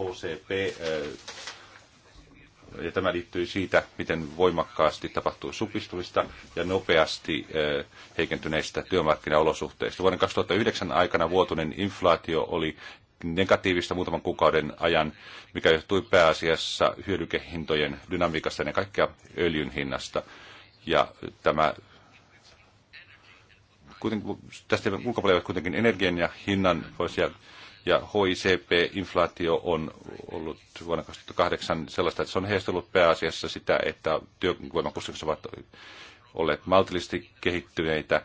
HCP, äh, ja tämä liittyy siitä, miten voimakkaasti tapahtuu supistumista ja nopeasti äh, heikentyneistä työmarkkinaolosuhteista. Vuoden 2009 aikana vuotuinen inflaatio oli negatiivista muutaman kuukauden ajan, mikä johtui pääasiassa hyödykehintojen dynamiikasta ja kaikkea öljyn hinnasta. Ja tämä kuitenkin, tästä ulkopuolella kuitenkin energian ja hinnan voisi ja HICP-inflaatio on ollut vuonna 2008 sellaista, että se on heistellut pääasiassa sitä, että työvoimakustannukset ovat olleet maltillisesti kehittyneitä,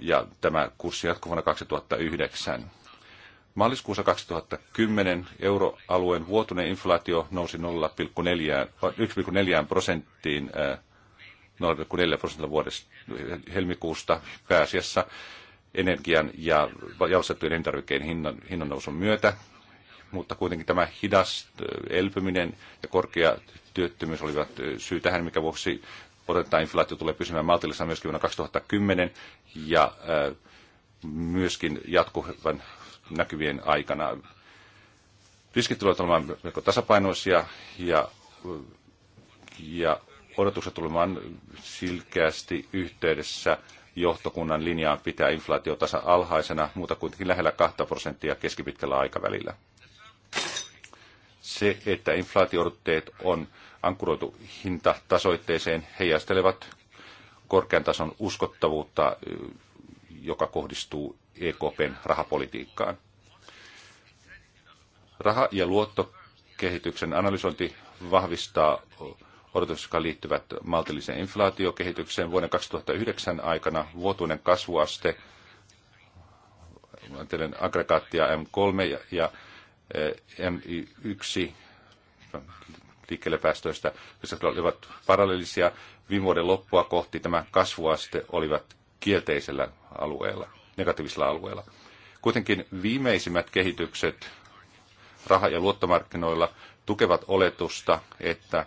ja tämä kurssi jatkuu vuonna 2009. Maaliskuussa 2010 euroalueen vuotuinen inflaatio nousi 1,4 prosenttiin 0,4 äh, prosentilla vuodesta helmikuusta pääasiassa energian ja jalostettujen elintarvikkeiden hinnan, hinnan nousun myötä, mutta kuitenkin tämä hidas elpyminen ja korkea työttömyys olivat syy tähän, mikä vuoksi otetaan inflaatio tulee pysymään maltillisena myöskin vuonna 2010 ja myöskin jatkuvan näkyvien aikana. Riskit tulevat olemaan melko tasapainoisia ja, ja odotukset tulemaan silkeästi yhteydessä johtokunnan linjaan pitää inflaatiotasa alhaisena, mutta kuitenkin lähellä 2 prosenttia keskipitkällä aikavälillä. Se, että inflaatioodotteet on ankkuroitu hintatasoitteeseen, heijastelevat korkean tason uskottavuutta, joka kohdistuu EKPn rahapolitiikkaan. Raha- ja luottokehityksen analysointi vahvistaa odotukset, jotka liittyvät maltilliseen inflaatiokehitykseen. Vuoden 2009 aikana vuotuinen kasvuaste, aggregaattia M3 ja eh, M1 liikkeelle päästöistä, jotka olivat parallelisia. Viime vuoden loppua kohti tämä kasvuaste olivat kielteisellä alueella, negatiivisella alueella. Kuitenkin viimeisimmät kehitykset raha- ja luottomarkkinoilla tukevat oletusta, että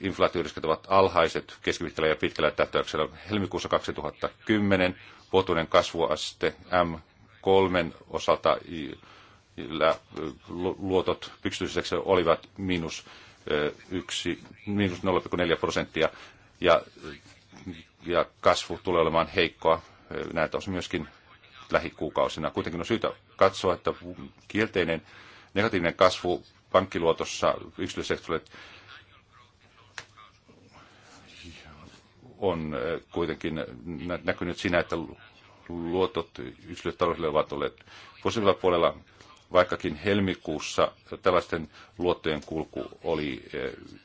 inflaatioriskit ovat alhaiset keskipitkällä ja pitkällä tähtäyksellä. Helmikuussa 2010 vuotuinen kasvuaste M3 osalta luotot yksityiseksi olivat miinus, yksi, miinus 0,4 prosenttia ja, ja kasvu tulee olemaan heikkoa näitä osin myöskin lähikuukausina. Kuitenkin on syytä katsoa, että kielteinen negatiivinen kasvu pankkiluotossa yksityissektorille on äh, kuitenkin näkynyt siinä, että luotot yksilötaloudellisille ovat olleet positiivisella puolella, vaikkakin helmikuussa tällaisten luottojen kulku oli äh,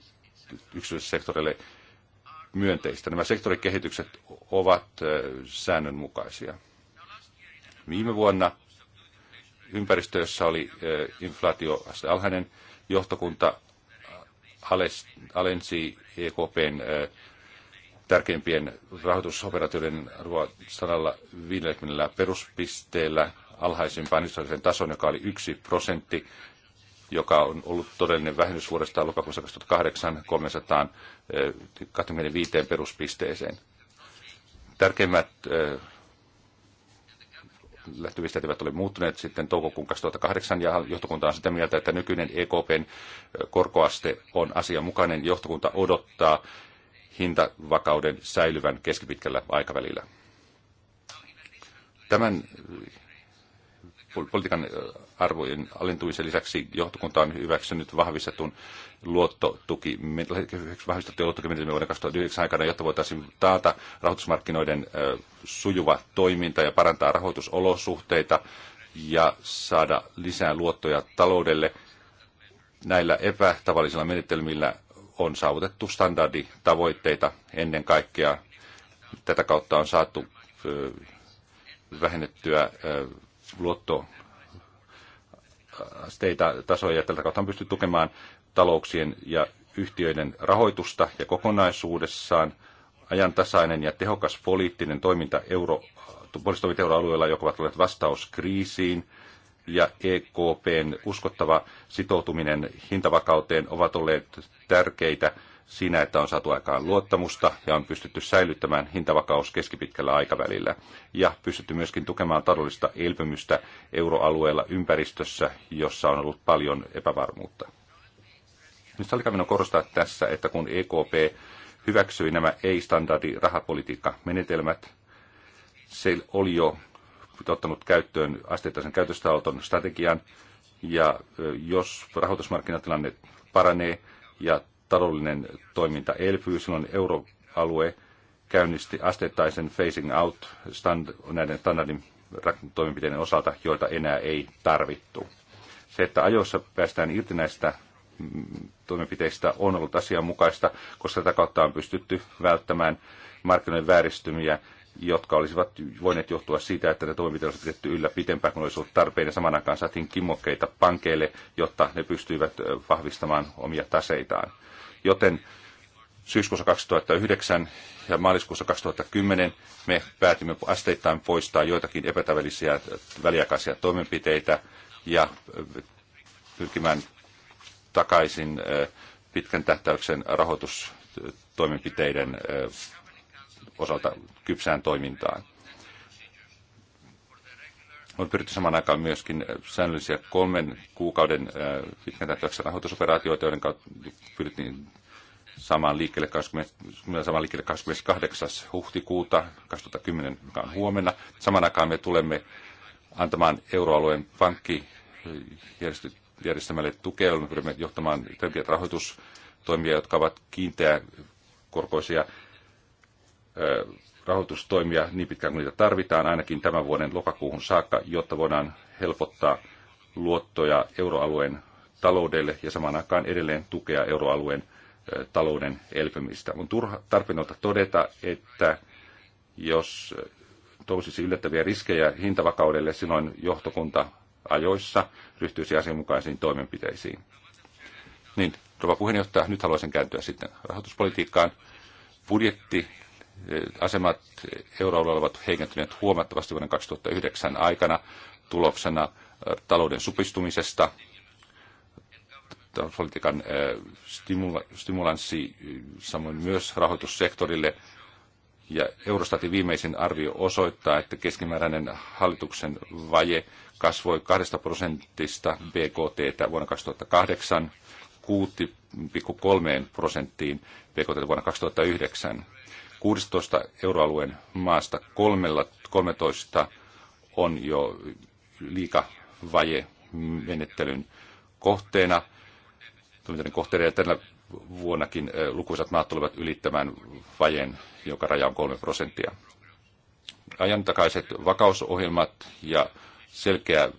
yksityissektorille myönteistä. Nämä sektorikehitykset ovat äh, säännönmukaisia. Viime vuonna ympäristö, jossa oli inflaatio alhainen, johtokunta alensi EKPn tärkeimpien rahoitusoperaatioiden sanalla 50 peruspisteellä alhaisimpaan historiallisen tason, joka oli 1 prosentti, joka on ollut todellinen vähennys vuodesta lokakuussa 2008 325 eh, peruspisteeseen. Tärkeimmät eh, lähtöpisteet eivät ole muuttuneet sitten toukokuun 2008 ja johtokunta on sitä mieltä, että nykyinen EKPn eh, korkoaste on asianmukainen. Johtokunta odottaa hintavakauden säilyvän keskipitkällä aikavälillä. Tämän eh, politiikan eh, arvojen alentumisen lisäksi johtokunta on hyväksynyt vahvistetun luottotuki, vahvistettu luottokimenetelmiä vuoden 2009 aikana, jotta voitaisiin taata rahoitusmarkkinoiden eh, sujuva toiminta ja parantaa rahoitusolosuhteita ja saada lisää luottoja taloudelle. Näillä epätavallisilla menetelmillä on saavutettu standarditavoitteita ennen kaikkea. Tätä kautta on saatu vähennettyä luottoasteita tasoja ja tältä kautta on pystytty tukemaan talouksien ja yhtiöiden rahoitusta ja kokonaisuudessaan ajantasainen ja tehokas poliittinen toiminta euro, poliittinen euroalueella, joka ovat olleet vastaus kriisiin, ja EKPn uskottava sitoutuminen hintavakauteen ovat olleet tärkeitä siinä, että on saatu aikaan luottamusta ja on pystytty säilyttämään hintavakaus keskipitkällä aikavälillä ja pystytty myöskin tukemaan taloudellista elpymystä euroalueella ympäristössä, jossa on ollut paljon epävarmuutta. Nyt sallikaa minun korostaa tässä, että kun EKP hyväksyi nämä ei-standardi rahapolitiikka menetelmät, se oli jo ottanut käyttöön asteittaisen käytöstauton strategian, ja jos rahoitusmarkkinatilanne paranee ja taloudellinen toiminta elpyy, silloin euroalue käynnisti asteittaisen phasing out stand, näiden standardin toimenpiteiden osalta, joita enää ei tarvittu. Se, että ajoissa päästään irti näistä mm, toimenpiteistä on ollut asianmukaista, koska tätä kautta on pystytty välttämään markkinoiden vääristymiä jotka olisivat voineet johtua siitä, että ne toimenpiteet olisivat pidetty yllä pitempään kuin olisi ollut tarpeen, ja saman aikaan saatiin kimmokkeita pankeille, jotta ne pystyivät vahvistamaan omia taseitaan. Joten syyskuussa 2009 ja maaliskuussa 2010 me päätimme asteittain poistaa joitakin epätävällisiä väliaikaisia toimenpiteitä ja pyrkimään takaisin pitkän tähtäyksen rahoitustoimenpiteiden osalta kypsään toimintaan. On pyritty samaan aikaan myöskin säännöllisiä kolmen kuukauden pitkän tähtäyksen rahoitusoperaatioita, joiden kautta pyrittiin samaan liikkeelle, 20, samaan liikkeelle 28. huhtikuuta 2010, joka on huomenna. Samaan aikaan me tulemme antamaan euroalueen järjestämälle tukea, me pyrimme johtamaan tärkeitä rahoitustoimia, jotka ovat kiinteä korkoisia rahoitustoimia niin pitkään kuin niitä tarvitaan, ainakin tämän vuoden lokakuuhun saakka, jotta voidaan helpottaa luottoja euroalueen taloudelle ja samaan aikaan edelleen tukea euroalueen talouden elpymistä. On turha tarpeenotta todeta, että jos nousisi yllättäviä riskejä hintavakaudelle, silloin johtokunta ajoissa ryhtyisi asianmukaisiin toimenpiteisiin. Niin, rouva puheenjohtaja, nyt haluaisin kääntyä sitten rahoituspolitiikkaan. Budjetti asemat euroalueella ovat heikentyneet huomattavasti vuoden 2009 aikana tuloksena talouden supistumisesta, politiikan stimulanssi, samoin myös rahoitussektorille. Ja Eurostatin viimeisin arvio osoittaa, että keskimääräinen hallituksen vaje kasvoi 2 prosentista BKT vuonna 2008 6,3 prosenttiin BKT vuonna 2009. 16 euroalueen maasta kolmella, 13 on jo liikavaje menettelyn kohteena. kohteena ja tänä vuonnakin lukuisat maat tulevat ylittämään vajeen, joka raja on 3 prosenttia. Ajantakaiset vakausohjelmat ja selkeä,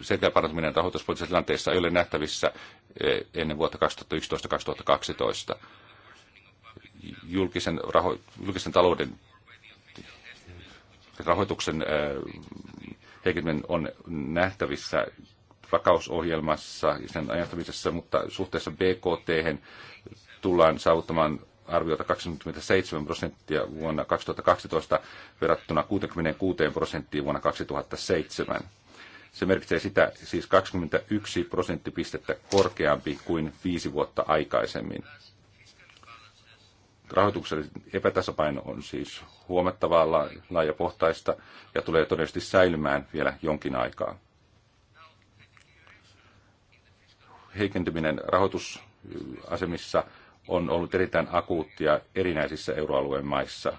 selkeä parantuminen rahoituspoliittisessa tilanteessa ei ole nähtävissä ennen vuotta 2011-2012 julkisen, raho, julkisen talouden rahoituksen äh, heikentäminen on nähtävissä vakausohjelmassa ja sen ajattamisessa, mutta suhteessa BKT tullaan saavuttamaan arviota 27 prosenttia vuonna 2012 verrattuna 66 prosenttiin vuonna 2007. Se merkitsee sitä siis 21 prosenttipistettä korkeampi kuin viisi vuotta aikaisemmin rahoituksellinen epätasapaino on siis huomattavaa laajapohtaista ja tulee todennäköisesti säilymään vielä jonkin aikaa. Heikentyminen rahoitusasemissa on ollut erittäin akuuttia erinäisissä euroalueen maissa.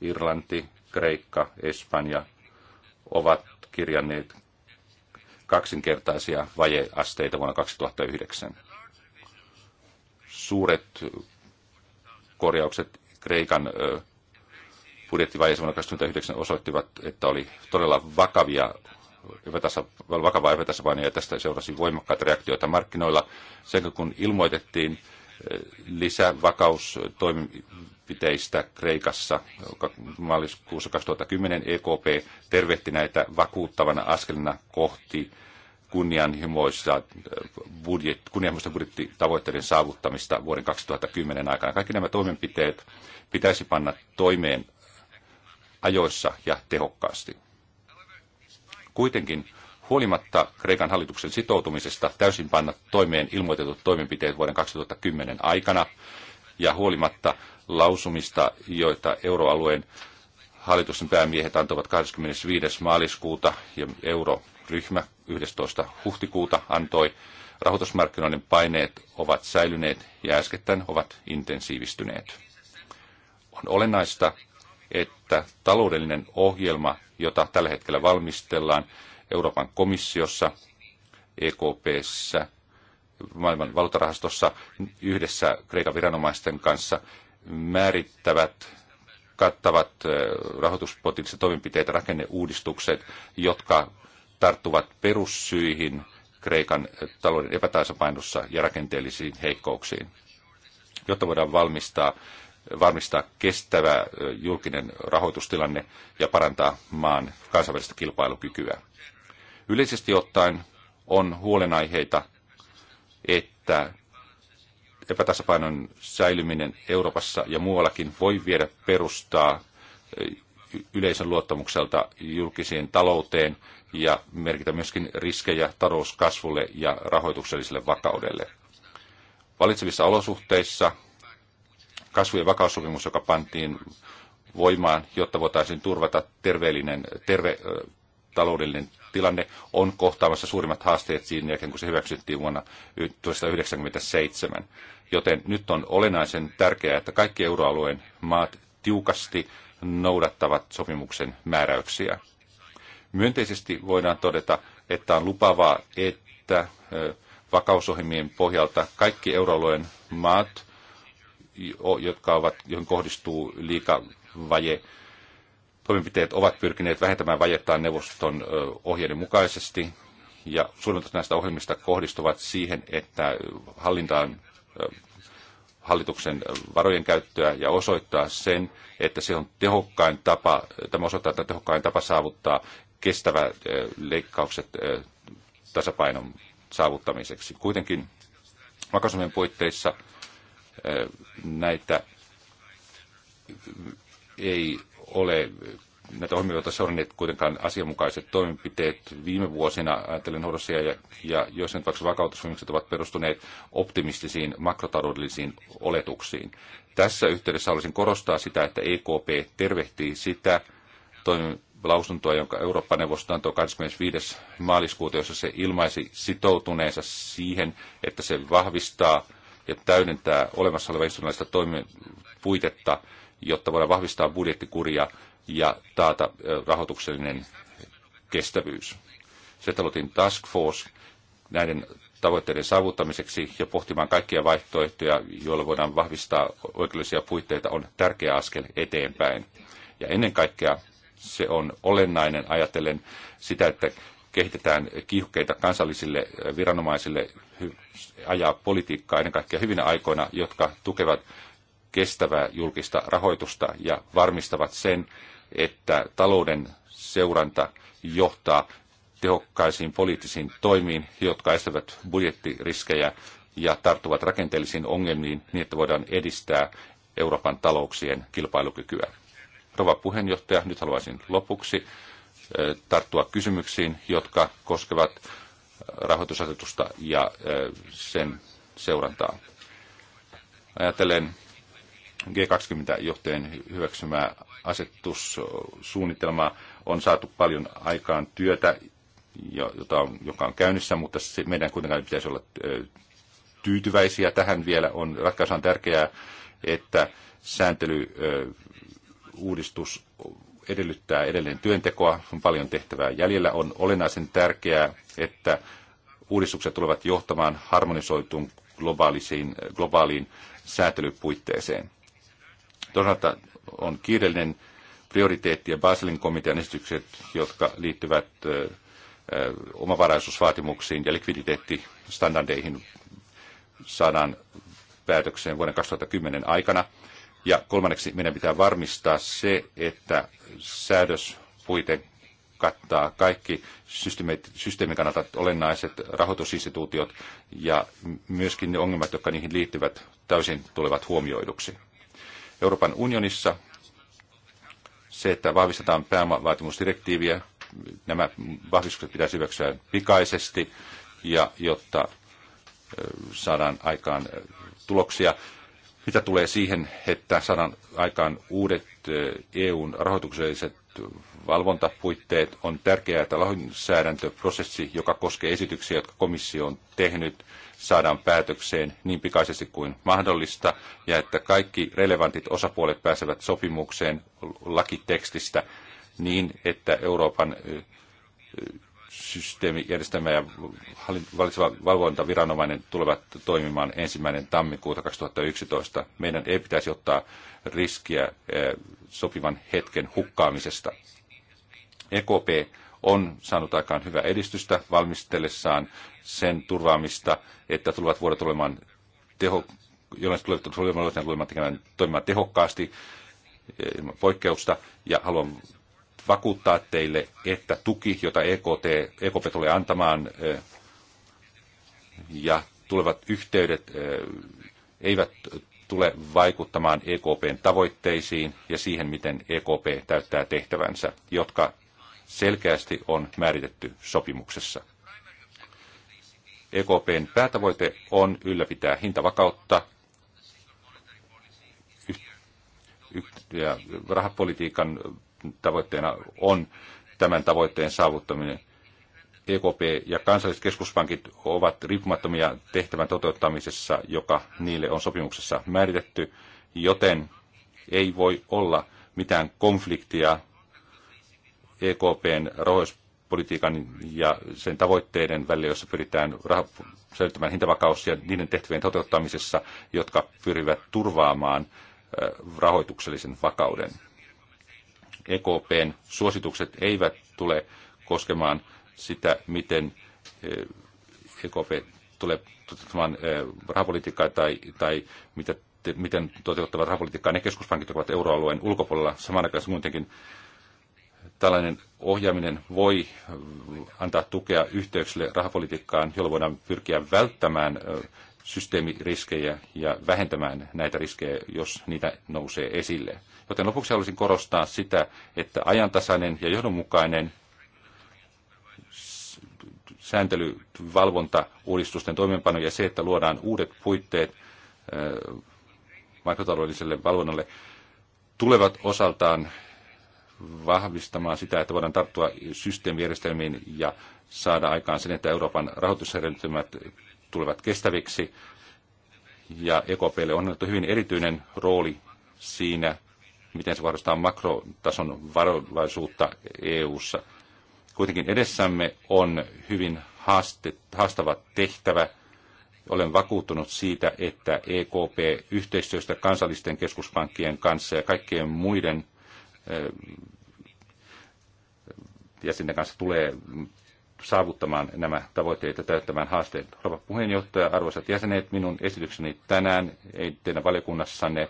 Irlanti, Kreikka, Espanja ovat kirjanneet kaksinkertaisia vajeasteita vuonna 2009. Suuret korjaukset Kreikan budjettivajeessa vuonna 2009 osoittivat, että oli todella vakavia epätasa, vakavaa epätasapainoa ja tästä seurasi voimakkaita reaktioita markkinoilla. Sen kun ilmoitettiin lisävakaustoimenpiteistä Kreikassa maaliskuussa 2010 EKP tervehti näitä vakuuttavana askelina kohti kunnianhimoista äh, budjet, kunnianhimoista budjettitavoitteiden saavuttamista vuoden 2010 aikana. Kaikki nämä toimenpiteet pitäisi panna toimeen ajoissa ja tehokkaasti. Kuitenkin huolimatta Kreikan hallituksen sitoutumisesta täysin panna toimeen ilmoitetut toimenpiteet vuoden 2010 aikana ja huolimatta lausumista, joita euroalueen hallituksen päämiehet antoivat 25. maaliskuuta ja euro ryhmä 11. huhtikuuta antoi. Rahoitusmarkkinoiden paineet ovat säilyneet ja äskettäin ovat intensiivistyneet. On olennaista, että taloudellinen ohjelma, jota tällä hetkellä valmistellaan Euroopan komissiossa, EKPssä, maailman valuutarahastossa yhdessä Kreikan viranomaisten kanssa määrittävät kattavat eh, rahoituspoliittiset toimenpiteet ja rakenneuudistukset, jotka tarttuvat perussyihin Kreikan talouden epätasapainossa ja rakenteellisiin heikkouksiin, jotta voidaan valmistaa, varmistaa kestävä julkinen rahoitustilanne ja parantaa maan kansainvälistä kilpailukykyä. Yleisesti ottaen on huolenaiheita, että epätasapainon säilyminen Euroopassa ja muuallakin voi viedä perustaa yleisön luottamukselta julkiseen talouteen ja merkitä myöskin riskejä talouskasvulle ja rahoitukselliselle vakaudelle. Valitsevissa olosuhteissa kasvu- ja vakaussopimus, joka pantiin voimaan, jotta voitaisiin turvata terveellinen, terve, taloudellinen tilanne on kohtaamassa suurimmat haasteet siinä jälkeen, kun se hyväksyttiin vuonna 1997. Joten nyt on olennaisen tärkeää, että kaikki euroalueen maat tiukasti noudattavat sopimuksen määräyksiä. Myönteisesti voidaan todeta, että on lupavaa, että vakausohjelmien pohjalta kaikki euroalueen maat, jotka ovat, joihin kohdistuu liikavaje, toimenpiteet ovat pyrkineet vähentämään vajettaan neuvoston ohjeiden mukaisesti, ja suunnitelmat näistä ohjelmista kohdistuvat siihen, että hallintaan hallituksen varojen käyttöä ja osoittaa sen, että se on tehokkain tapa, tämä osoittaa, että tehokkain tapa saavuttaa kestävä leikkaukset tasapainon saavuttamiseksi. Kuitenkin vakausomien puitteissa näitä ei ole näitä ohjelmia seuranneet kuitenkaan asianmukaiset toimenpiteet viime vuosina, ajattelen Horsia, ja, ja jos nyt vaikka vakautusvoimukset ovat perustuneet optimistisiin makrotaloudellisiin oletuksiin. Tässä yhteydessä haluaisin korostaa sitä, että EKP tervehtii sitä toim- lausuntoa, jonka Eurooppa-neuvosto antoi 25. maaliskuuta, jossa se ilmaisi sitoutuneensa siihen, että se vahvistaa ja täydentää olemassa olevaa institutionaalista puitetta, jotta voidaan vahvistaa budjettikuria ja taata rahoituksellinen kestävyys. Se talutin task force näiden tavoitteiden saavuttamiseksi ja pohtimaan kaikkia vaihtoehtoja, joilla voidaan vahvistaa oikeudellisia puitteita, on tärkeä askel eteenpäin. Ja ennen kaikkea se on olennainen ajatellen sitä, että kehitetään kiihkeitä kansallisille viranomaisille ajaa politiikkaa ennen kaikkea hyvinä aikoina, jotka tukevat kestävää julkista rahoitusta ja varmistavat sen, että talouden seuranta johtaa tehokkaisiin poliittisiin toimiin, jotka estävät budjettiriskejä ja tarttuvat rakenteellisiin ongelmiin niin, että voidaan edistää Euroopan talouksien kilpailukykyä. Rova puheenjohtaja, nyt haluaisin lopuksi eh, tarttua kysymyksiin, jotka koskevat eh, rahoitusasetusta ja eh, sen seurantaa. Ajattelen G20-johtajien hyväksymää asetussuunnitelmaa on saatu paljon aikaan työtä, jota on, joka on käynnissä, mutta se, meidän kuitenkaan pitäisi olla tyytyväisiä tähän vielä. On, ratkaisu on tärkeää, että sääntely uudistus edellyttää edelleen työntekoa, on paljon tehtävää jäljellä. On olennaisen tärkeää, että uudistukset tulevat johtamaan harmonisoituun globaaliin säätelypuitteeseen. Toisaalta on kiireellinen prioriteetti ja Baselin komitean esitykset, jotka liittyvät omavaraisuusvaatimuksiin ja likviditeettistandardeihin saadaan päätökseen vuoden 2010 aikana – ja kolmanneksi meidän pitää varmistaa se, että säädöspuite kattaa kaikki systeemin kannalta olennaiset rahoitusinstituutiot ja myöskin ne ongelmat, jotka niihin liittyvät, täysin tulevat huomioiduksi. Euroopan unionissa se, että vahvistetaan pääomavaatimusdirektiiviä, nämä vahvistukset pitäisi hyväksyä pikaisesti ja jotta saadaan aikaan tuloksia. Mitä tulee siihen, että saadaan aikaan uudet EUn rahoitukselliset valvontapuitteet, on tärkeää, että lainsäädäntöprosessi, joka koskee esityksiä, jotka komissio on tehnyt, saadaan päätökseen niin pikaisesti kuin mahdollista, ja että kaikki relevantit osapuolet pääsevät sopimukseen lakitekstistä niin, että Euroopan järjestelmä ja valitseva valvontaviranomainen tulevat toimimaan ensimmäinen tammikuuta 2011. Meidän ei pitäisi ottaa riskiä eh, sopivan hetken hukkaamisesta. EKP on saanut aikaan hyvää edistystä valmistellessaan sen turvaamista, että tulevat vuodet olemaan teho, jollain tulevat olemaan tekemään toimimaan tehokkaasti eh, ilman poikkeusta, ja haluan vakuuttaa teille, että tuki, jota EKT, EKP tulee antamaan ja tulevat yhteydet eivät tule vaikuttamaan EKPn tavoitteisiin ja siihen, miten EKP täyttää tehtävänsä, jotka selkeästi on määritetty sopimuksessa. EKPn päätavoite on ylläpitää hintavakautta ja rahapolitiikan tavoitteena on tämän tavoitteen saavuttaminen. EKP ja kansalliset keskuspankit ovat riippumattomia tehtävän toteuttamisessa, joka niille on sopimuksessa määritetty, joten ei voi olla mitään konfliktia EKPn rahoispolitiikan ja sen tavoitteiden välillä, jossa pyritään rah- säilyttämään hintavakaus ja niiden tehtävien toteuttamisessa, jotka pyrivät turvaamaan rahoituksellisen vakauden. EKPn suositukset eivät tule koskemaan sitä, miten EKP eh, e tulee toteuttamaan eh, rahapolitiikkaa tai, tai mitä, miten toteuttavat rahapolitiikkaa ne keskuspankit, jotka ovat euroalueen ulkopuolella. aikaan muutenkin tällainen ohjaaminen voi antaa tukea yhteyksille rahapolitiikkaan, jolla voidaan pyrkiä välttämään eh, systeemiriskejä ja vähentämään näitä riskejä, jos niitä nousee esille. Joten lopuksi haluaisin korostaa sitä, että ajantasainen ja johdonmukainen valvonta, uudistusten toimeenpano ja se, että luodaan uudet puitteet äh, makrotaloudelliselle valvonnalle, tulevat osaltaan vahvistamaan sitä, että voidaan tarttua systeemijärjestelmiin ja saada aikaan sen, että Euroopan rahoitusjärjestelmät tulevat kestäviksi. Ja EKPlle on annettu hyvin erityinen rooli siinä, miten se varustaa makrotason varovaisuutta EU:ssa. Kuitenkin edessämme on hyvin haaste, haastava tehtävä. Olen vakuuttunut siitä, että EKP yhteistyöstä kansallisten keskuspankkien kanssa ja kaikkien muiden eh, jäsenten kanssa tulee saavuttamaan nämä tavoitteet ja täyttämään haasteet. Rouva puheenjohtaja, arvoisat jäsenet, minun esitykseni tänään ei teidän valiokunnassanne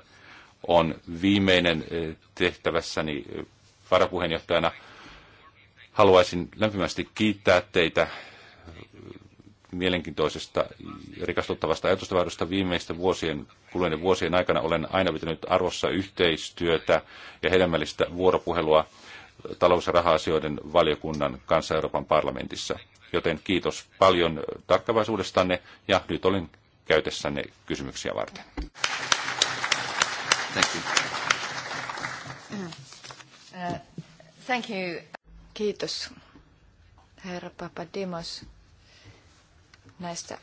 on viimeinen eh, tehtävässäni eh, varapuheenjohtajana. Haluaisin lämpimästi kiittää teitä eh, mielenkiintoisesta ja rikastuttavasta ajatustavardosta viimeisten vuosien, kuluneiden vuosien aikana olen aina pitänyt arvossa yhteistyötä ja hedelmällistä vuoropuhelua talous- ja raha-asioiden valiokunnan kanssa Euroopan parlamentissa. Joten kiitos paljon tarkkavaisuudestanne ja nyt olen käytessänne kysymyksiä varten. Thank you. Uh, thank you. Kiitos, herra Papadimos, näistä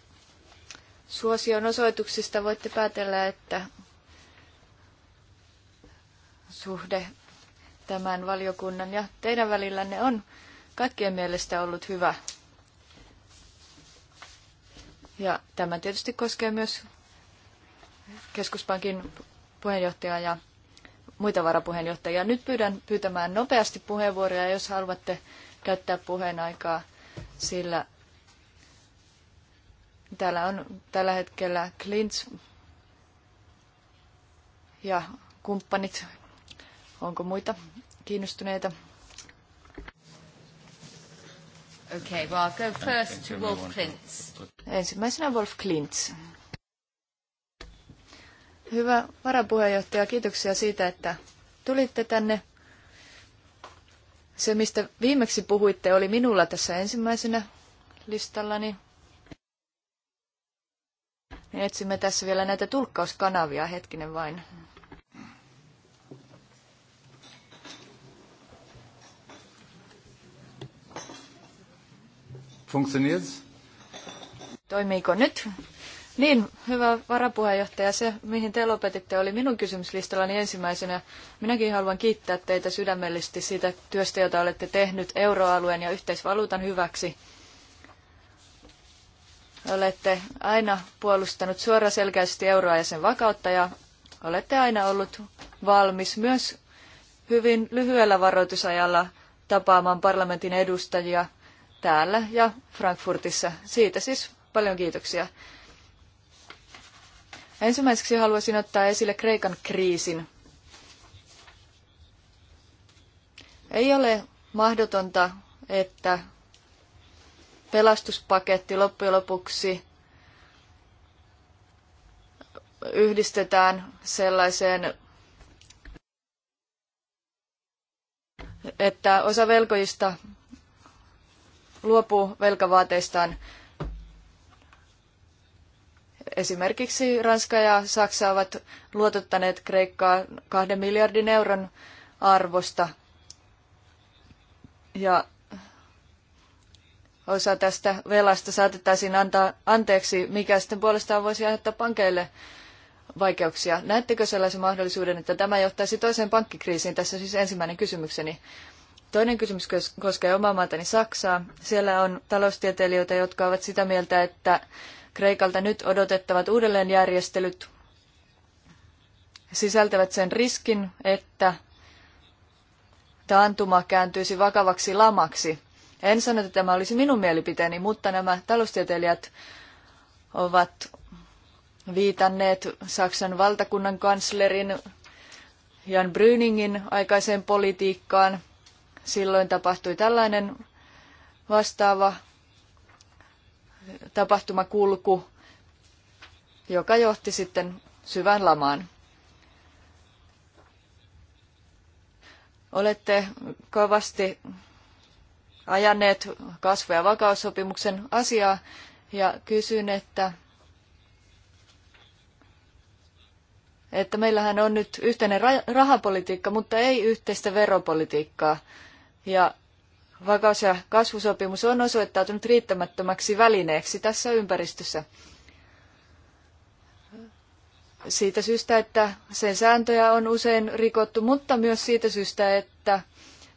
suosion osoituksista voitte päätellä, että suhde tämän valiokunnan ja teidän välillänne on kaikkien mielestä ollut hyvä. Ja tämä tietysti koskee myös keskuspankin puheenjohtaja ja muita varapuheenjohtajia. Nyt pyydän pyytämään nopeasti puheenvuoroja, jos haluatte käyttää puheenaikaa, sillä täällä on tällä hetkellä Clint ja kumppanit. Onko muita kiinnostuneita? Okay, well, I'll go first to Wolf Klintz. Ensimmäisenä Wolf Klintz. Hyvä varapuheenjohtaja, kiitoksia siitä, että tulitte tänne. Se, mistä viimeksi puhuitte, oli minulla tässä ensimmäisenä listallani. Me etsimme tässä vielä näitä tulkkauskanavia, hetkinen vain. Funktioniert's? Toimiiko nyt? Niin, hyvä varapuheenjohtaja. Se, mihin te lopetitte, oli minun kysymyslistallani ensimmäisenä. Minäkin haluan kiittää teitä sydämellisesti siitä työstä, jota olette tehnyt euroalueen ja yhteisvaluutan hyväksi. Olette aina puolustanut suoraselkäisesti euroa ja sen vakautta ja olette aina ollut valmis myös hyvin lyhyellä varoitusajalla tapaamaan parlamentin edustajia täällä ja Frankfurtissa. Siitä siis paljon kiitoksia. Ensimmäiseksi haluaisin ottaa esille Kreikan kriisin. Ei ole mahdotonta, että pelastuspaketti loppujen lopuksi yhdistetään sellaiseen, että osa velkojista luopuu velkavaateistaan Esimerkiksi Ranska ja Saksa ovat luotottaneet Kreikkaa kahden miljardin euron arvosta. Ja osa tästä velasta saatettaisiin antaa anteeksi, mikä sitten puolestaan voisi aiheuttaa pankeille vaikeuksia. Näettekö sellaisen mahdollisuuden, että tämä johtaisi toiseen pankkikriisiin? Tässä siis ensimmäinen kysymykseni. Toinen kysymys koskee omaa maatani Saksaa. Siellä on taloustieteilijöitä, jotka ovat sitä mieltä, että Kreikalta nyt odotettavat uudelleenjärjestelyt sisältävät sen riskin, että taantuma kääntyisi vakavaksi lamaksi. En sano, että tämä olisi minun mielipiteeni, mutta nämä taloustieteilijät ovat viitanneet Saksan valtakunnan kanslerin Jan Brüningin aikaiseen politiikkaan. Silloin tapahtui tällainen vastaava tapahtumakulku, joka johti sitten syvään lamaan. Olette kovasti ajaneet kasvu- ja vakaussopimuksen asiaa ja kysyn, että, että meillähän on nyt yhteinen rahapolitiikka, mutta ei yhteistä veropolitiikkaa. Ja Vakaus- ja kasvusopimus on osoittautunut riittämättömäksi välineeksi tässä ympäristössä. Siitä syystä, että sen sääntöjä on usein rikottu, mutta myös siitä syystä, että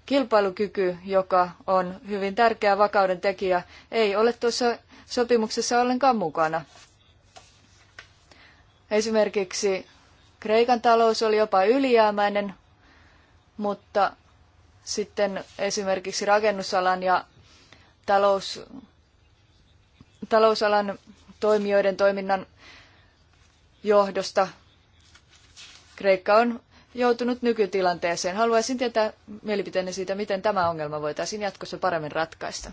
kilpailukyky, joka on hyvin tärkeä vakauden tekijä, ei ole tuossa sopimuksessa ollenkaan mukana. Esimerkiksi Kreikan talous oli jopa ylijäämäinen, mutta sitten esimerkiksi rakennusalan ja talous, talousalan toimijoiden toiminnan johdosta Kreikka on joutunut nykytilanteeseen. Haluaisin tietää mielipiteenne siitä, miten tämä ongelma voitaisiin jatkossa paremmin ratkaista.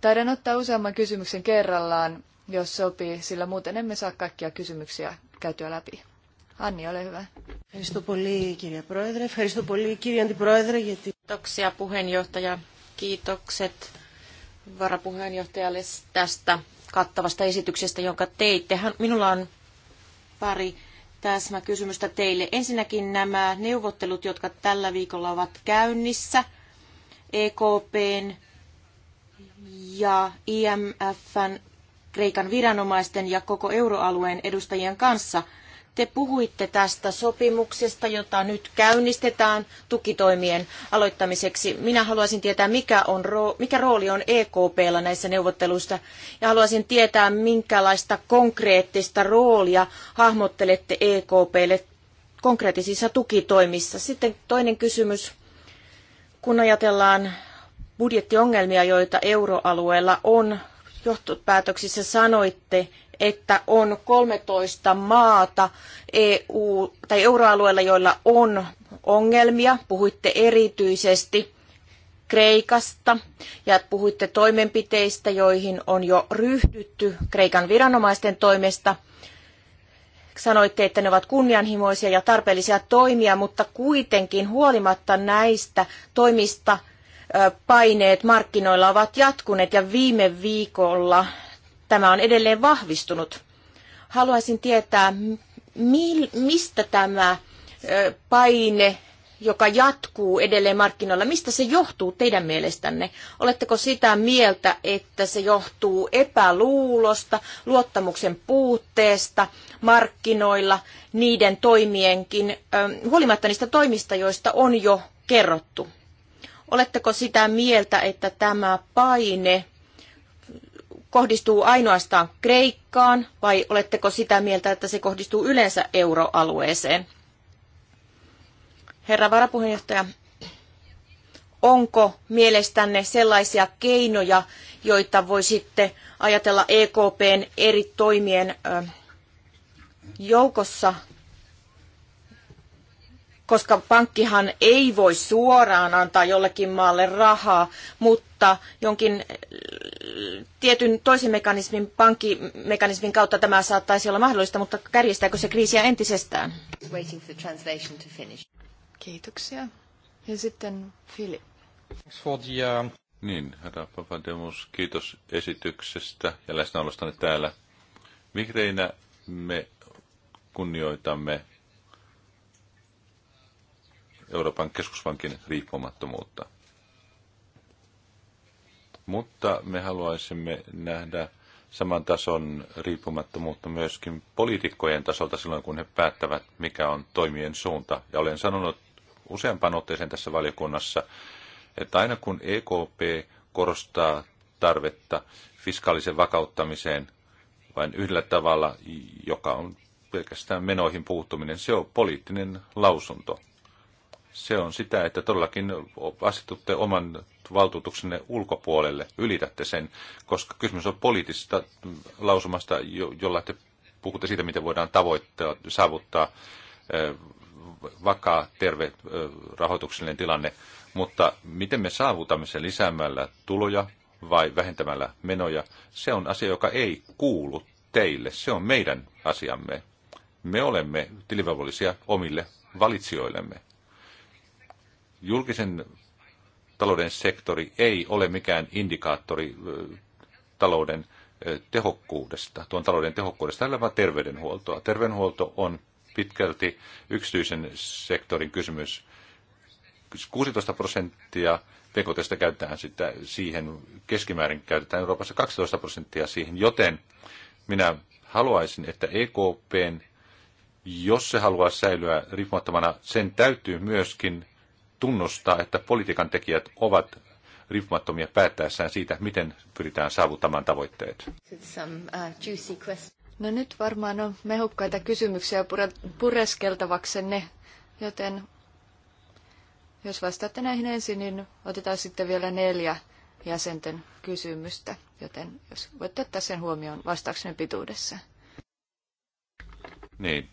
Taidan ottaa useamman kysymyksen kerrallaan, jos sopii, sillä muuten emme saa kaikkia kysymyksiä käytyä läpi. Anni, ole hyvä. Ευχαριστώ πολύ κύριε Πρόεδρε. Ευχαριστώ πολύ κύριε Αντιπρόεδρε γιατί... Kiitoksia puheenjohtaja. Kiitokset varapuheenjohtajalle tästä kattavasta esityksestä, jonka teitte. Minulla on pari täsmä kysymystä teille. Ensinnäkin nämä neuvottelut, jotka tällä viikolla ovat käynnissä EKPn ja IMFn Kreikan viranomaisten ja koko euroalueen edustajien kanssa – te puhuitte tästä sopimuksesta, jota nyt käynnistetään tukitoimien aloittamiseksi. Minä haluaisin tietää, mikä, on, mikä rooli on EKPllä näissä neuvotteluissa, ja haluaisin tietää, minkälaista konkreettista roolia hahmottelette EKPlle konkreettisissa tukitoimissa. Sitten toinen kysymys, kun ajatellaan budjettiongelmia, joita euroalueella on, johtopäätöksissä sanoitte, että on 13 maata EU, tai euroalueella, joilla on ongelmia. Puhuitte erityisesti Kreikasta ja puhuitte toimenpiteistä, joihin on jo ryhdytty Kreikan viranomaisten toimesta. Sanoitte, että ne ovat kunnianhimoisia ja tarpeellisia toimia, mutta kuitenkin huolimatta näistä toimista paineet markkinoilla ovat jatkuneet ja viime viikolla tämä on edelleen vahvistunut. Haluaisin tietää, mistä tämä paine, joka jatkuu edelleen markkinoilla, mistä se johtuu teidän mielestänne? Oletteko sitä mieltä, että se johtuu epäluulosta, luottamuksen puutteesta markkinoilla, niiden toimienkin, huolimatta niistä toimista, joista on jo kerrottu? Oletteko sitä mieltä, että tämä paine kohdistuu ainoastaan Kreikkaan vai oletteko sitä mieltä, että se kohdistuu yleensä euroalueeseen? Herra varapuheenjohtaja, onko mielestänne sellaisia keinoja, joita voisitte ajatella EKPn eri toimien joukossa koska pankkihan ei voi suoraan antaa jollekin maalle rahaa, mutta jonkin äh, tietyn toisen mekanismin, pankkimekanismin kautta tämä saattaisi olla mahdollista, mutta kärjistääkö se kriisiä entisestään? Kiitoksia. Ja sitten Philip. Um, niin, herra Papademus, kiitos esityksestä ja läsnäolostanne täällä. Vihreinä me kunnioitamme Euroopan keskuspankin riippumattomuutta. Mutta me haluaisimme nähdä saman tason riippumattomuutta myöskin poliitikkojen tasolta silloin, kun he päättävät, mikä on toimien suunta. Ja olen sanonut useampaan otteeseen tässä valiokunnassa, että aina kun EKP korostaa tarvetta fiskaalisen vakauttamiseen vain yhdellä tavalla, joka on pelkästään menoihin puuttuminen, se on poliittinen lausunto se on sitä, että todellakin asetutte oman valtuutuksenne ulkopuolelle, ylitätte sen, koska kysymys on poliittisesta lausumasta, jolla te puhutte siitä, miten voidaan tavoittaa, saavuttaa vakaa, terve rahoituksellinen tilanne, mutta miten me saavutamme sen lisäämällä tuloja vai vähentämällä menoja, se on asia, joka ei kuulu teille. Se on meidän asiamme. Me olemme tilivelvollisia omille valitsijoillemme julkisen talouden sektori ei ole mikään indikaattori talouden tehokkuudesta, tuon talouden tehokkuudesta, tällä vaan terveydenhuoltoa. Terveydenhuolto on pitkälti yksityisen sektorin kysymys. 16 prosenttia pekotesta käytetään sitä siihen, keskimäärin käytetään Euroopassa 12 prosenttia siihen, joten minä haluaisin, että EKPn, jos se haluaa säilyä riippumattomana, sen täytyy myöskin tunnustaa, että politiikan tekijät ovat riippumattomia päättäessään siitä, miten pyritään saavuttamaan tavoitteet. Uh, no nyt varmaan on mehukkaita kysymyksiä pureskeltavaksenne, joten jos vastaatte näihin ensin, niin otetaan sitten vielä neljä jäsenten kysymystä, joten jos voitte ottaa sen huomioon vastauksenne pituudessa. Niin.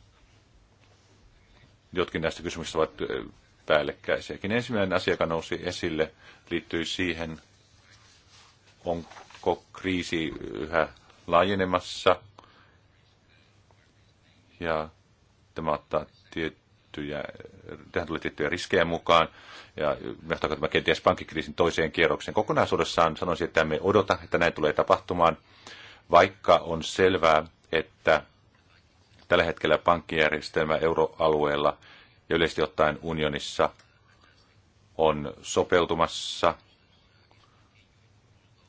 Jotkin näistä kysymyksistä ovat päällekkäisiäkin. Ensimmäinen asia, joka nousi esille, liittyy siihen, onko kriisi yhä laajenemassa. Ja tämä ottaa tiettyjä, tähän tulee tiettyjä riskejä mukaan. Ja johtaako tämä kenties pankkikriisin toiseen kierrokseen. Kokonaisuudessaan sanoisin, että me odota, että näin tulee tapahtumaan, vaikka on selvää, että tällä hetkellä pankkijärjestelmä euroalueella – ja yleisesti ottaen unionissa on sopeutumassa.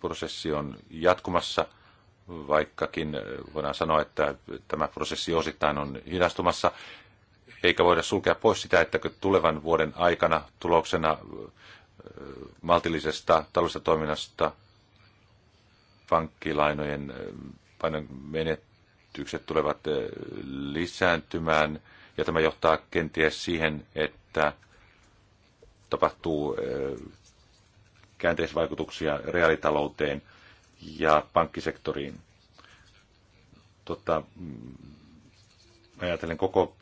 Prosessi on jatkumassa, vaikkakin äh, voidaan sanoa, että tämä prosessi osittain on hidastumassa, eikä voida sulkea pois sitä, että tulevan vuoden aikana tuloksena äh, maltillisesta taloudellisesta toiminnasta pankkilainojen äh, painon menetykset tulevat lisääntymään – ja tämä johtaa kenties siihen, että tapahtuu käänteisvaikutuksia reaalitalouteen ja pankkisektoriin. Tota, mm, ajatellen koko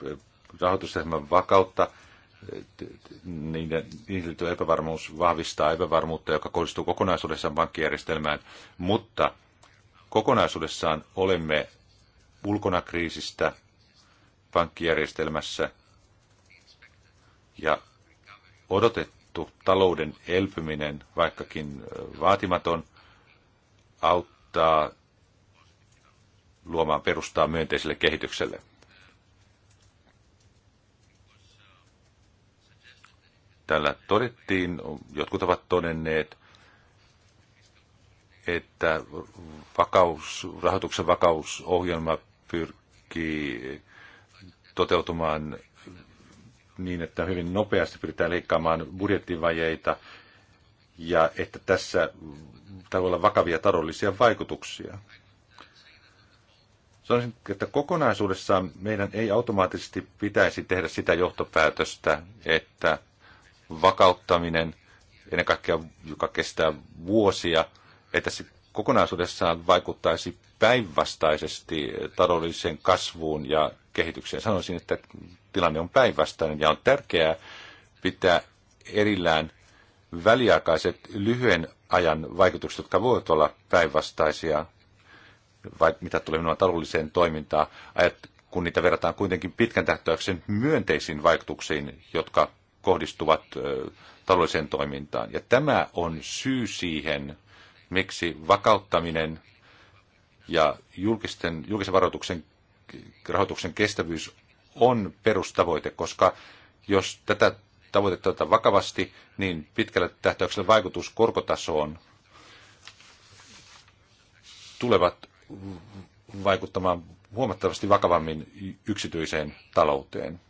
rahoitusjärjestelmän vakautta, niin liittyvä epävarmuus vahvistaa epävarmuutta, joka kohdistuu kokonaisuudessaan pankkijärjestelmään, mutta kokonaisuudessaan olemme ulkona kriisistä – pankkijärjestelmässä ja odotettu talouden elpyminen, vaikkakin vaatimaton, auttaa luomaan perustaa myönteiselle kehitykselle. Tällä todettiin, jotkut ovat todenneet, että vakaus, rahoituksen vakausohjelma pyrkii toteutumaan niin, että hyvin nopeasti pyritään leikkaamaan budjettivajeita ja että tässä täytyy olla vakavia taloudellisia vaikutuksia. Sanoisin, että kokonaisuudessaan meidän ei automaattisesti pitäisi tehdä sitä johtopäätöstä, että vakauttaminen, ennen kaikkea joka kestää vuosia, että kokonaisuudessaan vaikuttaisi päinvastaisesti taloudelliseen kasvuun ja kehitykseen. Sanoisin, että tilanne on päinvastainen ja on tärkeää pitää erillään väliaikaiset lyhyen ajan vaikutukset, jotka voivat olla päinvastaisia, vai mitä tulee minua taloudelliseen toimintaan, kun niitä verrataan kuitenkin pitkän tähtäyksen myönteisiin vaikutuksiin, jotka kohdistuvat taloudelliseen toimintaan. Ja tämä on syy siihen, miksi vakauttaminen ja julkisten, julkisen varoituksen, rahoituksen kestävyys on perustavoite, koska jos tätä tavoitetta otetaan vakavasti, niin pitkällä tähtäyksellä vaikutus korkotasoon tulevat vaikuttamaan huomattavasti vakavammin yksityiseen talouteen.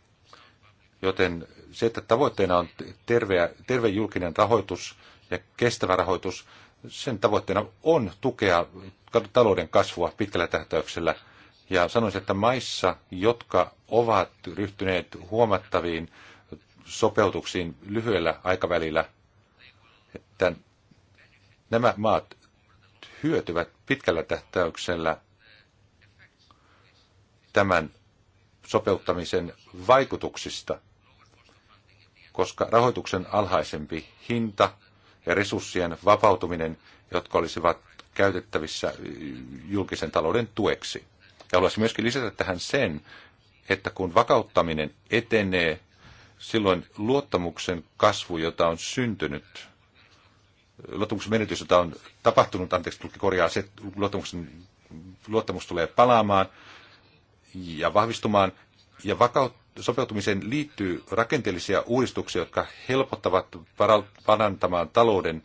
Joten se, että tavoitteena on terve, terve julkinen rahoitus ja kestävä rahoitus, sen tavoitteena on tukea talouden kasvua pitkällä tähtäyksellä. Ja sanoisin, että maissa, jotka ovat ryhtyneet huomattaviin sopeutuksiin lyhyellä aikavälillä, että nämä maat hyötyvät pitkällä tähtäyksellä tämän sopeuttamisen vaikutuksista, koska rahoituksen alhaisempi hinta ja resurssien vapautuminen, jotka olisivat käytettävissä julkisen talouden tueksi. Ja haluaisin myöskin lisätä tähän sen, että kun vakauttaminen etenee, silloin luottamuksen kasvu, jota on syntynyt, luottamuksen menetys, jota on tapahtunut, anteeksi, tulkki korjaa, se luottamuksen, luottamus tulee palaamaan ja vahvistumaan, ja vakaut, sopeutumiseen liittyy rakenteellisia uudistuksia, jotka helpottavat parantamaan talouden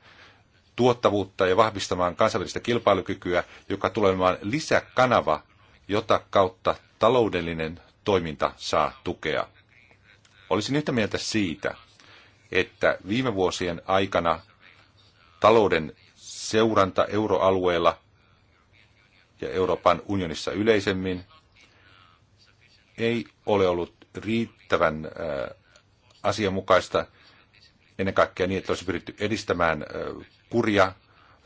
tuottavuutta ja vahvistamaan kansainvälistä kilpailukykyä, joka tulee olemaan lisäkanava, jota kautta taloudellinen toiminta saa tukea. Olisin yhtä mieltä siitä, että viime vuosien aikana talouden seuranta euroalueella ja Euroopan unionissa yleisemmin ei ole ollut riittävän äh, asianmukaista ennen kaikkea niin, että olisi pyritty edistämään äh, kuria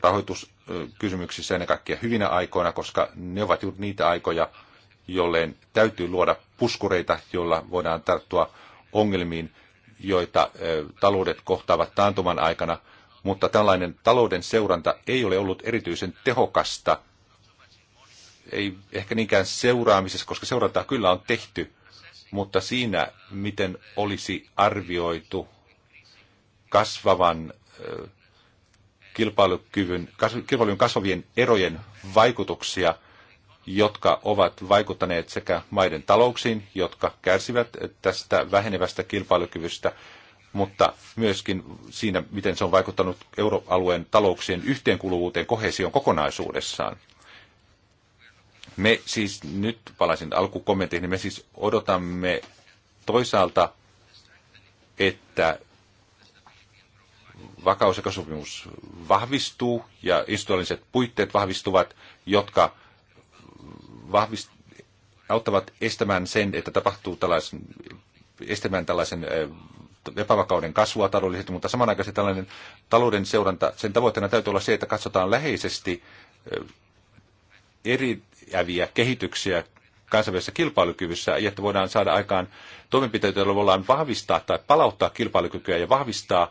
rahoituskysymyksissä ennen kaikkea hyvinä aikoina, koska ne ovat juuri niitä aikoja, jolleen täytyy luoda puskureita, joilla voidaan tarttua ongelmiin, joita äh, taloudet kohtaavat taantuman aikana, mutta tällainen talouden seuranta ei ole ollut erityisen tehokasta ei ehkä niinkään seuraamisessa, koska seurantaa kyllä on tehty, mutta siinä, miten olisi arvioitu kasvavan kilpailukyvyn, kilpailun kasvavien erojen vaikutuksia, jotka ovat vaikuttaneet sekä maiden talouksiin, jotka kärsivät tästä vähenevästä kilpailukyvystä, mutta myöskin siinä, miten se on vaikuttanut euroalueen talouksien yhteenkuuluvuuteen kohesion kokonaisuudessaan. Me siis, nyt palasin alkukommentteihin, niin me siis odotamme toisaalta, että vakaus- ja vahvistuu ja institutionaaliset puitteet vahvistuvat, jotka vahvist, auttavat estämään sen, että tapahtuu tällaisen, estämään tällaisen epävakauden kasvua taloudellisesti, mutta samanaikaisesti tällainen talouden seuranta, sen tavoitteena täytyy olla se, että katsotaan läheisesti eri häviä kehityksiä kansainvälisessä kilpailukyvyssä, ja että voidaan saada aikaan toimenpiteitä, joilla voidaan vahvistaa tai palauttaa kilpailukykyä ja vahvistaa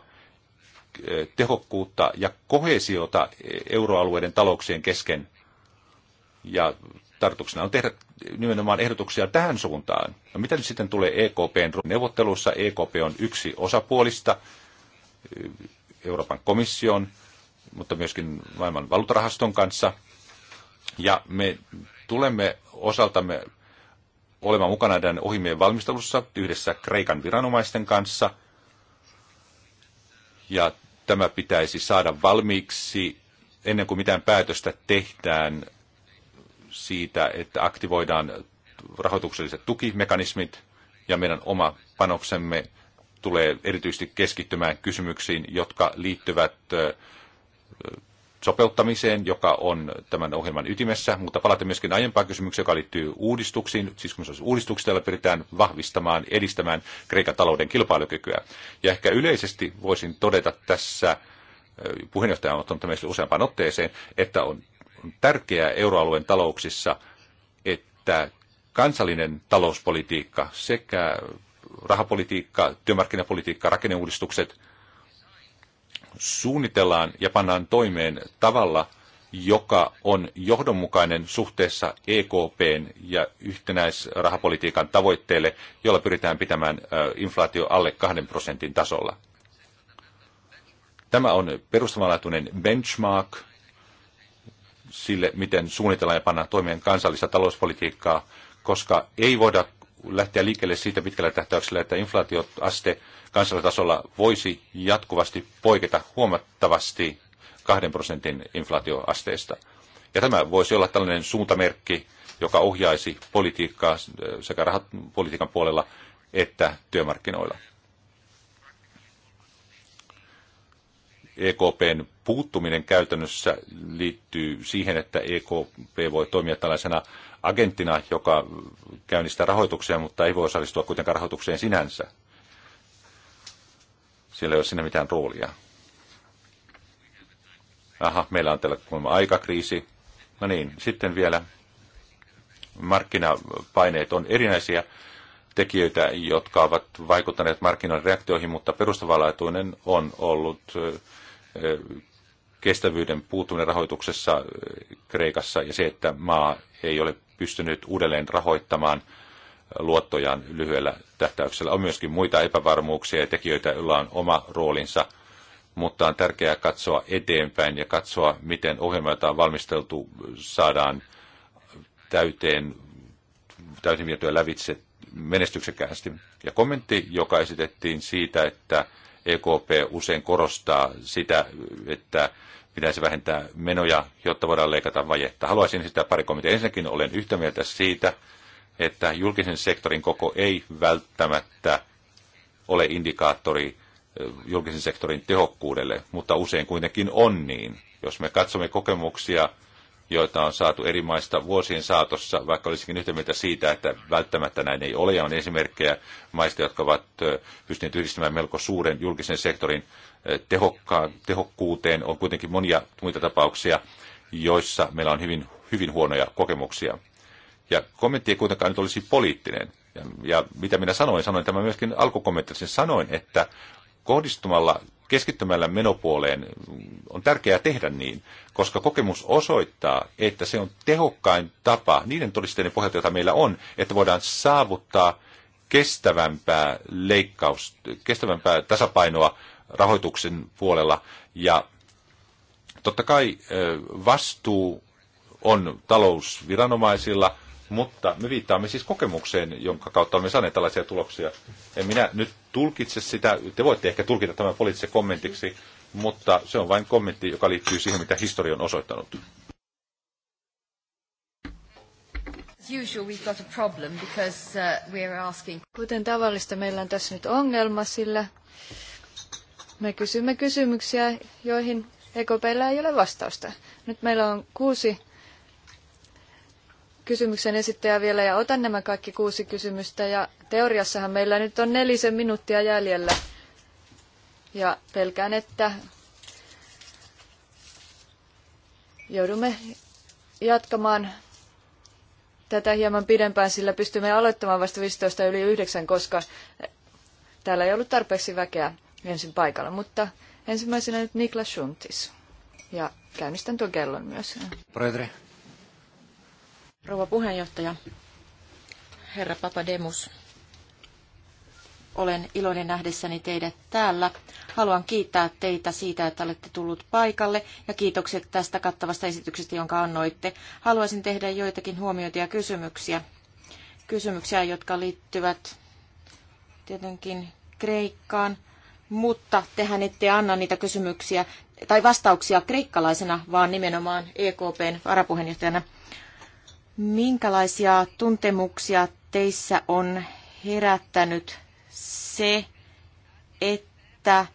tehokkuutta ja kohesiota euroalueiden talouksien kesken. Ja tarkoituksena on tehdä nimenomaan ehdotuksia tähän suuntaan. No mitä nyt sitten tulee EKPn neuvotteluissa? EKP on yksi osapuolista Euroopan komission, mutta myöskin maailman valuutarahaston kanssa – ja me tulemme osaltamme olemaan mukana tämän ohjelmien valmistelussa yhdessä Kreikan viranomaisten kanssa. Ja tämä pitäisi saada valmiiksi ennen kuin mitään päätöstä tehdään siitä, että aktivoidaan rahoitukselliset tukimekanismit ja meidän oma panoksemme tulee erityisesti keskittymään kysymyksiin, jotka liittyvät sopeuttamiseen, joka on tämän ohjelman ytimessä, mutta palata myöskin aiempaan kysymykseen, joka liittyy uudistuksiin, siis kun uudistuksista, joilla pyritään vahvistamaan, edistämään Kreikan talouden kilpailukykyä. Ja ehkä yleisesti voisin todeta tässä, puheenjohtaja on ottanut tämän useampaan otteeseen, että on tärkeää euroalueen talouksissa, että kansallinen talouspolitiikka sekä rahapolitiikka, työmarkkinapolitiikka, rakenneuudistukset – suunnitellaan ja pannaan toimeen tavalla, joka on johdonmukainen suhteessa EKPn ja yhtenäisrahapolitiikan tavoitteelle, jolla pyritään pitämään inflaatio alle 2 prosentin tasolla. Tämä on perustavanlaatuinen benchmark sille, miten suunnitellaan ja pannaan toimeen kansallista talouspolitiikkaa, koska ei voida lähteä liikkeelle siitä pitkällä tähtäyksellä, että inflaatioaste kansallisella voisi jatkuvasti poiketa huomattavasti kahden prosentin inflaatioasteesta. Ja tämä voisi olla tällainen suuntamerkki, joka ohjaisi politiikkaa äh, sekä rahapolitiikan puolella että työmarkkinoilla. EKPn puuttuminen käytännössä liittyy siihen, että EKP voi toimia tällaisena agenttina, joka käynnistää rahoituksia, mutta ei voi osallistua kuitenkaan rahoitukseen sinänsä. Siellä ei ole sinne mitään roolia. Aha, meillä on täällä kuulemma aikakriisi. No niin, sitten vielä markkinapaineet on erinäisiä tekijöitä, jotka ovat vaikuttaneet markkinoiden reaktioihin, mutta perustavanlaatuinen on ollut kestävyyden puuttuminen rahoituksessa äh, Kreikassa ja se, että maa ei ole pystynyt uudelleen rahoittamaan äh, luottojaan lyhyellä tähtäyksellä. On myöskin muita epävarmuuksia ja tekijöitä, joilla on oma roolinsa, mutta on tärkeää katsoa eteenpäin ja katsoa, miten ohjelma, jota on valmisteltu, saadaan täyteen, täysin vietyä lävitse menestyksekkäästi. Ja kommentti, joka esitettiin siitä, että EKP usein korostaa sitä, että pitäisi vähentää menoja, jotta voidaan leikata vajetta. Haluaisin sitä pari kommenttia. Ensinnäkin olen yhtä mieltä siitä, että julkisen sektorin koko ei välttämättä ole indikaattori julkisen sektorin tehokkuudelle, mutta usein kuitenkin on niin. Jos me katsomme kokemuksia joita on saatu eri maista vuosien saatossa, vaikka olisikin yhtä mieltä siitä, että välttämättä näin ei ole. Ja on esimerkkejä maista, jotka ovat pystyneet yhdistämään melko suuren julkisen sektorin tehokkuuteen. On kuitenkin monia muita tapauksia, joissa meillä on hyvin, hyvin huonoja kokemuksia. Ja kommentti ei kuitenkaan nyt olisi poliittinen. Ja, ja mitä minä sanoin, sanoin tämä myöskin alkukommenttisen, sanoin, että kohdistumalla keskittymällä menopuoleen on tärkeää tehdä niin, koska kokemus osoittaa, että se on tehokkain tapa niiden todisteiden pohjalta, joita meillä on, että voidaan saavuttaa kestävämpää leikkaus, kestävämpää tasapainoa rahoituksen puolella. Ja totta kai vastuu on talousviranomaisilla – mutta me viittaamme siis kokemukseen, jonka kautta me saaneet tällaisia tuloksia. En minä nyt tulkitse sitä, te voitte ehkä tulkita tämän poliittisen kommentiksi, mutta se on vain kommentti, joka liittyy siihen, mitä historia on osoittanut. Uh, Kuten tavallista, meillä on tässä nyt ongelma, sillä me kysymme kysymyksiä, joihin EKPllä ei ole vastausta. Nyt meillä on kuusi kysymyksen esittäjä vielä ja otan nämä kaikki kuusi kysymystä. Ja teoriassahan meillä nyt on nelisen minuuttia jäljellä. Ja pelkään, että joudumme jatkamaan tätä hieman pidempään, sillä pystymme aloittamaan vasta 15 yli 9, koska täällä ei ollut tarpeeksi väkeä ensin paikalla. Mutta ensimmäisenä nyt Niklas Schuntis. Ja käynnistän tuon kellon myös. Proedre. Rouva puheenjohtaja, herra Papademus, olen iloinen nähdessäni teidät täällä. Haluan kiittää teitä siitä, että olette tullut paikalle ja kiitokset tästä kattavasta esityksestä, jonka annoitte. Haluaisin tehdä joitakin huomioita ja kysymyksiä. Kysymyksiä, jotka liittyvät tietenkin Kreikkaan, mutta tehän ette anna niitä kysymyksiä tai vastauksia kreikkalaisena, vaan nimenomaan EKPn varapuheenjohtajana – Minkälaisia tuntemuksia teissä on herättänyt se, että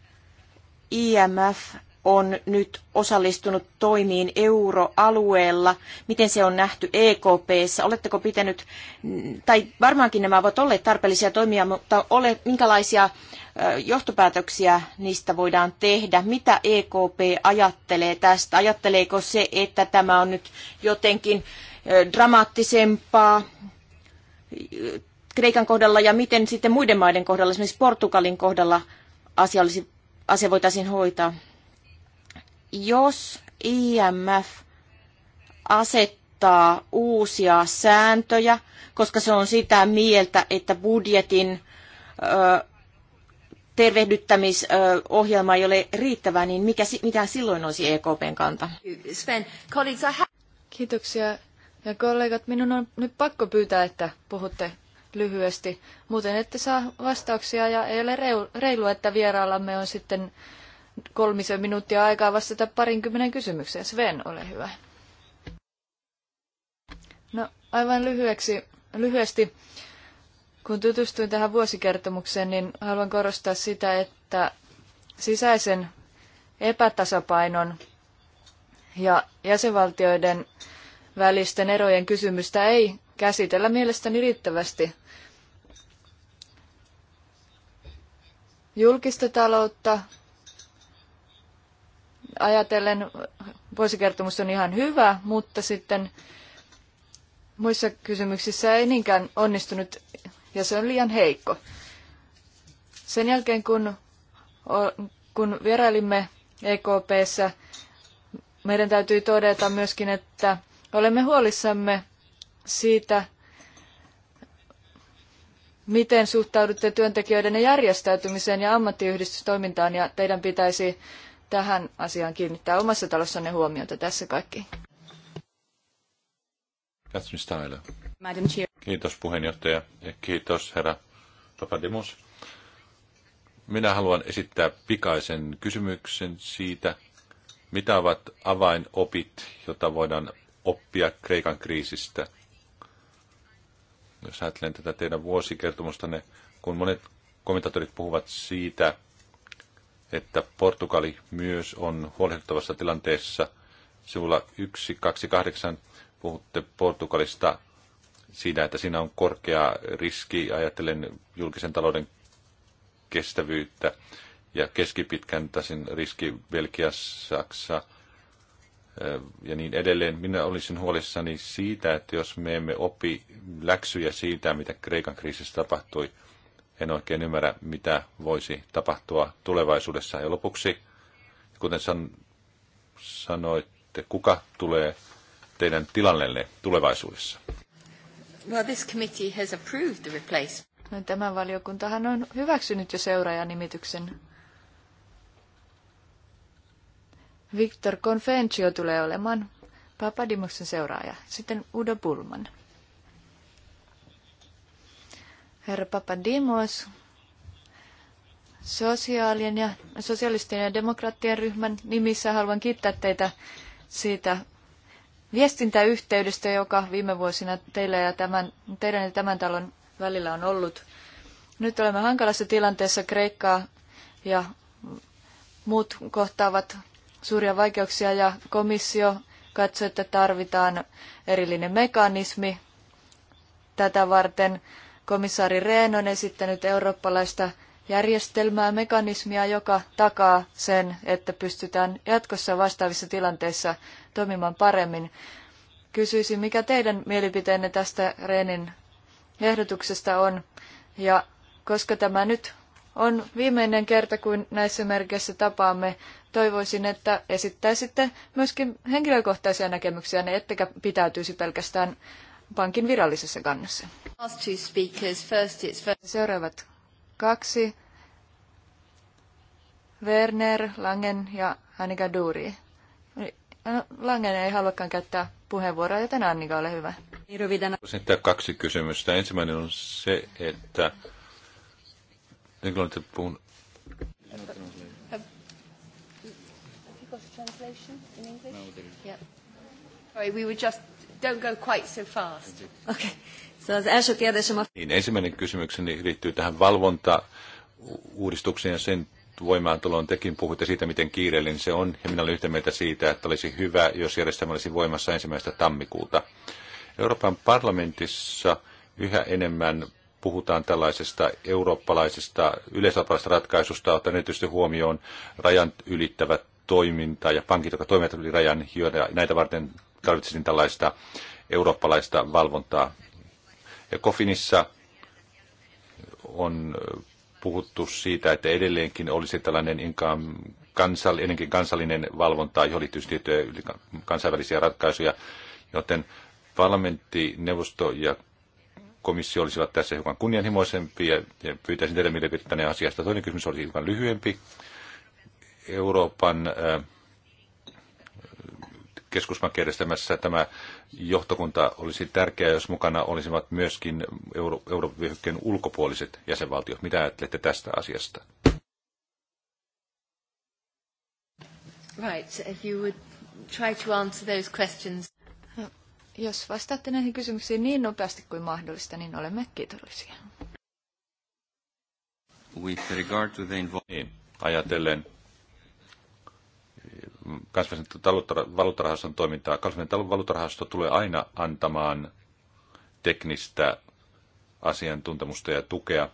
IMF on nyt osallistunut toimiin euroalueella? Miten se on nähty EKPssä? Oletteko pitänyt, tai varmaankin nämä ovat olleet tarpeellisia toimia, mutta ole, minkälaisia johtopäätöksiä niistä voidaan tehdä? Mitä EKP ajattelee tästä? Ajatteleeko se, että tämä on nyt jotenkin dramaattisempaa Kreikan kohdalla ja miten sitten muiden maiden kohdalla, esimerkiksi Portugalin kohdalla asia, olisi, asia voitaisiin hoitaa? Jos IMF asettaa uusia sääntöjä, koska se on sitä mieltä, että budjetin ö, tervehdyttämisohjelma ei ole riittävä, niin mikä, mitä silloin olisi EKPn kanta? Sven, Kiitoksia. Ja kollegat, minun on nyt pakko pyytää, että puhutte lyhyesti. Muuten ette saa vastauksia ja ei ole reilu, että vieraallamme on sitten kolmisen minuuttia aikaa vastata parinkymmenen kysymykseen. Sven, ole hyvä. No, aivan lyhyeksi, lyhyesti, kun tutustuin tähän vuosikertomukseen, niin haluan korostaa sitä, että sisäisen epätasapainon ja jäsenvaltioiden välisten erojen kysymystä ei käsitellä mielestäni riittävästi. Julkista taloutta ajatellen vuosikertomus on ihan hyvä, mutta sitten muissa kysymyksissä ei niinkään onnistunut ja se on liian heikko. Sen jälkeen kun, kun vierailimme EKPssä, meidän täytyy todeta myöskin, että Olemme huolissamme siitä, miten suhtaudutte työntekijöiden järjestäytymiseen ja ammattiyhdistystoimintaan ja teidän pitäisi tähän asiaan kiinnittää omassa talossanne huomiota. Tässä kaikki. Madam Kiitos puheenjohtaja ja kiitos herra Papadimus. Minä haluan esittää pikaisen kysymyksen siitä, mitä ovat avainopit, joita voidaan oppia Kreikan kriisistä. Jos ajattelen tätä teidän vuosikertomustanne, kun monet komentaattorit puhuvat siitä, että Portugali myös on huolehdittavassa tilanteessa. Sivulla 128 puhutte Portugalista siinä, että siinä on korkea riski, ajatellen julkisen talouden kestävyyttä ja keskipitkän tasin riski Belgiassa, Saksa, ja niin edelleen. Minä olisin huolissani siitä, että jos me emme opi läksyjä siitä, mitä Kreikan kriisissä tapahtui, en oikein ymmärrä, mitä voisi tapahtua tulevaisuudessa. Ja lopuksi, kuten san, sanoitte, kuka tulee teidän tilallenne tulevaisuudessa? Well, this committee has approved the replacement. No, tämä valiokuntahan on hyväksynyt jo seuraajanimityksen Victor Confencio tulee olemaan Papadimoksen seuraaja. Sitten Udo Bulman. Herra Papadimos, sosiaalien ja, sosialistien ja demokraattien ryhmän nimissä haluan kiittää teitä siitä viestintäyhteydestä, joka viime vuosina teillä ja tämän, teidän ja tämän talon välillä on ollut. Nyt olemme hankalassa tilanteessa Kreikkaa ja muut kohtaavat suuria vaikeuksia ja komissio katsoi, että tarvitaan erillinen mekanismi tätä varten. Komissaari Rehn on esittänyt eurooppalaista järjestelmää, mekanismia, joka takaa sen, että pystytään jatkossa vastaavissa tilanteissa toimimaan paremmin. Kysyisin, mikä teidän mielipiteenne tästä Reenin ehdotuksesta on ja koska tämä nyt on viimeinen kerta, kun näissä merkeissä tapaamme. Toivoisin, että esittäisitte myöskin henkilökohtaisia näkemyksiä, ne niin ettekä pitäytyisi pelkästään pankin virallisessa kannassa. Seuraavat kaksi. Werner, Langen ja Annika Duuri. No, Langen ei haluakaan käyttää puheenvuoroa, joten Annika, ole hyvä. Haluaisin tehdä kaksi kysymystä. Ensimmäinen on se, että Englanti Niin, ensimmäinen kysymykseni liittyy tähän valvontauudistukseen ja sen voimaantuloon. Tekin puhutte siitä, miten kiireellinen se on, ja minä olen yhtä mieltä siitä, että olisi hyvä, jos järjestelmä olisi voimassa ensimmäistä tammikuuta. Euroopan parlamentissa yhä enemmän puhutaan tällaisesta eurooppalaisesta yleiseurooppalaisesta ratkaisusta, ottaen erityisesti huomioon rajan ylittävät toiminta ja pankit, jotka toimivat yli rajan, ja näitä varten tarvitsisin tällaista eurooppalaista valvontaa. Ja Kofinissa on puhuttu siitä, että edelleenkin olisi tällainen inkaan kansall, ennenkin kansallinen valvonta, johon liittyisi tiettyjä kansainvälisiä ratkaisuja, joten parlamentti, neuvosto ja komissio olisivat tässä hiukan kunnianhimoisempi ja, ja pyytäisin teidän mielipidettänne asiasta. Toinen kysymys olisi hiukan lyhyempi. Euroopan keskuspankkijärjestelmässä tämä johtokunta olisi tärkeää, jos mukana olisivat myöskin euro, Euroopan vyöhykkeen ulkopuoliset jäsenvaltiot. Mitä ajattelette tästä asiasta? Right, if you would try to answer those questions. Jos vastaatte näihin kysymyksiin niin nopeasti kuin mahdollista, niin olemme kiitollisia. With regard to the niin, ajatellen eh, kansainvälisen valuuttarahaston toimintaa, kansainvälinen valuuttarahasto tulee aina antamaan teknistä asiantuntemusta ja tukea.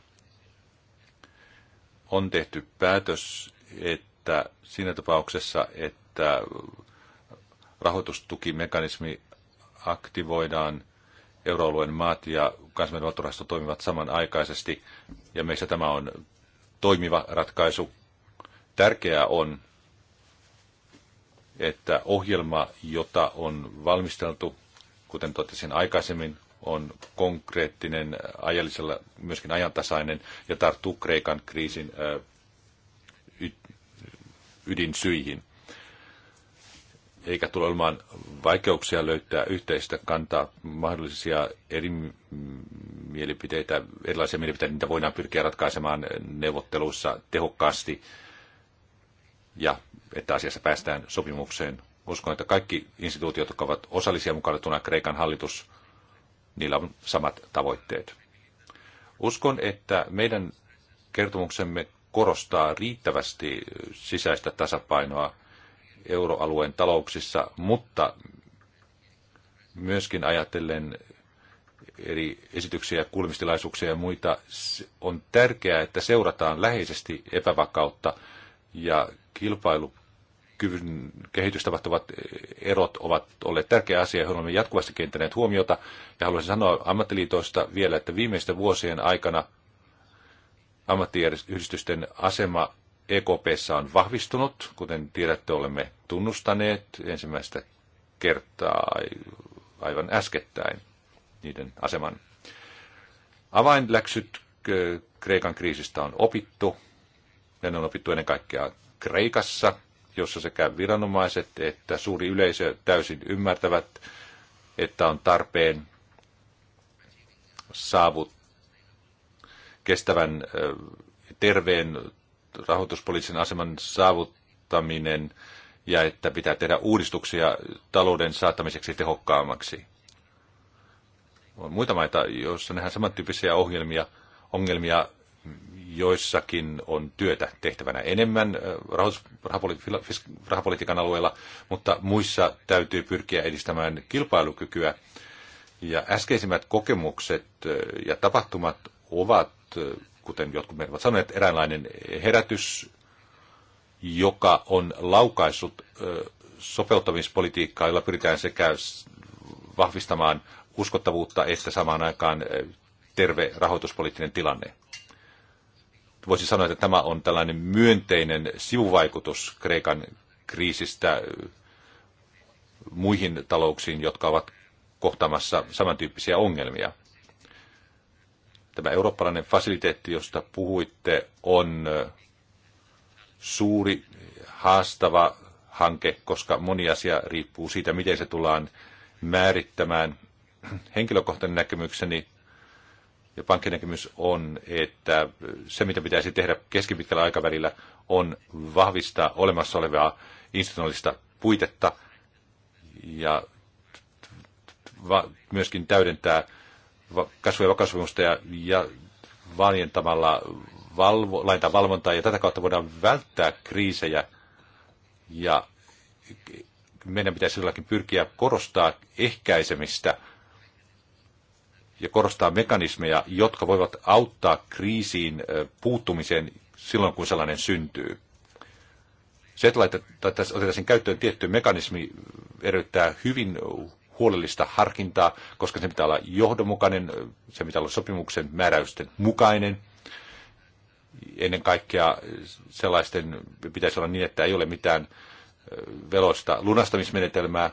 On tehty päätös, että siinä tapauksessa, että rahoitustukimekanismi aktivoidaan euroalueen maat ja kansainvälinen valtarahasto toimivat samanaikaisesti, ja meissä tämä on toimiva ratkaisu. Tärkeää on, että ohjelma, jota on valmisteltu, kuten totesin aikaisemmin, on konkreettinen, ajallisella myöskin ajantasainen ja tarttuu Kreikan kriisin ydinsyihin eikä tule olemaan vaikeuksia löytää yhteistä kantaa, mahdollisia eri mielipiteitä, erilaisia mielipiteitä, niitä voidaan pyrkiä ratkaisemaan neuvotteluissa tehokkaasti ja että asiassa päästään sopimukseen. Uskon, että kaikki instituutiot, jotka ovat osallisia mukana Kreikan hallitus, niillä on samat tavoitteet. Uskon, että meidän kertomuksemme korostaa riittävästi sisäistä tasapainoa – euroalueen talouksissa, mutta myöskin ajatellen eri esityksiä, kuulemistilaisuuksia ja muita, on tärkeää, että seurataan läheisesti epävakautta ja kilpailukyvyn kehitys tapahtuvat erot ovat olleet tärkeä asia, johon olemme jatkuvasti kiinnittäneet huomiota. Ja haluaisin sanoa ammattiliitoista vielä, että viimeisten vuosien aikana ammattiyhdistysten asema EKPssä on vahvistunut, kuten tiedätte, olemme tunnustaneet ensimmäistä kertaa aivan äskettäin niiden aseman. Avainläksyt Kreikan kriisistä on opittu, ja ne on opittu ennen kaikkea Kreikassa, jossa sekä viranomaiset että suuri yleisö täysin ymmärtävät, että on tarpeen saavut kestävän terveen rahoituspoliittisen aseman saavuttaminen ja että pitää tehdä uudistuksia talouden saattamiseksi tehokkaammaksi. On muita maita, joissa nähdään samantyyppisiä ohjelmia, ongelmia, joissakin on työtä tehtävänä enemmän rahoitus, rahapolitiikan alueella, mutta muissa täytyy pyrkiä edistämään kilpailukykyä. Ja äskeisimmät kokemukset ja tapahtumat ovat kuten jotkut meidät ovat sanoneet, eräänlainen herätys, joka on laukaissut sopeuttamispolitiikkaa, jolla pyritään sekä vahvistamaan uskottavuutta että samaan aikaan terve rahoituspoliittinen tilanne. Voisi sanoa, että tämä on tällainen myönteinen sivuvaikutus Kreikan kriisistä muihin talouksiin, jotka ovat kohtaamassa samantyyppisiä ongelmia. Tämä eurooppalainen fasiliteetti, josta puhuitte, on suuri, haastava hanke, koska moni asia riippuu siitä, miten se tullaan määrittämään. Henkilökohtainen näkemykseni ja pankkinäkemys on, että se, mitä pitäisi tehdä keskipitkällä aikavälillä, on vahvistaa olemassa olevaa institutionaalista puitetta ja myöskin täydentää kasvu- ja ja, ja valjentamalla valvo, laintaa valvontaa ja tätä kautta voidaan välttää kriisejä ja meidän pitäisi silläkin pyrkiä korostaa ehkäisemistä ja korostaa mekanismeja, jotka voivat auttaa kriisiin puuttumiseen silloin, kun sellainen syntyy. Se, että otetaan käyttöön tietty mekanismi, edellyttää hyvin huolellista harkintaa, koska se pitää olla johdonmukainen, se pitää olla sopimuksen määräysten mukainen. Ennen kaikkea sellaisten pitäisi olla niin, että ei ole mitään veloista lunastamismenetelmää.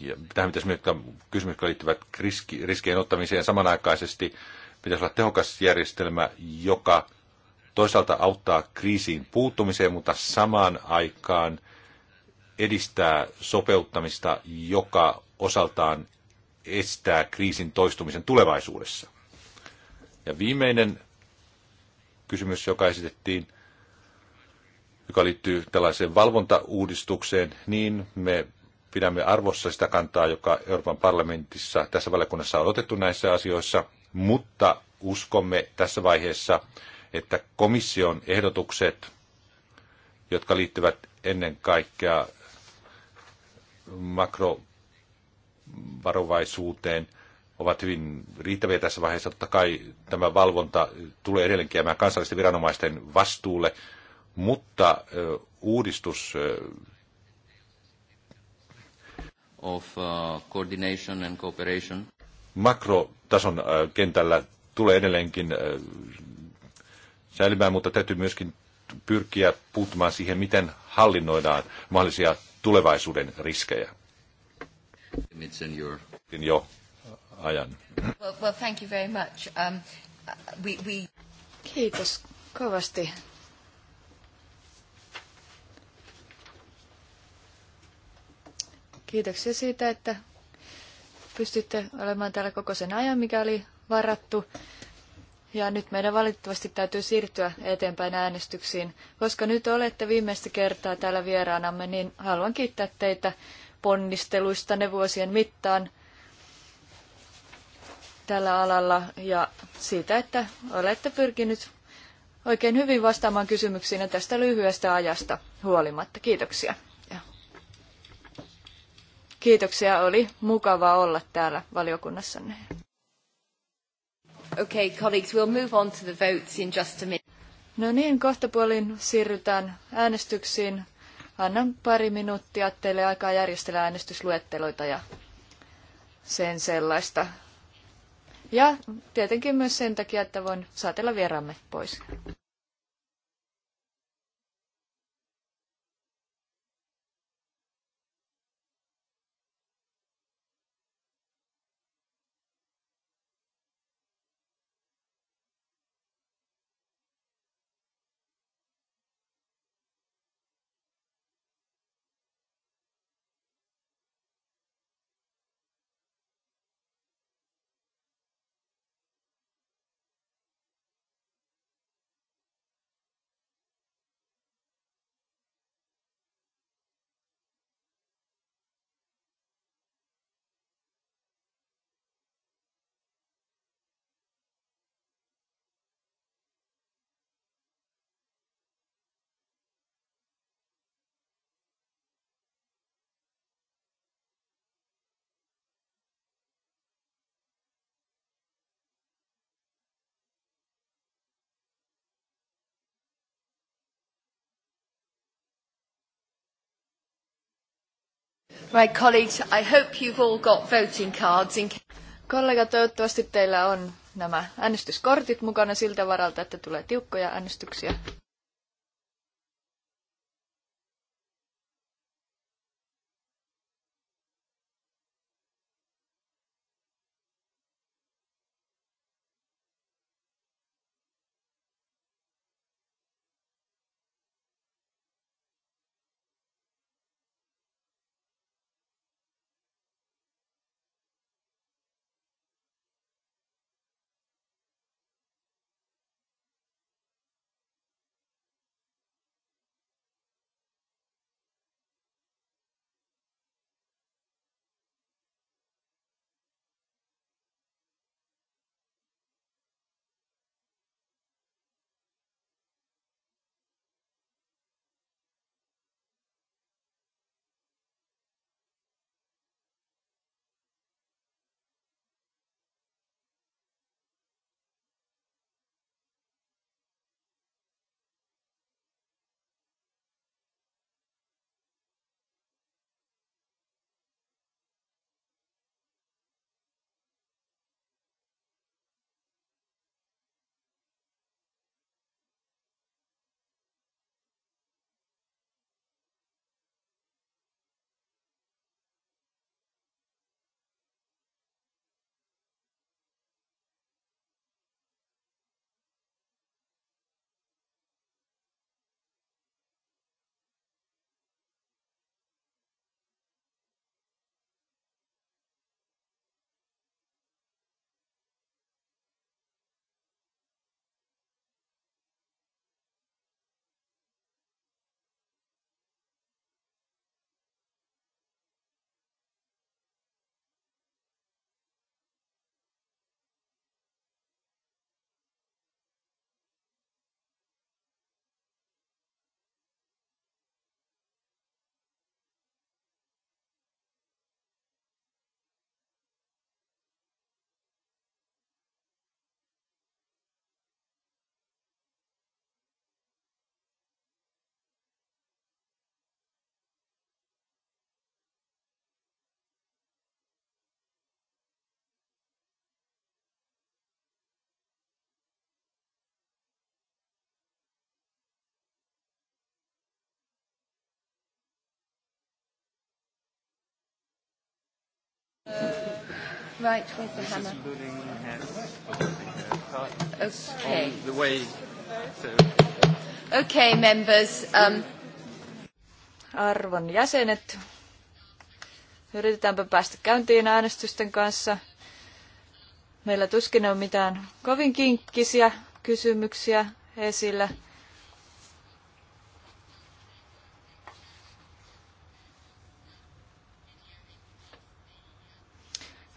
Ja tähän pitäisi miettiä kysymykset, jotka liittyvät riski, riskien ottamiseen samanaikaisesti. Pitäisi olla tehokas järjestelmä, joka toisaalta auttaa kriisiin puuttumiseen, mutta samaan aikaan – edistää sopeuttamista, joka osaltaan estää kriisin toistumisen tulevaisuudessa. Ja viimeinen kysymys, joka esitettiin, joka liittyy tällaiseen valvontauudistukseen, niin me pidämme arvossa sitä kantaa, joka Euroopan parlamentissa tässä valiokunnassa on otettu näissä asioissa, mutta uskomme tässä vaiheessa, että komission ehdotukset, jotka liittyvät ennen kaikkea makrovarovaisuuteen ovat hyvin riittäviä tässä vaiheessa. Totta kai tämä valvonta tulee edelleenkin jäämään kansallisten viranomaisten vastuulle, mutta uudistus of uh, coordination and cooperation. Makrotason kentällä tulee edelleenkin säilymään, mutta täytyy myöskin pyrkiä puuttumaan siihen, miten hallinnoidaan mahdollisia tulevaisuuden riskejä. Niin jo ajan. Well, well, thank you very much. Um, uh, we, we... Kiitos kovasti. Kiitoksia siitä, että pystytte olemaan täällä koko sen ajan, mikä oli varattu. Ja nyt meidän valitettavasti täytyy siirtyä eteenpäin äänestyksiin. Koska nyt olette viimeistä kertaa täällä vieraanamme, niin haluan kiittää teitä ponnisteluista ne vuosien mittaan tällä alalla ja siitä, että olette pyrkinyt oikein hyvin vastaamaan kysymyksiin tästä lyhyestä ajasta huolimatta. Kiitoksia. Kiitoksia, oli mukava olla täällä valiokunnassanne. Okay, colleagues, we'll move on to the votes in just a minute. No niin, kohta puolin siirrytään äänestyksiin. Annan pari minuuttia teille aikaa järjestellä äänestysluetteloita ja sen sellaista. Ja tietenkin myös sen takia, että voin saatella vieraamme pois. My colleagues, I hope you've all got voting cards in... toivottavasti teillä on nämä äänestyskortit mukana siltä varalta, että tulee tiukkoja äänestyksiä. Right, with the hammer. Okay. the way. Okay, members. Um. Arvon jäsenet, yritetäänpä päästä käyntiin äänestysten kanssa. Meillä tuskin on mitään kovin kinkkisiä kysymyksiä esillä.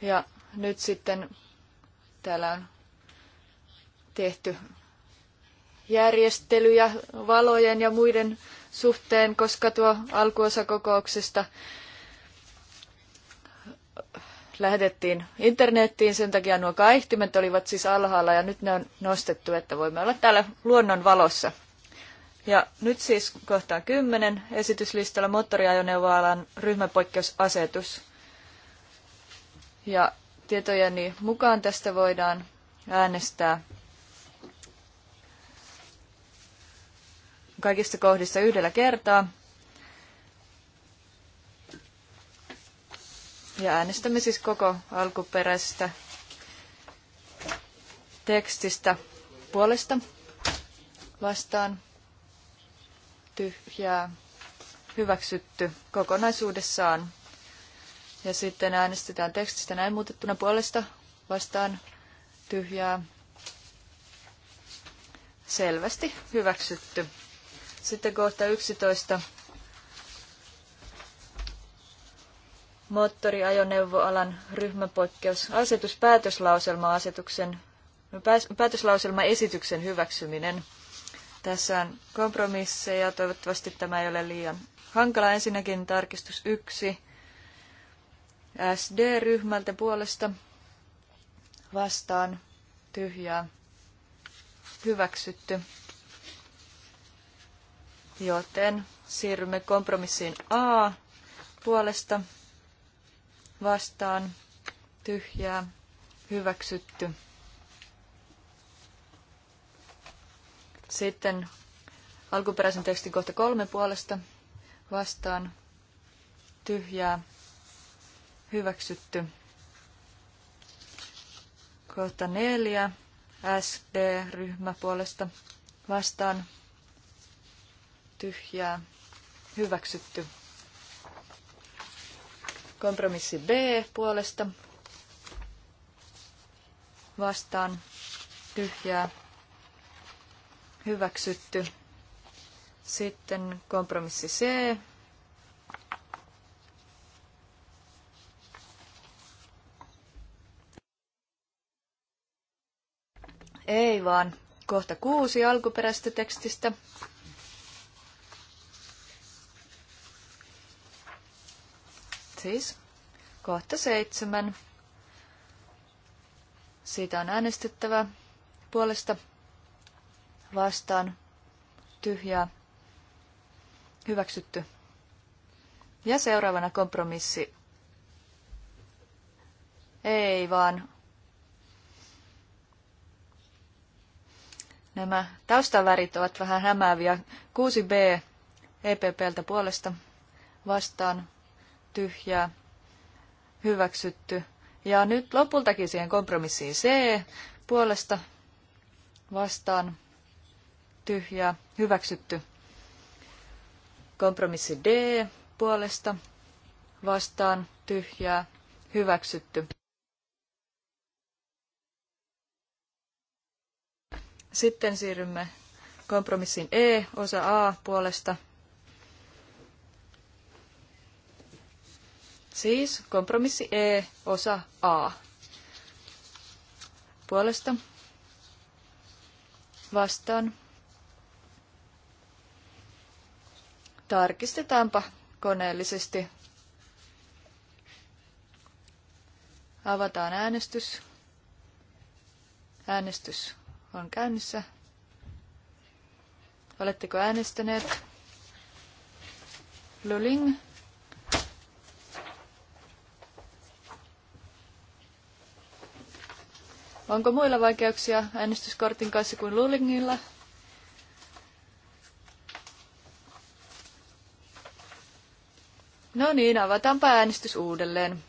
Ja nyt sitten täällä on tehty järjestelyjä valojen ja muiden suhteen, koska tuo alkuosa kokouksesta lähetettiin internettiin, sen takia nuo kaihtimet olivat siis alhaalla ja nyt ne on nostettu, että voimme olla täällä luonnon valossa. Ja nyt siis kohtaan 10 esityslistalla moottoriajoneuvoalan ryhmäpoikkeusasetus. Ja tietojeni mukaan tästä voidaan äänestää kaikista kohdista yhdellä kertaa. Ja äänestämme siis koko alkuperäisestä tekstistä puolesta vastaan tyhjää hyväksytty kokonaisuudessaan. Ja sitten äänestetään tekstistä näin muutettuna puolesta vastaan tyhjää. Selvästi hyväksytty. Sitten kohta 11. moottoriajoneuvoalan asetus päätöslauselma-asetuksen päätöslauselmaesityksen hyväksyminen. Tässä on kompromisseja. Toivottavasti tämä ei ole liian hankala. Ensinnäkin tarkistus yksi SD-ryhmältä puolesta vastaan tyhjää hyväksytty. Joten siirrymme kompromissiin A puolesta vastaan tyhjää hyväksytty. Sitten alkuperäisen tekstin kohta kolme puolesta vastaan tyhjää hyväksytty. Kohta neljä. SD-ryhmä puolesta vastaan tyhjää hyväksytty. Kompromissi B puolesta vastaan tyhjää hyväksytty. Sitten kompromissi C Ei vaan. Kohta kuusi alkuperäistä tekstistä. Siis kohta seitsemän. Siitä on äänestettävä puolesta vastaan tyhjää hyväksytty. Ja seuraavana kompromissi. Ei vaan Nämä taustavärit ovat vähän hämääviä. 6b EPPltä puolesta vastaan tyhjää hyväksytty. Ja nyt lopultakin siihen kompromissiin C puolesta vastaan tyhjää hyväksytty. Kompromissi D puolesta vastaan tyhjää hyväksytty. Sitten siirrymme kompromissin E, osa A puolesta. Siis kompromissi E, osa A puolesta. Vastaan. Tarkistetaanpa koneellisesti. Avataan äänestys. Äänestys on käynnissä. Oletteko äänestäneet? Luling. Onko muilla vaikeuksia äänestyskortin kanssa kuin Lulingilla? No niin, avataanpa äänestys uudelleen.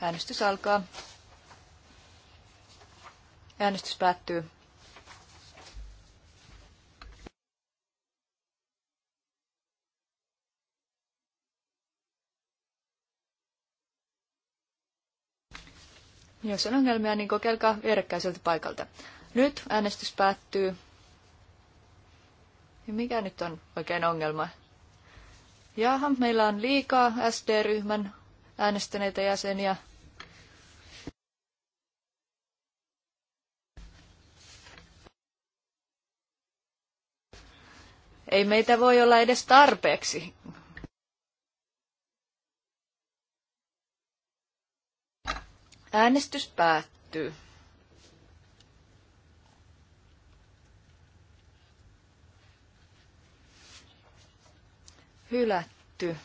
Äänestys alkaa. Äänestys päättyy. Jos on ongelmia, niin kokeilkaa vierekkäiseltä paikalta. Nyt äänestys päättyy. Ja mikä nyt on oikein ongelma? Jaha, meillä on liikaa SD-ryhmän äänestäneitä jäseniä. Ei meitä voi olla edes tarpeeksi. Äänestys päättyy. Hylätty.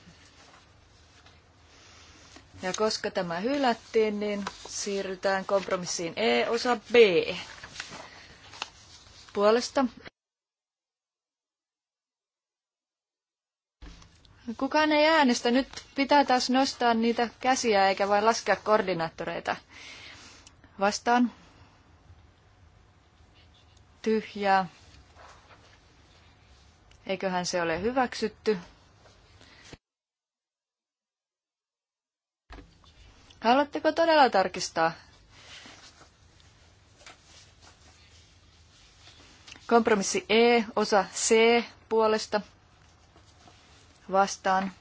Ja koska tämä hylättiin, niin siirrytään kompromissiin E osa B. Puolesta Kukaan ei äänestä. Nyt pitää taas nostaa niitä käsiä eikä vain laskea koordinaattoreita. Vastaan. Tyhjää. Eiköhän se ole hyväksytty. Haluatteko todella tarkistaa? Kompromissi E, osa C puolesta vastaan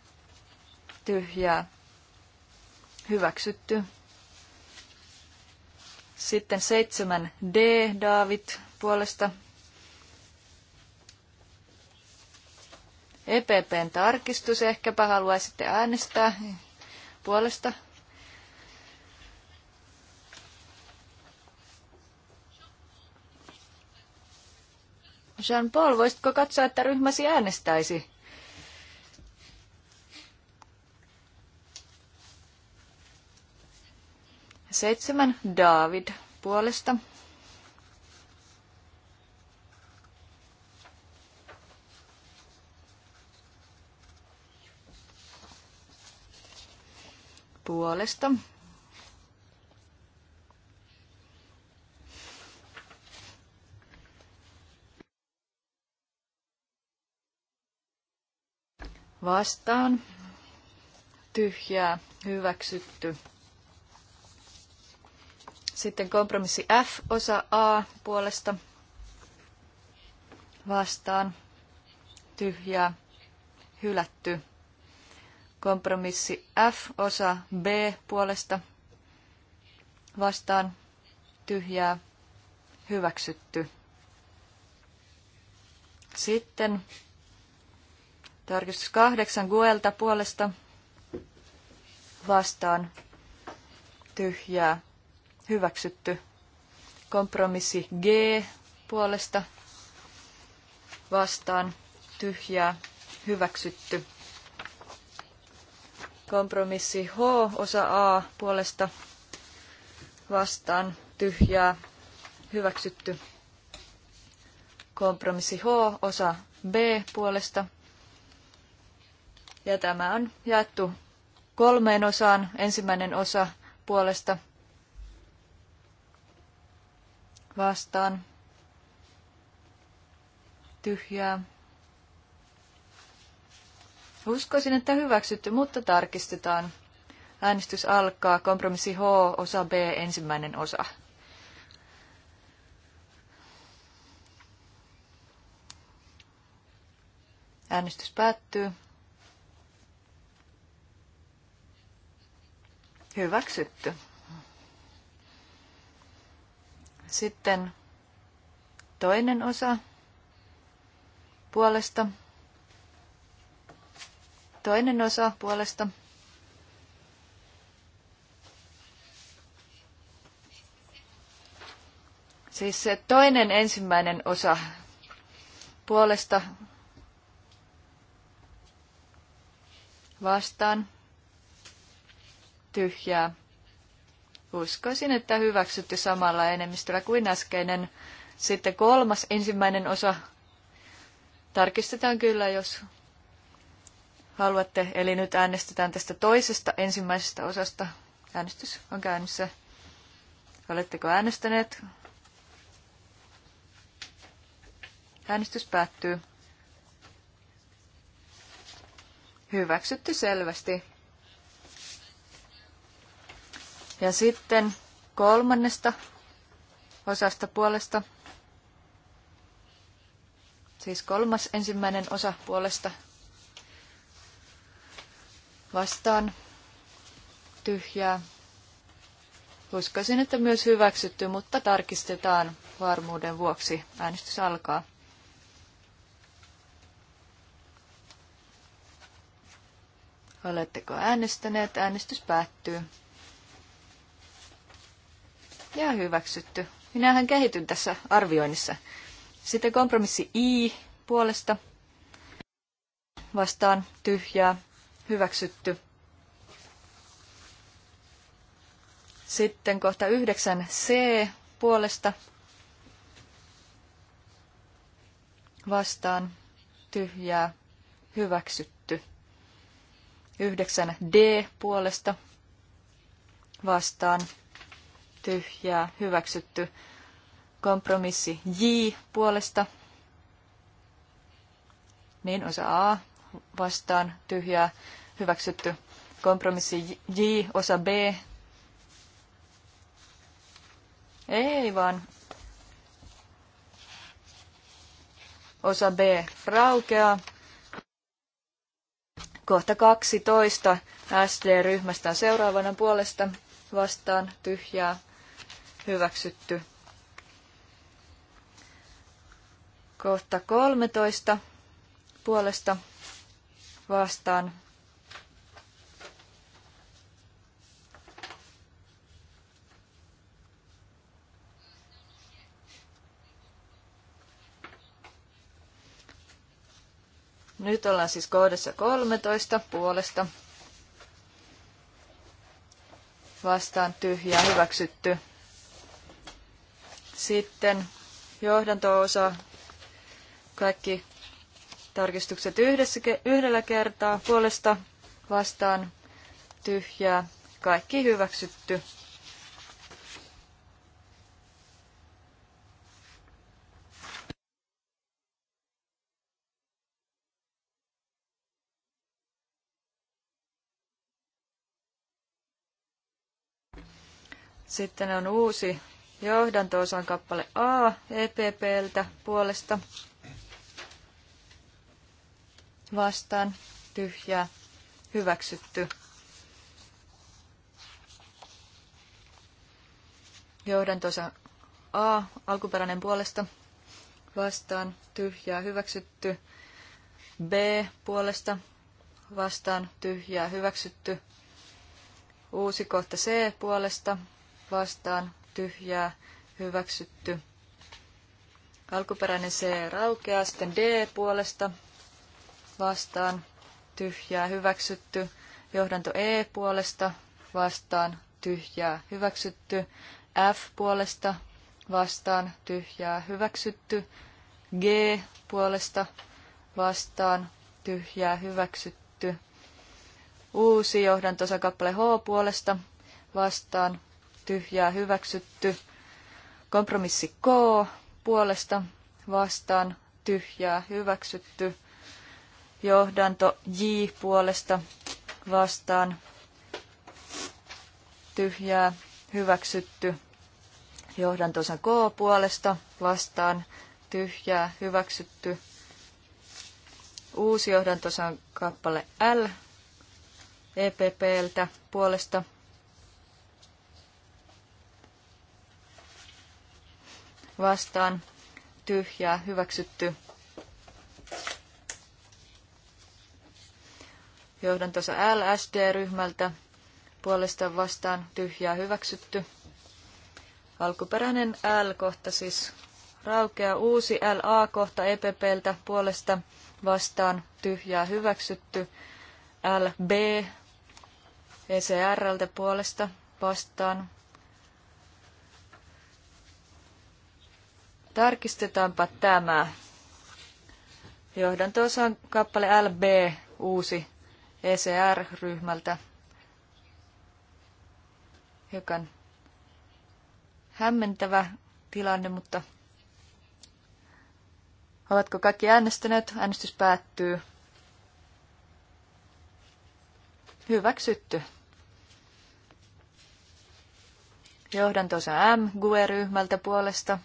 tyhjää hyväksytty. Sitten 7D David puolesta EPPn tarkistus. Ehkäpä haluaisitte äänestää puolesta. Jean-Paul, voisitko katsoa, että ryhmäsi äänestäisi? 7. David puolesta. Puolesta. Vastaan. Tyhjää. Hyväksytty. Sitten kompromissi F, osa A puolesta vastaan, tyhjää, hylätty. Kompromissi F, osa B puolesta vastaan, tyhjää, hyväksytty. Sitten tarkistus kahdeksan Guelta puolesta vastaan, tyhjää, hyväksytty. Kompromissi G puolesta vastaan tyhjää hyväksytty. Kompromissi H osa A puolesta vastaan tyhjää hyväksytty. Kompromissi H osa B puolesta. Ja tämä on jaettu kolmeen osaan. Ensimmäinen osa puolesta vastaan tyhjää. Uskoisin, että hyväksytty, mutta tarkistetaan. Äänestys alkaa. Kompromissi H, osa B, ensimmäinen osa. Äänestys päättyy. Hyväksytty. Sitten toinen osa puolesta. Toinen osa puolesta. Siis se toinen ensimmäinen osa puolesta vastaan tyhjää Uskoisin, että hyväksytty samalla enemmistöllä kuin äskeinen. Sitten kolmas, ensimmäinen osa. Tarkistetaan kyllä, jos haluatte. Eli nyt äänestetään tästä toisesta ensimmäisestä osasta. Äänestys on käynnissä. Oletteko äänestäneet? Äänestys päättyy. Hyväksytty selvästi. Ja sitten kolmannesta osasta puolesta, siis kolmas ensimmäinen osa puolesta vastaan tyhjää. Uskoisin, että myös hyväksytty, mutta tarkistetaan varmuuden vuoksi. Äänestys alkaa. Oletteko äänestäneet? Äänestys päättyy ja hyväksytty. Minähän kehityn tässä arvioinnissa. Sitten kompromissi I puolesta vastaan tyhjää, hyväksytty. Sitten kohta 9 C puolesta vastaan tyhjää, hyväksytty. 9 D puolesta vastaan tyhjää, hyväksytty. Kompromissi J puolesta. Niin osa A vastaan tyhjää, hyväksytty. Kompromissi J osa B. Ei vaan. Osa B raukeaa. Kohta 12 SD-ryhmästä seuraavana puolesta vastaan tyhjää hyväksytty. Kohta 13 puolesta vastaan Nyt ollaan siis kohdassa 13 puolesta. Vastaan tyhjä hyväksytty. Sitten johdanto-osa, kaikki tarkistukset yhdessä, yhdellä kertaa puolesta vastaan tyhjää, kaikki hyväksytty. Sitten on uusi Johdanto-osan kappale A EPPltä puolesta vastaan tyhjää hyväksytty. Johdantosa A alkuperäinen puolesta vastaan tyhjää hyväksytty. B puolesta vastaan tyhjää hyväksytty. Uusi kohta C puolesta vastaan tyhjää, hyväksytty. Alkuperäinen C raukeaa, sitten D puolesta vastaan, tyhjää, hyväksytty. Johdanto E puolesta vastaan, tyhjää, hyväksytty. F puolesta vastaan, tyhjää, hyväksytty. G puolesta vastaan, tyhjää, hyväksytty. Uusi johdantosakappale H puolesta vastaan, tyhjää hyväksytty. Kompromissi K puolesta vastaan tyhjää hyväksytty. Johdanto J puolesta vastaan tyhjää hyväksytty. Johdantonsa K puolesta vastaan tyhjää hyväksytty. Uusi johdantosan kappale L EPPltä puolesta vastaan tyhjää hyväksytty. tuossa LSD-ryhmältä puolesta vastaan tyhjää hyväksytty. Alkuperäinen L-kohta siis raukea uusi LA-kohta EPPltä puolesta vastaan tyhjää hyväksytty. LB ECRltä puolesta vastaan Tarkistetaanpa tämä. Johdantoosan kappale LB, uusi ECR-ryhmältä. Hiukan hämmentävä tilanne, mutta ovatko kaikki äänestäneet? Äänestys päättyy. Hyväksytty. Johdantosa M GUE-ryhmältä puolesta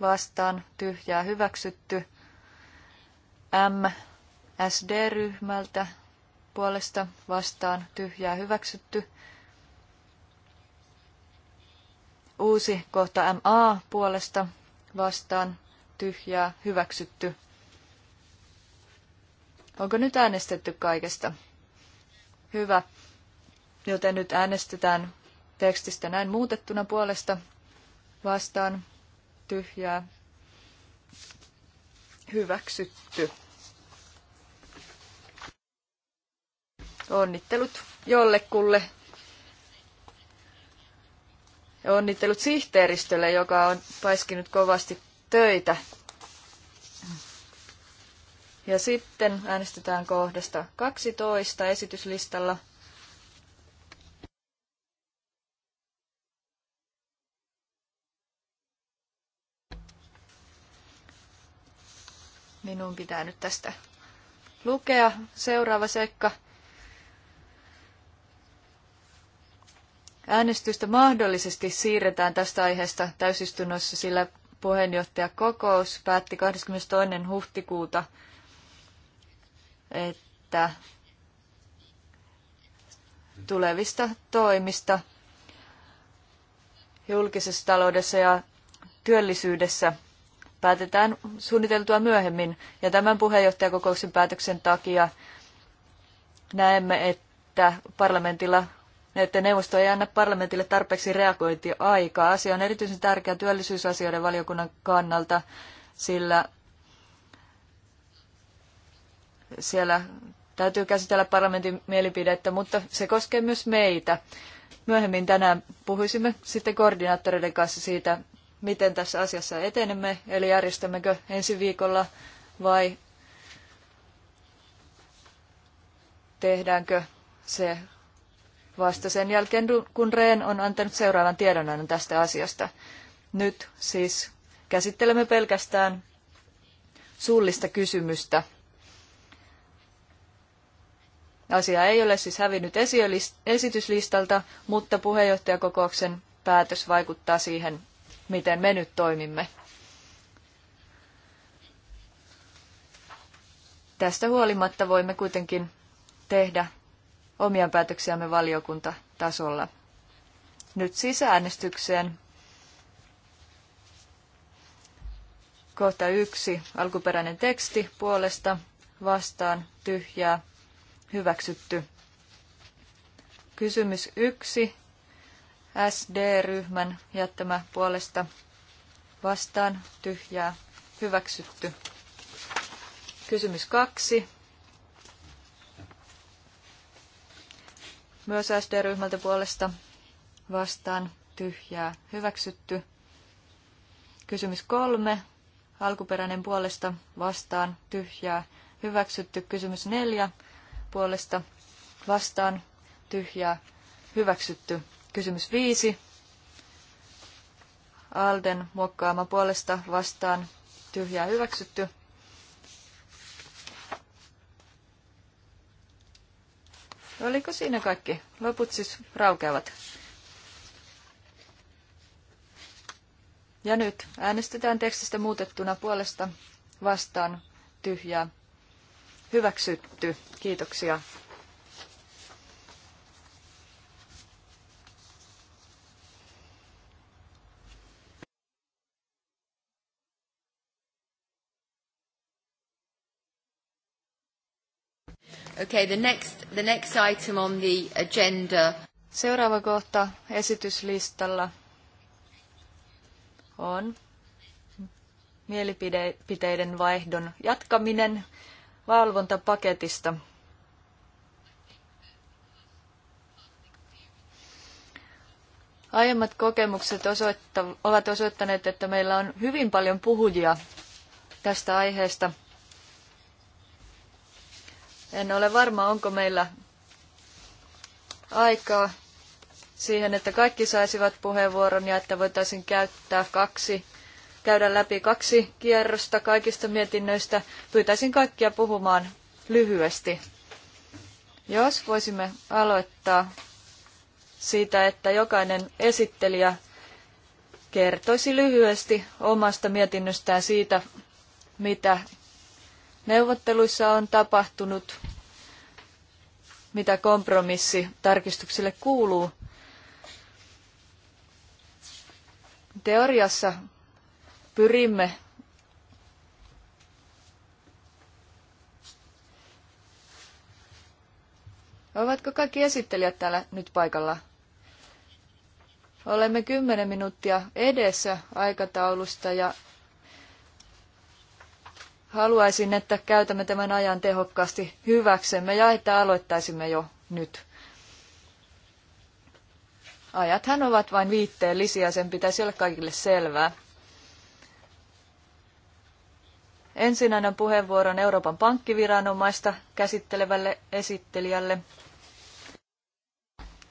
vastaan tyhjää hyväksytty. M SD-ryhmältä puolesta vastaan tyhjää hyväksytty. Uusi kohta MA puolesta vastaan tyhjää hyväksytty. Onko nyt äänestetty kaikesta? Hyvä. Joten nyt äänestetään tekstistä näin muutettuna puolesta vastaan tyhjää hyväksytty. Onnittelut jollekulle. Onnittelut sihteeristölle, joka on paiskinut kovasti töitä. Ja sitten äänestetään kohdasta 12 esityslistalla. minun pitää nyt tästä lukea. Seuraava seikka. Äänestystä mahdollisesti siirretään tästä aiheesta täysistunnossa, sillä puheenjohtajakokous päätti 22. huhtikuuta, että tulevista toimista julkisessa taloudessa ja työllisyydessä – päätetään suunniteltua myöhemmin. Ja tämän puheenjohtajakokouksen päätöksen takia näemme, että parlamentilla että neuvosto ei anna parlamentille tarpeeksi reagointiaikaa. Asia on erityisen tärkeä työllisyysasioiden valiokunnan kannalta, sillä siellä täytyy käsitellä parlamentin mielipidettä, mutta se koskee myös meitä. Myöhemmin tänään puhuisimme sitten koordinaattoreiden kanssa siitä, miten tässä asiassa etenemme, eli järjestämmekö ensi viikolla vai tehdäänkö se vasta sen jälkeen, kun Reen on antanut seuraavan tiedonannon tästä asiasta. Nyt siis käsittelemme pelkästään suullista kysymystä. Asia ei ole siis hävinnyt esityslistalta, mutta puheenjohtajakokouksen päätös vaikuttaa siihen miten me nyt toimimme. Tästä huolimatta voimme kuitenkin tehdä omia päätöksiämme valiokuntatasolla. Nyt sisäänestykseen. Kohta yksi, alkuperäinen teksti puolesta, vastaan, tyhjää, hyväksytty. Kysymys yksi, SD-ryhmän jättämä puolesta vastaan tyhjää hyväksytty. Kysymys kaksi. Myös SD-ryhmältä puolesta vastaan tyhjää hyväksytty. Kysymys kolme. Alkuperäinen puolesta vastaan tyhjää hyväksytty. Kysymys neljä puolesta vastaan tyhjää hyväksytty. Kysymys viisi. Alden muokkaama puolesta vastaan tyhjää hyväksytty. Oliko siinä kaikki? Loput siis raukeavat. Ja nyt äänestetään tekstistä muutettuna puolesta vastaan tyhjää. Hyväksytty. Kiitoksia. Okay, the next, the next item on the agenda. Seuraava kohta esityslistalla on mielipiteiden vaihdon jatkaminen valvontapaketista. Aiemmat kokemukset osoittav- ovat osoittaneet, että meillä on hyvin paljon puhujia tästä aiheesta – en ole varma, onko meillä aikaa siihen, että kaikki saisivat puheenvuoron ja että voitaisiin käyttää kaksi, käydä läpi kaksi kierrosta kaikista mietinnöistä. Pyytäisin kaikkia puhumaan lyhyesti. Jos voisimme aloittaa siitä, että jokainen esittelijä kertoisi lyhyesti omasta mietinnöstään siitä, mitä neuvotteluissa on tapahtunut, mitä kompromissi tarkistuksille kuuluu. Teoriassa pyrimme Ovatko kaikki esittelijät täällä nyt paikalla? Olemme kymmenen minuuttia edessä aikataulusta ja Haluaisin, että käytämme tämän ajan tehokkaasti hyväksemme ja että aloittaisimme jo nyt. Ajathan ovat vain viitteellisiä, sen pitäisi olla kaikille selvää. Ensin annan puheenvuoron Euroopan pankkiviranomaista käsittelevälle esittelijälle.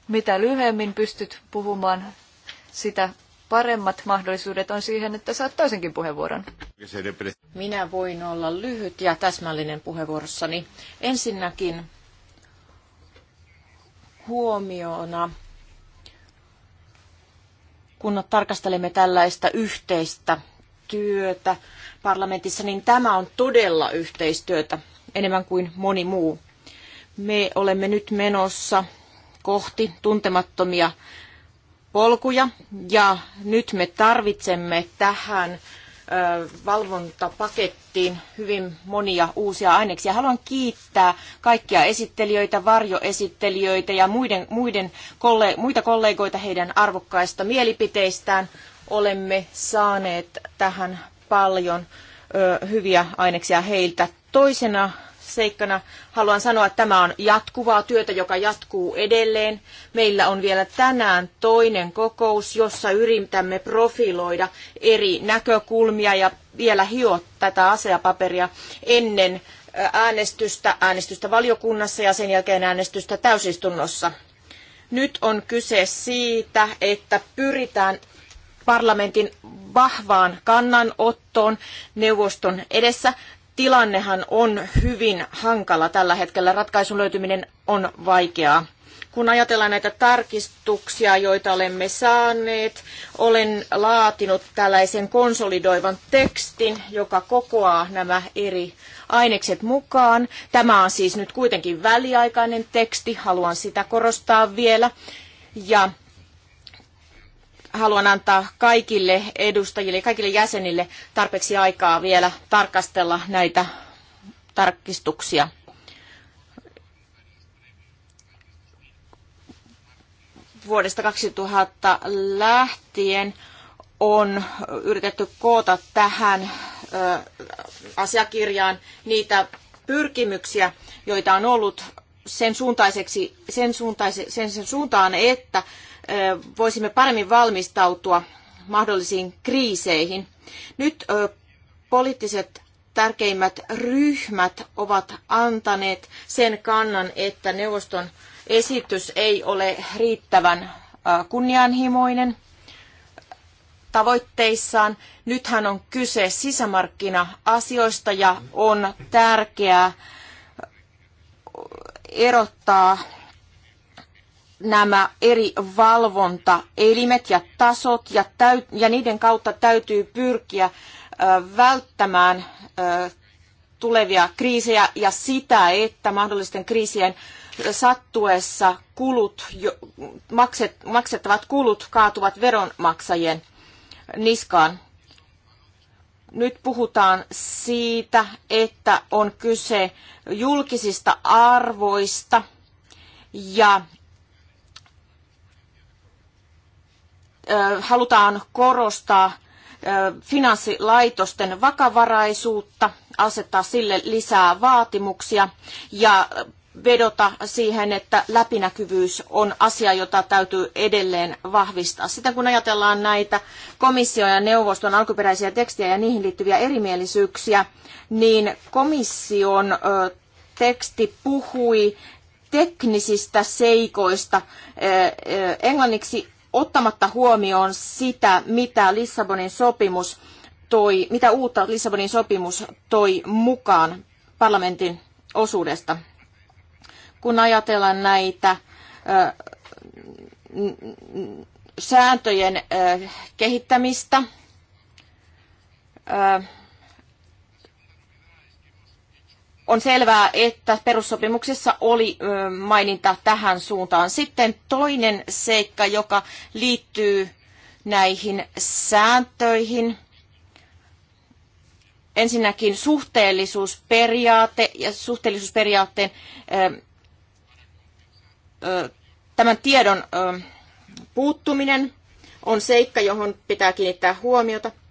Mitä lyhyemmin pystyt puhumaan, sitä paremmat mahdollisuudet on siihen, että saat toisenkin puheenvuoron. Minä voin olla lyhyt ja täsmällinen puheenvuorossani. Ensinnäkin huomiona, kun tarkastelemme tällaista yhteistä työtä parlamentissa, niin tämä on todella yhteistyötä enemmän kuin moni muu. Me olemme nyt menossa kohti tuntemattomia polkuja ja nyt me tarvitsemme tähän valvontapakettiin hyvin monia uusia aineksia. Haluan kiittää kaikkia esittelijöitä, varjoesittelijöitä ja muiden, muiden kolle, muita kollegoita heidän arvokkaista mielipiteistään. Olemme saaneet tähän paljon ö, hyviä aineksia heiltä. Toisena seikkana haluan sanoa, että tämä on jatkuvaa työtä, joka jatkuu edelleen. Meillä on vielä tänään toinen kokous, jossa yritämme profiloida eri näkökulmia ja vielä hioa tätä asiapaperia ennen äh, äänestystä, äänestystä valiokunnassa ja sen jälkeen äänestystä täysistunnossa. Nyt on kyse siitä, että pyritään parlamentin vahvaan kannanottoon neuvoston edessä tilannehan on hyvin hankala tällä hetkellä. Ratkaisun löytyminen on vaikeaa. Kun ajatellaan näitä tarkistuksia, joita olemme saaneet, olen laatinut tällaisen konsolidoivan tekstin, joka kokoaa nämä eri ainekset mukaan. Tämä on siis nyt kuitenkin väliaikainen teksti, haluan sitä korostaa vielä. Ja haluan antaa kaikille edustajille, kaikille jäsenille tarpeeksi aikaa vielä tarkastella näitä tarkistuksia. Vuodesta 2000 lähtien on yritetty koota tähän asiakirjaan niitä pyrkimyksiä, joita on ollut sen, suuntaiseksi, sen, suuntaise, sen, sen suuntaan, että voisimme paremmin valmistautua mahdollisiin kriiseihin. Nyt poliittiset tärkeimmät ryhmät ovat antaneet sen kannan, että neuvoston esitys ei ole riittävän kunnianhimoinen tavoitteissaan. Nythän on kyse sisämarkkina-asioista ja on tärkeää erottaa nämä eri valvontaelimet ja tasot ja, täyt, ja niiden kautta täytyy pyrkiä ö, välttämään ö, tulevia kriisejä ja sitä, että mahdollisten kriisien sattuessa kulut, jo, makset, maksettavat kulut kaatuvat veronmaksajien niskaan. Nyt puhutaan siitä, että on kyse julkisista arvoista ja halutaan korostaa finanssilaitosten vakavaraisuutta, asettaa sille lisää vaatimuksia ja vedota siihen, että läpinäkyvyys on asia, jota täytyy edelleen vahvistaa. Sitten kun ajatellaan näitä komission ja neuvoston alkuperäisiä tekstiä ja niihin liittyviä erimielisyyksiä, niin komission teksti puhui teknisistä seikoista. Englanniksi ottamatta huomioon sitä, mitä Lissabonin sopimus toi, mitä uutta Lissabonin sopimus toi mukaan parlamentin osuudesta. Kun ajatellaan näitä sääntöjen kehittämistä, on selvää, että perussopimuksessa oli maininta tähän suuntaan. Sitten toinen seikka, joka liittyy näihin sääntöihin. Ensinnäkin suhteellisuusperiaate ja suhteellisuusperiaatteen tämän tiedon puuttuminen on seikka, johon pitää kiinnittää huomiota –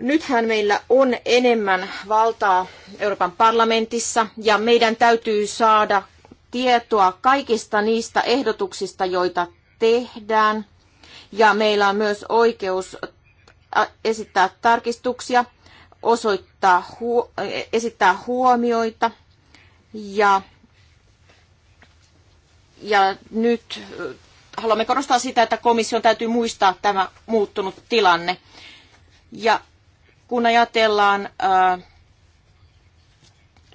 Nythän meillä on enemmän valtaa Euroopan parlamentissa ja meidän täytyy saada tietoa kaikista niistä ehdotuksista, joita tehdään. Ja meillä on myös oikeus äh, esittää tarkistuksia, osoittaa äh, esittää huomioita ja, ja nyt äh, haluamme korostaa sitä, että komission täytyy muistaa tämä muuttunut tilanne. Ja kun ajatellaan äh,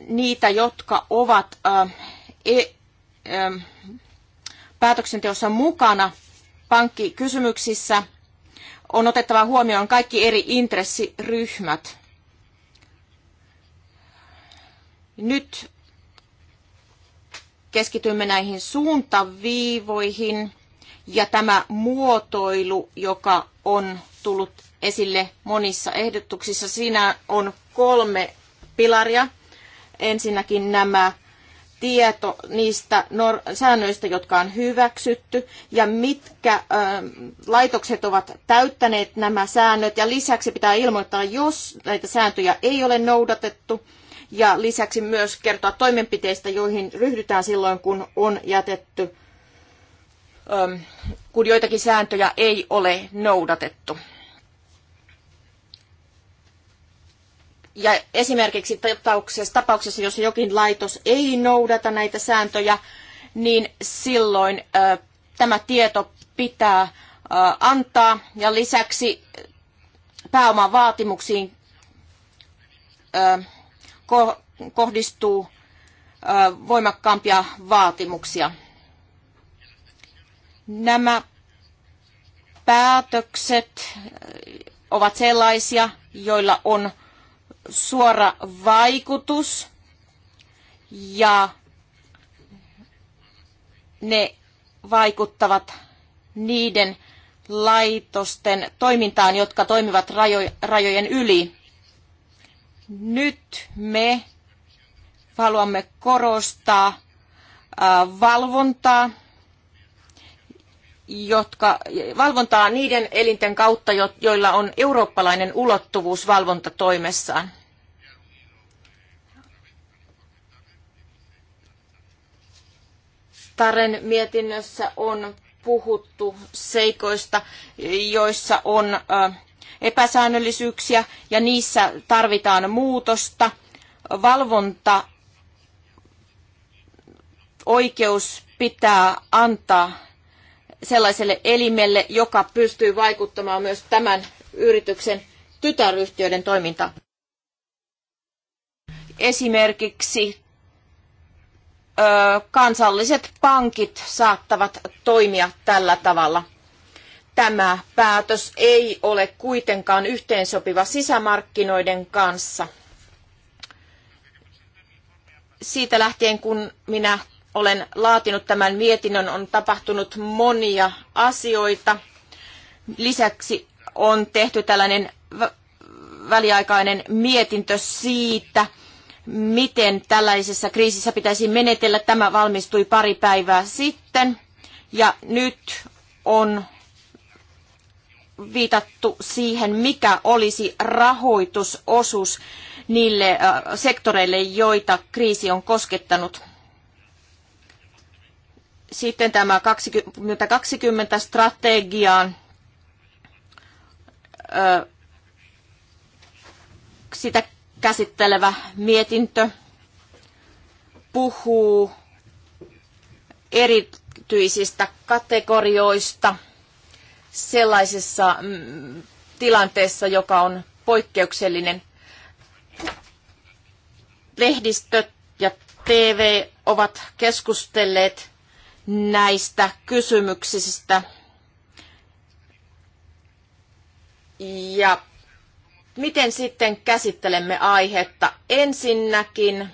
niitä, jotka ovat äh, e, äh, päätöksenteossa mukana pankkikysymyksissä, on otettava huomioon kaikki eri intressiryhmät. Nyt keskitymme näihin suuntaviivoihin ja tämä muotoilu, joka on tullut esille monissa ehdotuksissa. Siinä on kolme pilaria. Ensinnäkin nämä tieto niistä säännöistä, jotka on hyväksytty ja mitkä ähm, laitokset ovat täyttäneet nämä säännöt. Ja lisäksi pitää ilmoittaa, jos näitä sääntöjä ei ole noudatettu. Ja lisäksi myös kertoa toimenpiteistä, joihin ryhdytään silloin, kun on jätetty, ähm, kun joitakin sääntöjä ei ole noudatettu. ja esimerkiksi tapauksessa, tapauksessa, jos jokin laitos ei noudata näitä sääntöjä, niin silloin ö, tämä tieto pitää ö, antaa. Ja lisäksi pääoman vaatimuksiin ö, ko, kohdistuu ö, voimakkaampia vaatimuksia. Nämä päätökset ovat sellaisia, joilla on suora vaikutus ja ne vaikuttavat niiden laitosten toimintaan, jotka toimivat rajojen yli. Nyt me haluamme korostaa valvontaa jotka, valvontaa niiden elinten kautta, joilla on eurooppalainen ulottuvuus valvontatoimessaan. Taren mietinnössä on puhuttu seikoista, joissa on epäsäännöllisyyksiä ja niissä tarvitaan muutosta. Valvonta oikeus pitää antaa sellaiselle elimelle, joka pystyy vaikuttamaan myös tämän yrityksen tytäryhtiöiden toimintaan. Esimerkiksi ö, kansalliset pankit saattavat toimia tällä tavalla. Tämä päätös ei ole kuitenkaan yhteensopiva sisämarkkinoiden kanssa. Siitä lähtien, kun minä olen laatinut tämän mietinnön, on tapahtunut monia asioita. Lisäksi on tehty tällainen väliaikainen mietintö siitä, miten tällaisessa kriisissä pitäisi menetellä. Tämä valmistui pari päivää sitten ja nyt on viitattu siihen, mikä olisi rahoitusosuus niille äh, sektoreille, joita kriisi on koskettanut. Sitten tämä 2020 strategiaan. Sitä käsittelevä mietintö puhuu erityisistä kategorioista sellaisessa mm, tilanteessa, joka on poikkeuksellinen. Lehdistöt ja TV ovat keskustelleet näistä kysymyksistä. Ja miten sitten käsittelemme aihetta? Ensinnäkin,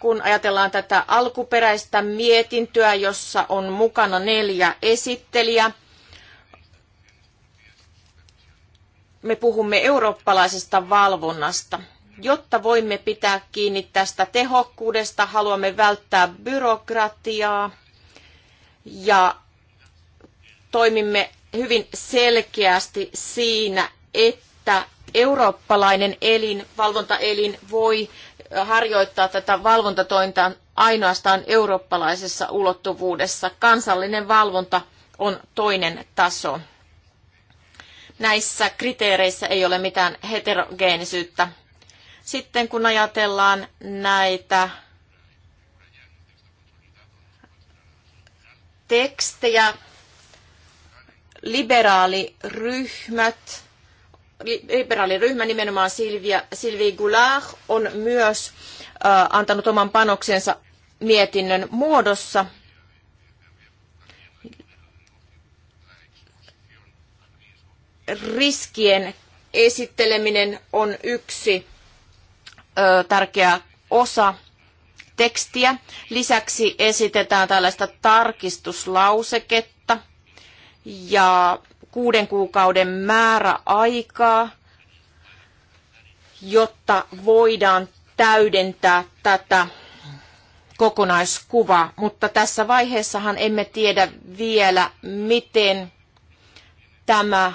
kun ajatellaan tätä alkuperäistä mietintöä, jossa on mukana neljä esittelijä, me puhumme eurooppalaisesta valvonnasta. Jotta voimme pitää kiinni tästä tehokkuudesta, haluamme välttää byrokratiaa ja toimimme hyvin selkeästi siinä, että eurooppalainen elin, valvontaelin voi harjoittaa tätä valvontatointaan ainoastaan eurooppalaisessa ulottuvuudessa. Kansallinen valvonta on toinen taso. Näissä kriteereissä ei ole mitään heterogeenisyyttä. Sitten kun ajatellaan näitä tekstejä, liberaaliryhmät, liberaaliryhmä nimenomaan Silvia, Sylvie Goulard on myös äh, antanut oman panoksensa mietinnön muodossa. Riskien esitteleminen on yksi tärkeä osa tekstiä. Lisäksi esitetään tällaista tarkistuslauseketta ja kuuden kuukauden määräaikaa, jotta voidaan täydentää tätä kokonaiskuvaa. Mutta tässä vaiheessahan emme tiedä vielä, miten tämä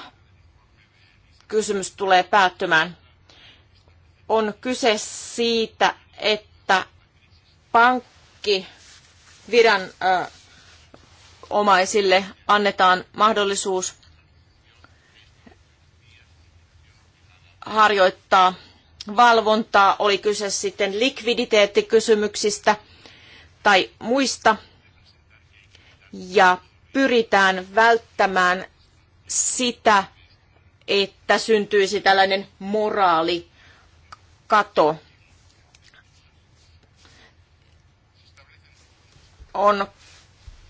kysymys tulee päättymään on kyse siitä, että pankki viran omaisille annetaan mahdollisuus harjoittaa valvontaa, oli kyse sitten likviditeettikysymyksistä tai muista, ja pyritään välttämään sitä, että syntyisi tällainen moraali kato on,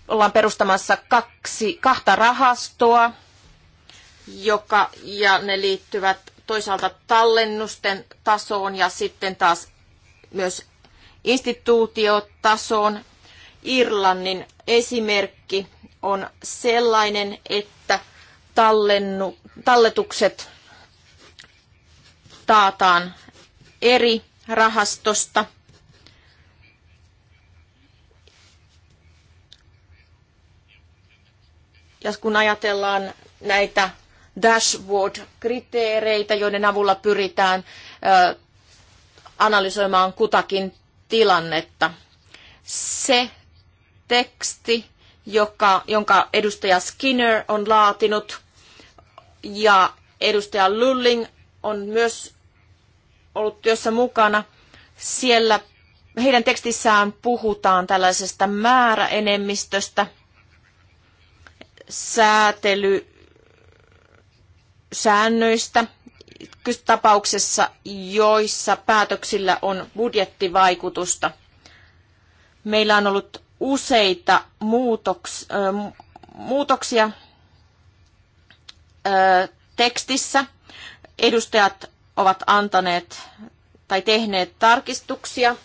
ollaan perustamassa kaksi, kahta rahastoa, joka, ja ne liittyvät toisaalta tallennusten tasoon ja sitten taas myös instituutiotasoon. Irlannin esimerkki on sellainen, että tallennu, talletukset taataan eri rahastosta. Ja kun ajatellaan näitä dashboard-kriteereitä, joiden avulla pyritään analysoimaan kutakin tilannetta. Se teksti, joka, jonka edustaja Skinner on laatinut ja edustaja Lulling on myös ollut työssä mukana, siellä heidän tekstissään puhutaan tällaisesta määräenemmistöstä, säätelysäännöistä, tapauksessa, joissa päätöksillä on budjettivaikutusta. Meillä on ollut useita muutoks, äh, muutoksia äh, tekstissä. Edustajat ovat antaneet tai tehneet tarkistuksia.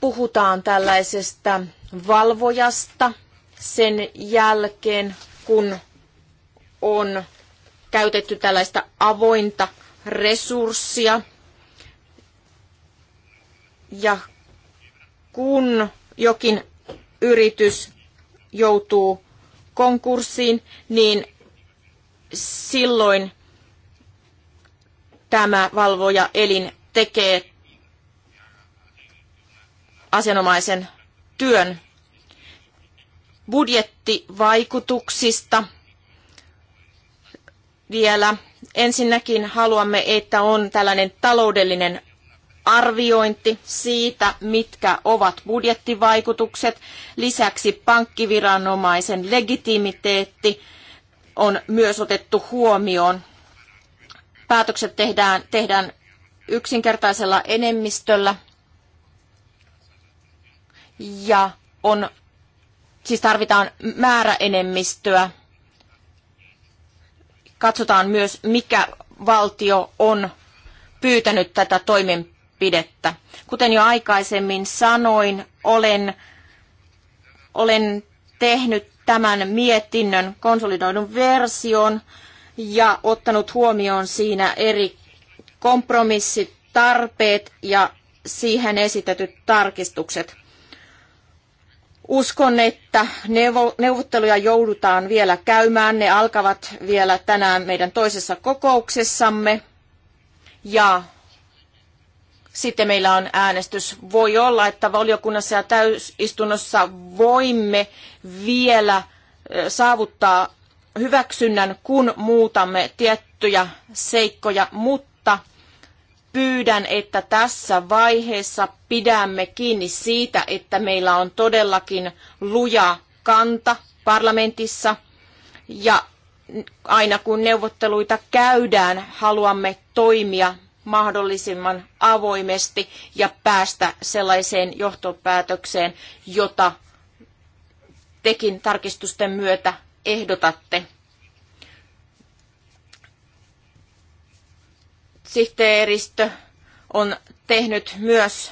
Puhutaan tällaisesta valvojasta sen jälkeen, kun on käytetty tällaista avointa resurssia. Ja kun jokin yritys joutuu konkurssiin, niin silloin tämä valvoja elin tekee asianomaisen työn budjettivaikutuksista vielä. Ensinnäkin haluamme, että on tällainen taloudellinen arviointi siitä, mitkä ovat budjettivaikutukset. Lisäksi pankkiviranomaisen legitimiteetti on myös otettu huomioon Päätökset tehdään, tehdään yksinkertaisella enemmistöllä ja on, siis tarvitaan määräenemmistöä. Katsotaan myös, mikä valtio on pyytänyt tätä toimenpidettä. Kuten jo aikaisemmin sanoin, olen, olen tehnyt tämän mietinnön konsolidoidun version ja ottanut huomioon siinä eri kompromissitarpeet ja siihen esitetyt tarkistukset. Uskon, että neuvotteluja joudutaan vielä käymään. Ne alkavat vielä tänään meidän toisessa kokouksessamme. Ja sitten meillä on äänestys. Voi olla, että valiokunnassa ja täysistunnossa voimme vielä saavuttaa hyväksynnän, kun muutamme tiettyjä seikkoja, mutta pyydän, että tässä vaiheessa pidämme kiinni siitä, että meillä on todellakin luja kanta parlamentissa ja aina kun neuvotteluita käydään, haluamme toimia mahdollisimman avoimesti ja päästä sellaiseen johtopäätökseen, jota tekin tarkistusten myötä ehdotatte. Sihteeristö on tehnyt myös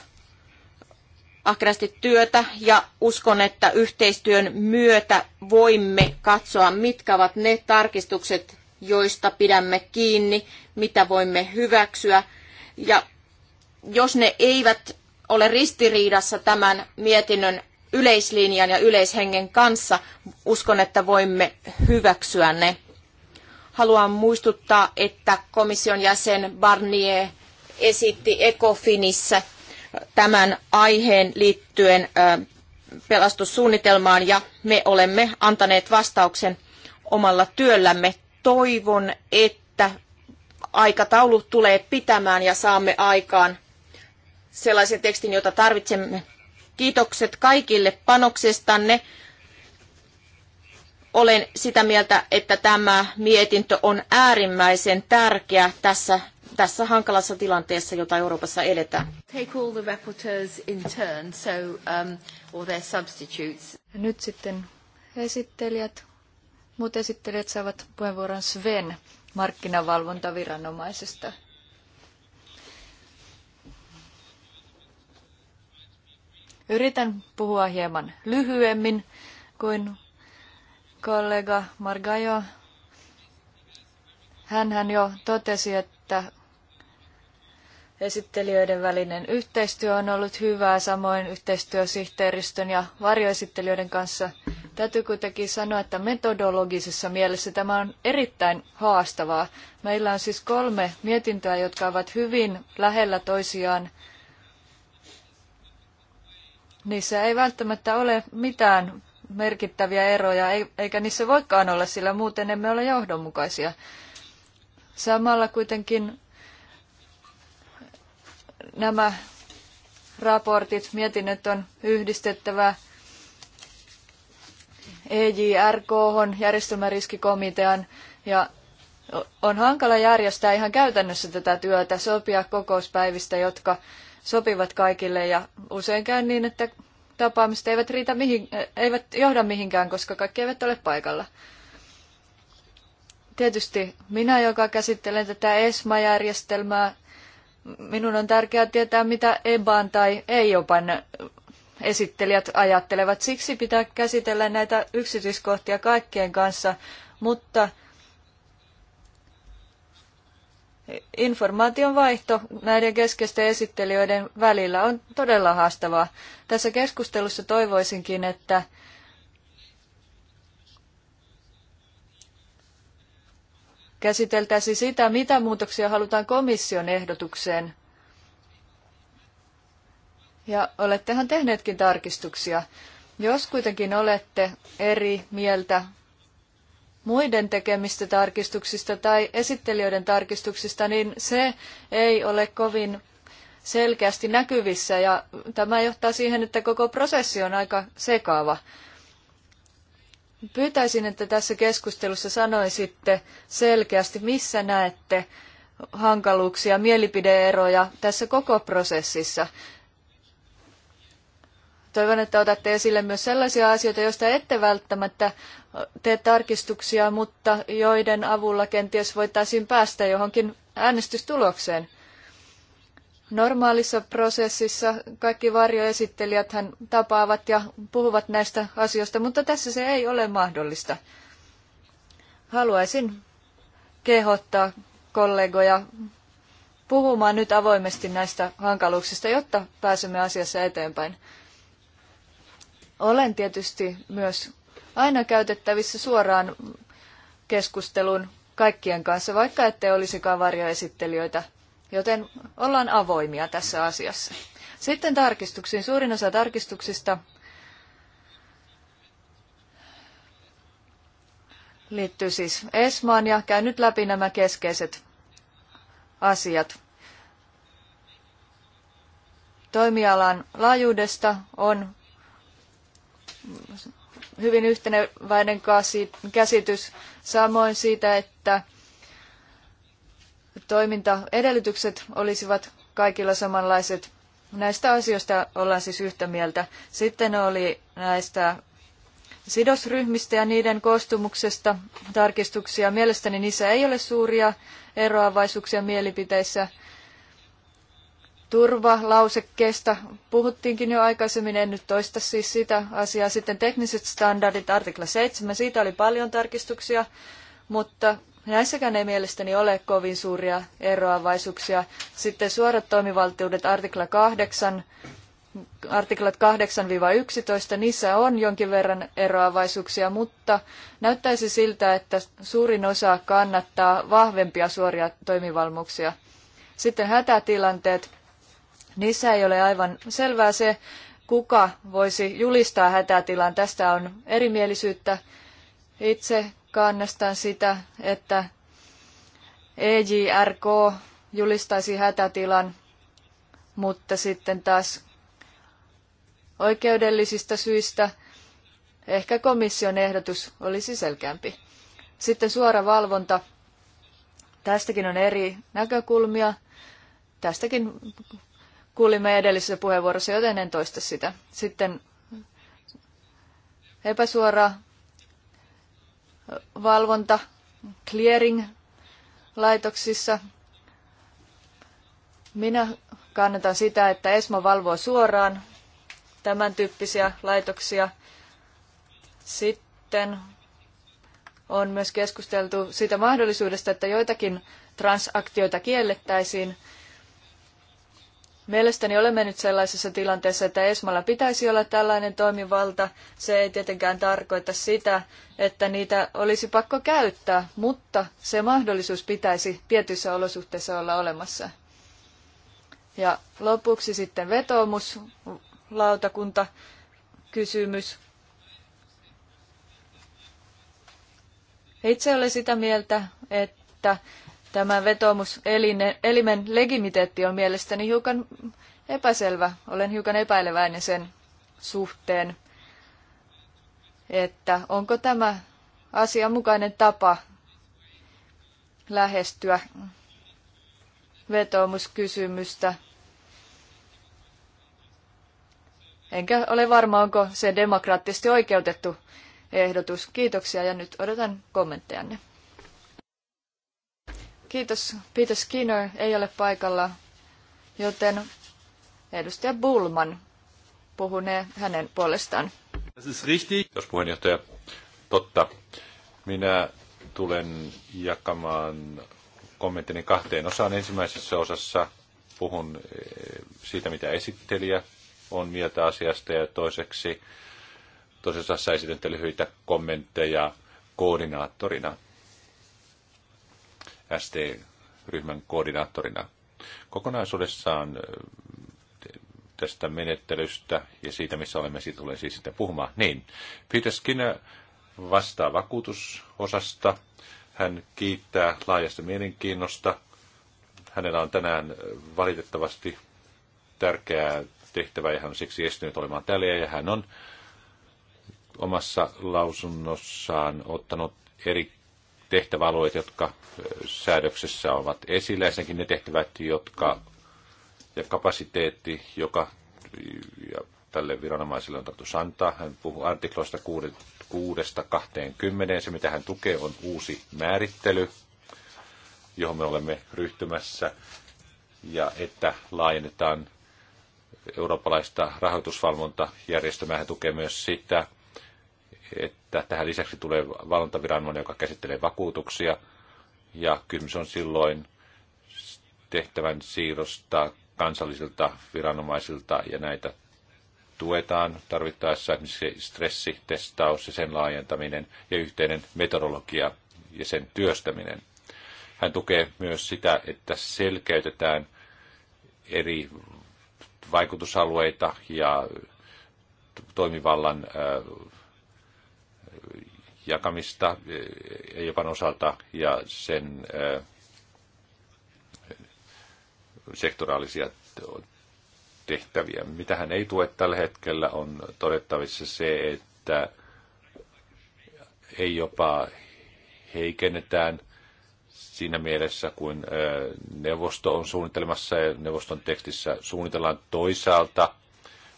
ahkerasti työtä ja uskon, että yhteistyön myötä voimme katsoa, mitkä ovat ne tarkistukset, joista pidämme kiinni, mitä voimme hyväksyä. Ja jos ne eivät ole ristiriidassa tämän mietinnön yleislinjan ja yleishengen kanssa. Uskon, että voimme hyväksyä ne. Haluan muistuttaa, että komission jäsen Barnier esitti Ecofinissä tämän aiheen liittyen pelastussuunnitelmaan ja me olemme antaneet vastauksen omalla työllämme. Toivon, että aikataulu tulee pitämään ja saamme aikaan sellaisen tekstin, jota tarvitsemme Kiitokset kaikille panoksestanne. Olen sitä mieltä, että tämä mietintö on äärimmäisen tärkeä tässä, tässä hankalassa tilanteessa, jota Euroopassa eletään. Turn, so, um, Nyt sitten esittelijät. Muut esittelijät saavat puheenvuoron Sven markkinavalvontaviranomaisesta. Yritän puhua hieman lyhyemmin kuin kollega Margajo. Hänhän jo totesi, että esittelijöiden välinen yhteistyö on ollut hyvää, samoin yhteistyö sihteeristön ja varjoesittelijöiden kanssa. Täytyy kuitenkin sanoa, että metodologisessa mielessä tämä on erittäin haastavaa. Meillä on siis kolme mietintöä, jotka ovat hyvin lähellä toisiaan Niissä ei välttämättä ole mitään merkittäviä eroja, eikä niissä voikaan olla, sillä muuten emme ole johdonmukaisia. Samalla kuitenkin nämä raportit, mietinnöt on yhdistettävä EJRK, järjestelmäriskikomitean, ja on hankala järjestää ihan käytännössä tätä työtä, sopia kokouspäivistä, jotka sopivat kaikille ja usein käy niin, että tapaamiset eivät, riitä mihin, eivät johda mihinkään, koska kaikki eivät ole paikalla. Tietysti minä, joka käsittelen tätä ESMA-järjestelmää, minun on tärkeää tietää, mitä EBAN tai EIOPAN esittelijät ajattelevat. Siksi pitää käsitellä näitä yksityiskohtia kaikkien kanssa, mutta informaation vaihto näiden keskeisten esittelijöiden välillä on todella haastavaa. Tässä keskustelussa toivoisinkin, että käsiteltäisiin sitä, mitä muutoksia halutaan komission ehdotukseen. Ja olettehan tehneetkin tarkistuksia. Jos kuitenkin olette eri mieltä muiden tekemistä tarkistuksista tai esittelijöiden tarkistuksista, niin se ei ole kovin selkeästi näkyvissä ja tämä johtaa siihen, että koko prosessi on aika sekaava. Pyytäisin, että tässä keskustelussa sanoisitte selkeästi, missä näette hankaluuksia, mielipideeroja tässä koko prosessissa. Toivon, että otatte esille myös sellaisia asioita, joista ette välttämättä tee tarkistuksia, mutta joiden avulla kenties voitaisiin päästä johonkin äänestystulokseen. Normaalissa prosessissa kaikki varjoesittelijät hän tapaavat ja puhuvat näistä asioista, mutta tässä se ei ole mahdollista. Haluaisin kehottaa kollegoja puhumaan nyt avoimesti näistä hankaluuksista, jotta pääsemme asiassa eteenpäin. Olen tietysti myös aina käytettävissä suoraan keskustelun kaikkien kanssa, vaikka ette olisikaan varjoesittelijöitä, joten ollaan avoimia tässä asiassa. Sitten tarkistuksiin. Suurin osa tarkistuksista liittyy siis Esmaan ja käyn nyt läpi nämä keskeiset asiat. Toimialan laajuudesta on hyvin yhteneväinen käsitys. Samoin siitä, että toimintaedellytykset olisivat kaikilla samanlaiset. Näistä asioista ollaan siis yhtä mieltä. Sitten oli näistä sidosryhmistä ja niiden koostumuksesta tarkistuksia. Mielestäni niissä ei ole suuria eroavaisuuksia mielipiteissä turvalausekkeesta puhuttiinkin jo aikaisemmin, en nyt toista siis sitä asiaa. Sitten tekniset standardit, artikla 7, siitä oli paljon tarkistuksia, mutta näissäkään ei mielestäni ole kovin suuria eroavaisuuksia. Sitten suorat toimivaltuudet, artikla 8, artiklat 8-11, niissä on jonkin verran eroavaisuuksia, mutta näyttäisi siltä, että suurin osa kannattaa vahvempia suoria toimivalmuuksia. Sitten hätätilanteet, Niissä ei ole aivan selvää se, kuka voisi julistaa hätätilan. Tästä on erimielisyyttä. Itse kannastan sitä, että EJRK julistaisi hätätilan, mutta sitten taas oikeudellisista syistä ehkä komission ehdotus olisi selkeämpi. Sitten suora valvonta. Tästäkin on eri näkökulmia. Tästäkin kuulimme edellisessä puheenvuorossa, joten en toista sitä. Sitten epäsuora valvonta clearing laitoksissa. Minä kannatan sitä, että ESMA valvoo suoraan tämän tyyppisiä laitoksia. Sitten on myös keskusteltu siitä mahdollisuudesta, että joitakin transaktioita kiellettäisiin – Mielestäni olemme nyt sellaisessa tilanteessa, että Esmalla pitäisi olla tällainen toimivalta. Se ei tietenkään tarkoita sitä, että niitä olisi pakko käyttää, mutta se mahdollisuus pitäisi tietyissä olosuhteissa olla olemassa. Ja lopuksi sitten vetoomus, lautakunta, kysymys. Itse olen sitä mieltä, että että vetoomus vetoomuselimen legimiteetti on mielestäni hiukan epäselvä. Olen hiukan epäileväinen sen suhteen, että onko tämä asianmukainen tapa lähestyä vetoomuskysymystä. Enkä ole varma, onko se demokraattisesti oikeutettu ehdotus. Kiitoksia ja nyt odotan kommenttejanne. Kiitos. Peter Skinner ei ole paikalla, joten edustaja Bulman puhunee hänen puolestaan. Kiitos puheenjohtaja. Totta. Minä tulen jakamaan kommenttini kahteen osaan. Ensimmäisessä osassa puhun eh, siitä, mitä esittelijä on mieltä asiasta ja toiseksi toisessa osassa esitän lyhyitä kommentteja koordinaattorina. ST-ryhmän koordinaattorina. Kokonaisuudessaan tästä menettelystä ja siitä, missä olemme, siitä tulee siis sitten puhumaan. Niin, Peter Skinner vastaa vakuutusosasta. Hän kiittää laajasta mielenkiinnosta. Hänellä on tänään valitettavasti tärkeää tehtävä ja hän on siksi estynyt olemaan täällä ja hän on omassa lausunnossaan ottanut eri tehtäväalueet, jotka säädöksessä ovat esillä, ensinnäkin ne tehtävät, jotka ja kapasiteetti, joka ja tälle viranomaiselle on tarkoitus antaa. Hän puhuu artikloista 6-20. Se, mitä hän tukee, on uusi määrittely, johon me olemme ryhtymässä, ja että laajennetaan eurooppalaista rahoitusvalvontajärjestelmää. Hän tukee myös sitä, että tähän lisäksi tulee valvontaviranomainen, joka käsittelee vakuutuksia, ja kysymys on silloin tehtävän siirrosta kansallisilta viranomaisilta, ja näitä tuetaan tarvittaessa, esimerkiksi stressitestaus ja sen laajentaminen ja yhteinen metodologia ja sen työstäminen. Hän tukee myös sitä, että selkeytetään eri vaikutusalueita ja toimivallan äh, jakamista e, e, Japan osalta ja sen e, sektoraalisia tehtäviä. Mitä hän ei tue tällä hetkellä on todettavissa se, että ei jopa heikennetään siinä mielessä, kun neuvosto on suunnitelmassa ja neuvoston tekstissä suunnitellaan toisaalta.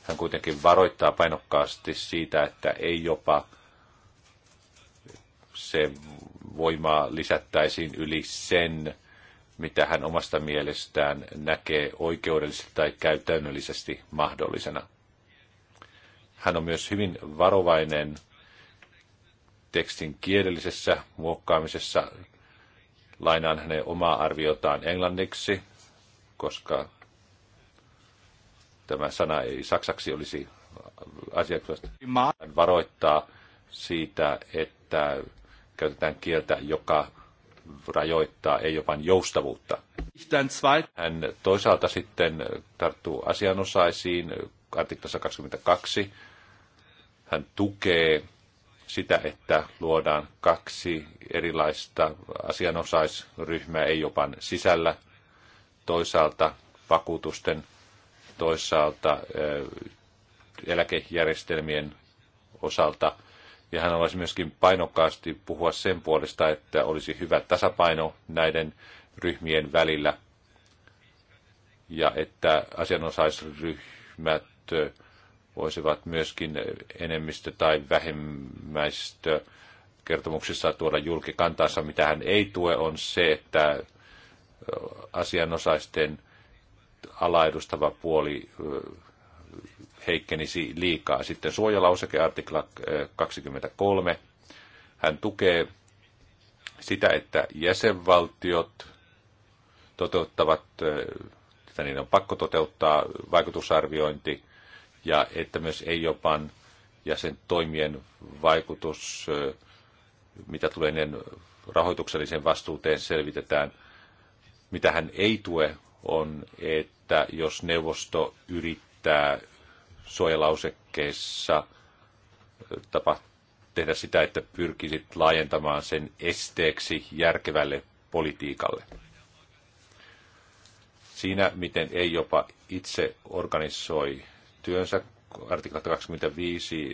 Hän kuitenkin varoittaa painokkaasti siitä, että ei jopa se voima lisättäisiin yli sen, mitä hän omasta mielestään näkee oikeudellisesti tai käytännöllisesti mahdollisena. Hän on myös hyvin varovainen tekstin kielellisessä muokkaamisessa. Lainaan hänen omaa arviotaan englanniksi, koska tämä sana ei saksaksi olisi asiakas. Hän varoittaa siitä, että käytetään kieltä, joka rajoittaa, ei jopa joustavuutta. Hän toisaalta sitten tarttuu asianosaisiin artiklassa 22. Hän tukee sitä, että luodaan kaksi erilaista asianosaisryhmää, ei jopa sisällä. Toisaalta vakuutusten, toisaalta eläkejärjestelmien osalta – ja hän haluaisi myöskin painokkaasti puhua sen puolesta, että olisi hyvä tasapaino näiden ryhmien välillä ja että asianosaisryhmät voisivat myöskin enemmistö- tai vähemmäistö kertomuksissa tuoda julkikantaansa. Mitä hän ei tue on se, että asianosaisten alaedustava puoli heikkenisi liikaa. Sitten suojalauseke artikla 23. Eh, hän tukee sitä, että jäsenvaltiot toteuttavat, eh, että niiden on pakko toteuttaa vaikutusarviointi ja että myös ei jopa ja sen toimien vaikutus, eh, mitä tulee ennen rahoitukselliseen vastuuteen selvitetään. Mitä hän ei tue on, että jos neuvosto yrittää suojalausekkeessa äh, tapa tehdä sitä, että pyrkisit laajentamaan sen esteeksi järkevälle politiikalle. Siinä, miten ei jopa itse organisoi työnsä, artikla 25,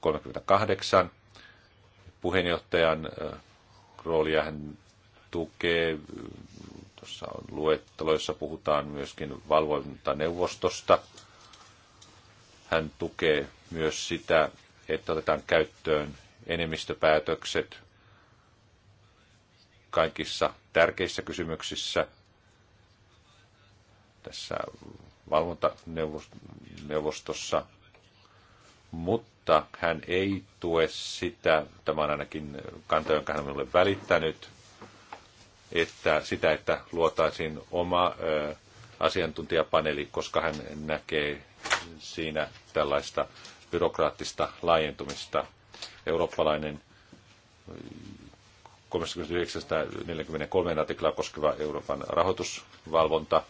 38, äh, puheenjohtajan äh, roolia hän tukee. Tuossa on luettelo, jossa puhutaan myöskin valvontaneuvostosta. neuvostosta hän tukee myös sitä, että otetaan käyttöön enemmistöpäätökset kaikissa tärkeissä kysymyksissä. Tässä valvontaneuvostossa, mutta hän ei tue sitä, tämä on ainakin kanta, jonka hän minulle välittänyt, että sitä, että luotaisiin oma ö, asiantuntijapaneeli, koska hän näkee siinä tällaista byrokraattista laajentumista. Eurooppalainen eh, 39.43 artiklaa koskeva Euroopan rahoitusvalvonta.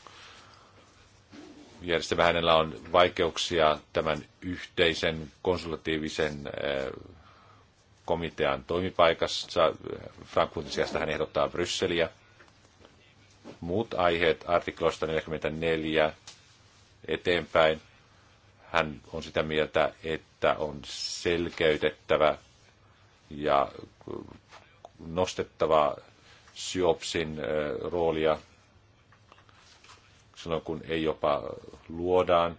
Järjestelmä hänellä on vaikeuksia tämän yhteisen konsultatiivisen eh, komitean toimipaikassa. Frankfurtin sijasta hän ehdottaa Brysseliä. Muut aiheet artikloista 44 eteenpäin hän on sitä mieltä, että on selkeytettävä ja nostettava syopsin roolia sanon kun ei jopa luodaan.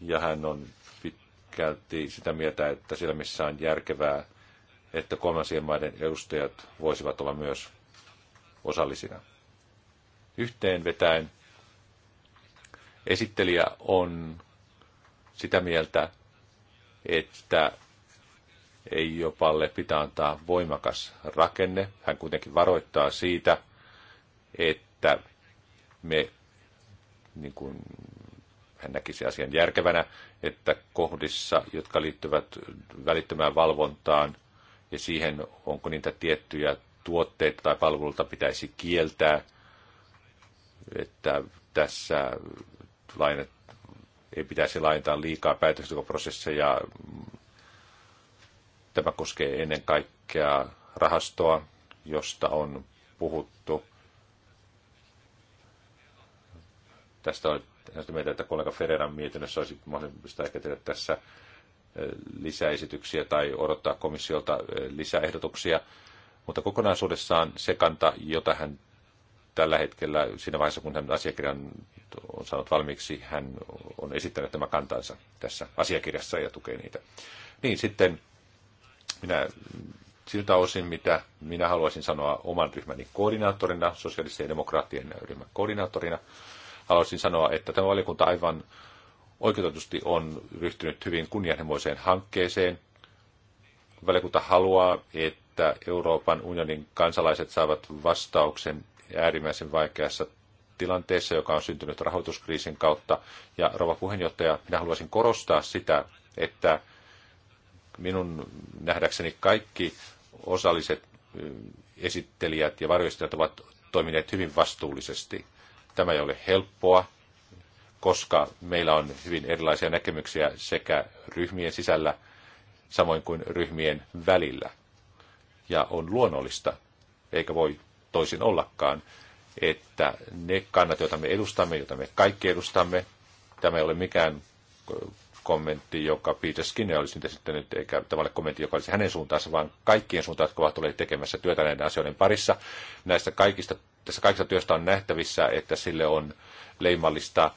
Ja hän on pitkälti sitä mieltä, että siellä missä on järkevää, että kolmansien maiden edustajat voisivat olla myös osallisina. Yhteenvetäen esittelijä on sitä mieltä, että ei jopalle pitää antaa voimakas rakenne. Hän kuitenkin varoittaa siitä, että me, niin kuin hän näkisi asian järkevänä, että kohdissa, jotka liittyvät välittömään valvontaan ja siihen, onko niitä tiettyjä tuotteita tai palveluita pitäisi kieltää, että tässä lainat ei pitäisi laajentaa liikaa päätöksentekoprosesseja. Tämä koskee ennen kaikkea rahastoa, josta on puhuttu. Tästä on tästä mieltä, että kollega Ferreran mietinnössä olisi mahdollista ehkä tehdä tässä lisäesityksiä tai odottaa komissiolta lisäehdotuksia. Mutta kokonaisuudessaan se kanta, jota hän tällä hetkellä, siinä vaiheessa kun hän asiakirjan on saanut valmiiksi, hän on esittänyt tämä kantansa tässä asiakirjassa ja tukee niitä. Niin sitten minä siltä osin, mitä minä haluaisin sanoa oman ryhmäni koordinaattorina, sosiaalisten ja demokraattien ryhmän koordinaattorina, haluaisin sanoa, että tämä valiokunta aivan oikeutetusti on ryhtynyt hyvin kunnianhimoiseen hankkeeseen. Valiokunta haluaa, että Euroopan unionin kansalaiset saavat vastauksen äärimmäisen vaikeassa tilanteessa, joka on syntynyt rahoituskriisin kautta. Ja rouva puheenjohtaja, minä haluaisin korostaa sitä, että minun nähdäkseni kaikki osalliset esittelijät ja varjoistajat ovat toimineet hyvin vastuullisesti. Tämä ei ole helppoa, koska meillä on hyvin erilaisia näkemyksiä sekä ryhmien sisällä, samoin kuin ryhmien välillä. Ja on luonnollista, eikä voi toisin ollakaan, että ne kannat, joita me edustamme, joita me kaikki edustamme, tämä ei ole mikään kommentti, joka Peter Skinner olisi nyt esittänyt, eikä tavallaan kommentti, joka olisi hänen suuntaansa, vaan kaikkien suuntaan, jotka ovat olleet tekemässä työtä näiden asioiden parissa. Näistä kaikista, tässä kaikista työstä on nähtävissä, että sille on leimallista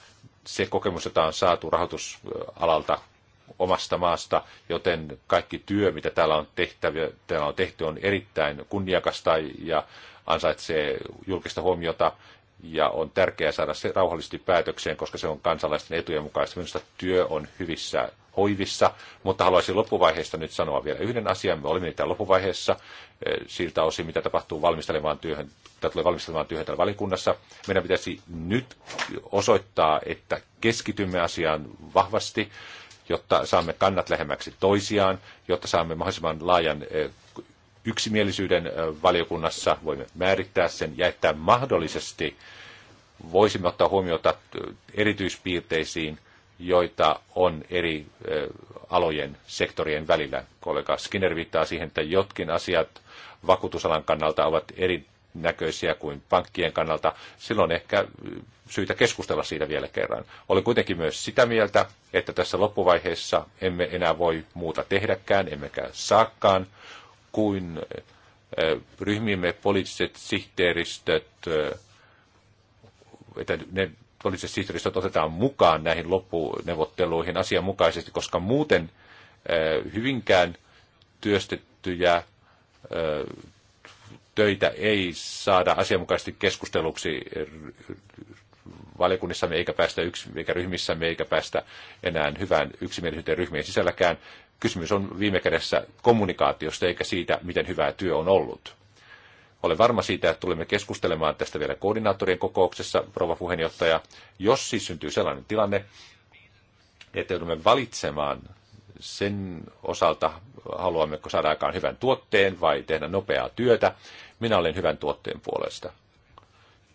se kokemus, jota on saatu rahoitusalalta omasta maasta, joten kaikki työ, mitä täällä on, tehtävä, täällä on tehty, on erittäin kunniakasta ja ansaitsee julkista huomiota ja on tärkeää saada se rauhallisesti päätökseen, koska se on kansalaisten etujen mukaista. Minusta työ on hyvissä hoivissa, mutta haluaisin loppuvaiheesta nyt sanoa vielä yhden asian. Me olimme niitä loppuvaiheessa eh, siltä osin, mitä tapahtuu valmistelemaan työhön, tai tulee valmistelemaan työhön täällä valikunnassa. Meidän pitäisi nyt osoittaa, että keskitymme asiaan vahvasti, jotta saamme kannat lähemmäksi toisiaan, jotta saamme mahdollisimman laajan eh, yksimielisyyden valiokunnassa, voimme määrittää sen ja että mahdollisesti voisimme ottaa huomiota erityispiirteisiin, joita on eri alojen, sektorien välillä. Kollega Skinner viittaa siihen, että jotkin asiat vakuutusalan kannalta ovat eri näköisiä kuin pankkien kannalta, silloin ehkä syytä keskustella siitä vielä kerran. Olen kuitenkin myös sitä mieltä, että tässä loppuvaiheessa emme enää voi muuta tehdäkään, emmekä saakkaan, kuin eh, ryhmiemme poliittiset sihteeristöt, eh, että ne poliittiset sihteeristöt otetaan mukaan näihin loppuneuvotteluihin asianmukaisesti, koska muuten eh, hyvinkään työstettyjä töitä ei saada asianmukaisesti keskusteluksi valiokunnissamme, eikä päästä yksi, eikä ryhmissämme, eikä päästä enää hyvään yksimielisyyteen ryhmien sisälläkään. Kysymys on viime kädessä kommunikaatiosta, eikä siitä, miten hyvää työ on ollut. Olen varma siitä, että tulemme keskustelemaan tästä vielä koordinaattorien kokouksessa, rouva puheenjohtaja. Jos siis syntyy sellainen tilanne, että joudumme valitsemaan sen osalta, haluammeko saada aikaan hyvän tuotteen vai tehdä nopeaa työtä, minä olen hyvän tuotteen puolesta.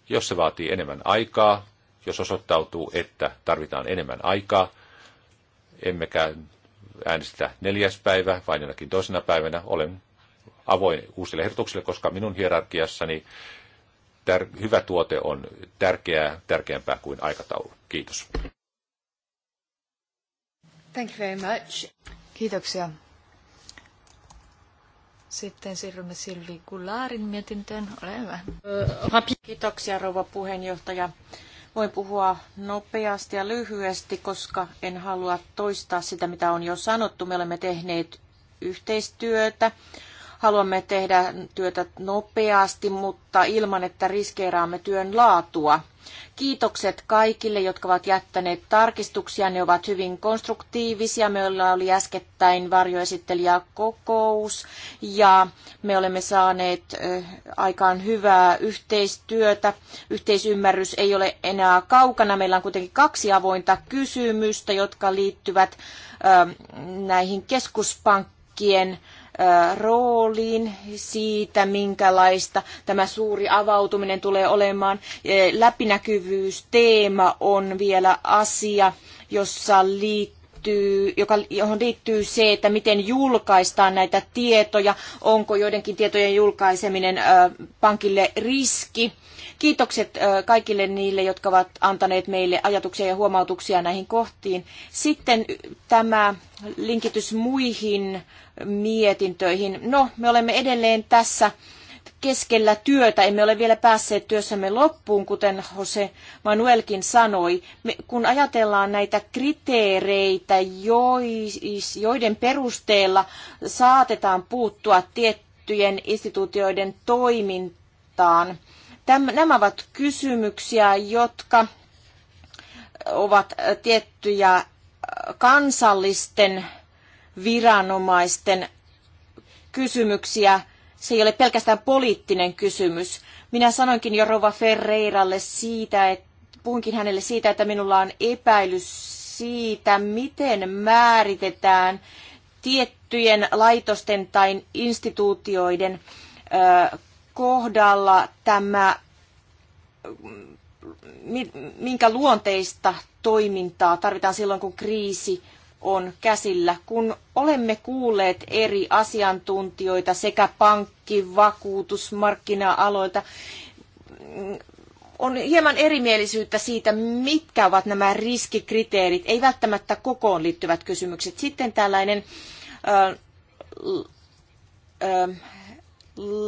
Jos se vaatii enemmän aikaa, jos osoittautuu, että tarvitaan enemmän aikaa, emmekä äänestä neljäs päivä, vaan jonakin toisena päivänä, olen avoin uusille ehdotuksille, koska minun hierarkiassani tär- hyvä tuote on tärkeää, tärkeämpää kuin aikataulu. Kiitos. Thank you very much. Kiitoksia. Sitten siirrymme Silvi Kullaarin mietintöön. Ole hyvä. Kiitoksia rouva puheenjohtaja. Voin puhua nopeasti ja lyhyesti, koska en halua toistaa sitä, mitä on jo sanottu. Me olemme tehneet yhteistyötä. Haluamme tehdä työtä nopeasti, mutta ilman, että riskeeraamme työn laatua. Kiitokset kaikille, jotka ovat jättäneet tarkistuksia. Ne ovat hyvin konstruktiivisia. Meillä oli äskettäin varjoesittelijäkokous ja me olemme saaneet aikaan hyvää yhteistyötä. Yhteisymmärrys ei ole enää kaukana. Meillä on kuitenkin kaksi avointa kysymystä, jotka liittyvät näihin keskuspankkien rooliin siitä, minkälaista tämä suuri avautuminen tulee olemaan. Läpinäkyvyys, on vielä asia, jossa liittyy liittyy, joka, johon liittyy se, että miten julkaistaan näitä tietoja, onko joidenkin tietojen julkaiseminen pankille riski. Kiitokset kaikille niille, jotka ovat antaneet meille ajatuksia ja huomautuksia näihin kohtiin. Sitten tämä linkitys muihin mietintöihin. No, me olemme edelleen tässä keskellä työtä, emme ole vielä päässeet työssämme loppuun, kuten Jose Manuelkin sanoi. Me, kun ajatellaan näitä kriteereitä, joiden perusteella saatetaan puuttua tiettyjen instituutioiden toimintaan, Täm, nämä ovat kysymyksiä, jotka ovat tiettyjä kansallisten viranomaisten kysymyksiä, se ei ole pelkästään poliittinen kysymys. Minä sanoinkin jo Rova Ferreiralle siitä, että puhunkin hänelle siitä, että minulla on epäilys siitä, miten määritetään tiettyjen laitosten tai instituutioiden kohdalla tämä, minkä luonteista toimintaa tarvitaan silloin, kun kriisi on käsillä, kun olemme kuulleet eri asiantuntijoita sekä pankki, vakuutus, markkina-aloilta, on hieman erimielisyyttä siitä, mitkä ovat nämä riskikriteerit, ei välttämättä kokoon liittyvät kysymykset. Sitten tällainen ö, ö,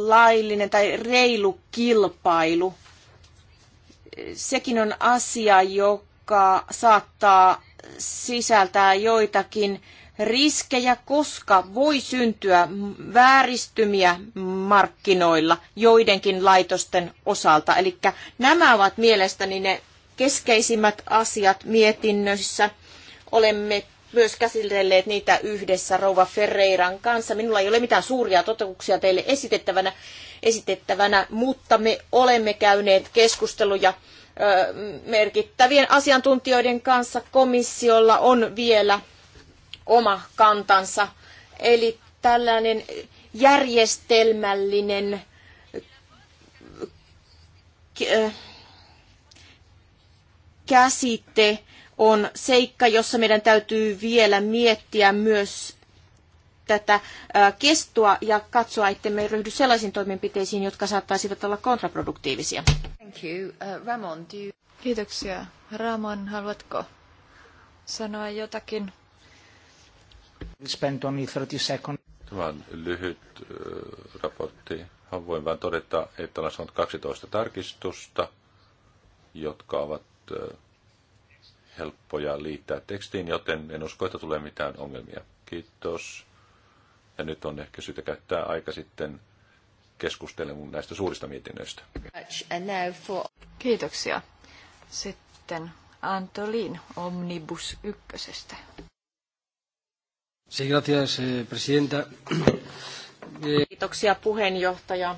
laillinen tai reilu kilpailu, sekin on asia, joka saattaa sisältää joitakin riskejä, koska voi syntyä vääristymiä markkinoilla joidenkin laitosten osalta. Eli nämä ovat mielestäni ne keskeisimmät asiat mietinnössä. Olemme myös käsitelleet niitä yhdessä Rouva Ferreiran kanssa. Minulla ei ole mitään suuria totuuksia teille esitettävänä, esitettävänä mutta me olemme käyneet keskusteluja merkittävien asiantuntijoiden kanssa komissiolla on vielä oma kantansa. Eli tällainen järjestelmällinen käsite on seikka, jossa meidän täytyy vielä miettiä myös tätä kestoa ja katsoa, että me ryhdy sellaisiin toimenpiteisiin, jotka saattaisivat olla kontraproduktiivisia. Thank you. Uh, Ramon, do you... Kiitoksia. Ramon, haluatko sanoa jotakin? Spend only 30 seconds. Tämä on lyhyt äh, raportti. Hän voin vain todeta, että olen saanut 12 tarkistusta, jotka ovat äh, helppoja liittää tekstiin, joten en usko, että tulee mitään ongelmia. Kiitos. Ja nyt on ehkä syytä käyttää aika sitten keskustelemaan näistä suurista mietinnöistä. Kiitoksia. Sitten Antolin Omnibus ykkösestä. Sí, gracias, eh, presidenta. Eh, Kiitoksia puheenjohtaja.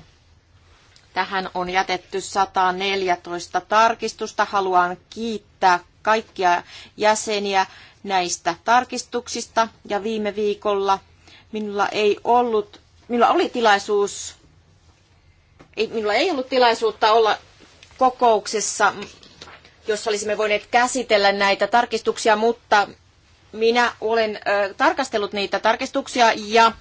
Tähän on jätetty 114 tarkistusta. Haluan kiittää kaikkia jäseniä näistä tarkistuksista. Ja viime viikolla Minulla ei ollut, minulla oli tilaisuus, ei, minulla ei ollut tilaisuutta olla kokouksessa, jossa olisimme voineet käsitellä näitä tarkistuksia, mutta minä olen ö, tarkastellut niitä tarkistuksia ja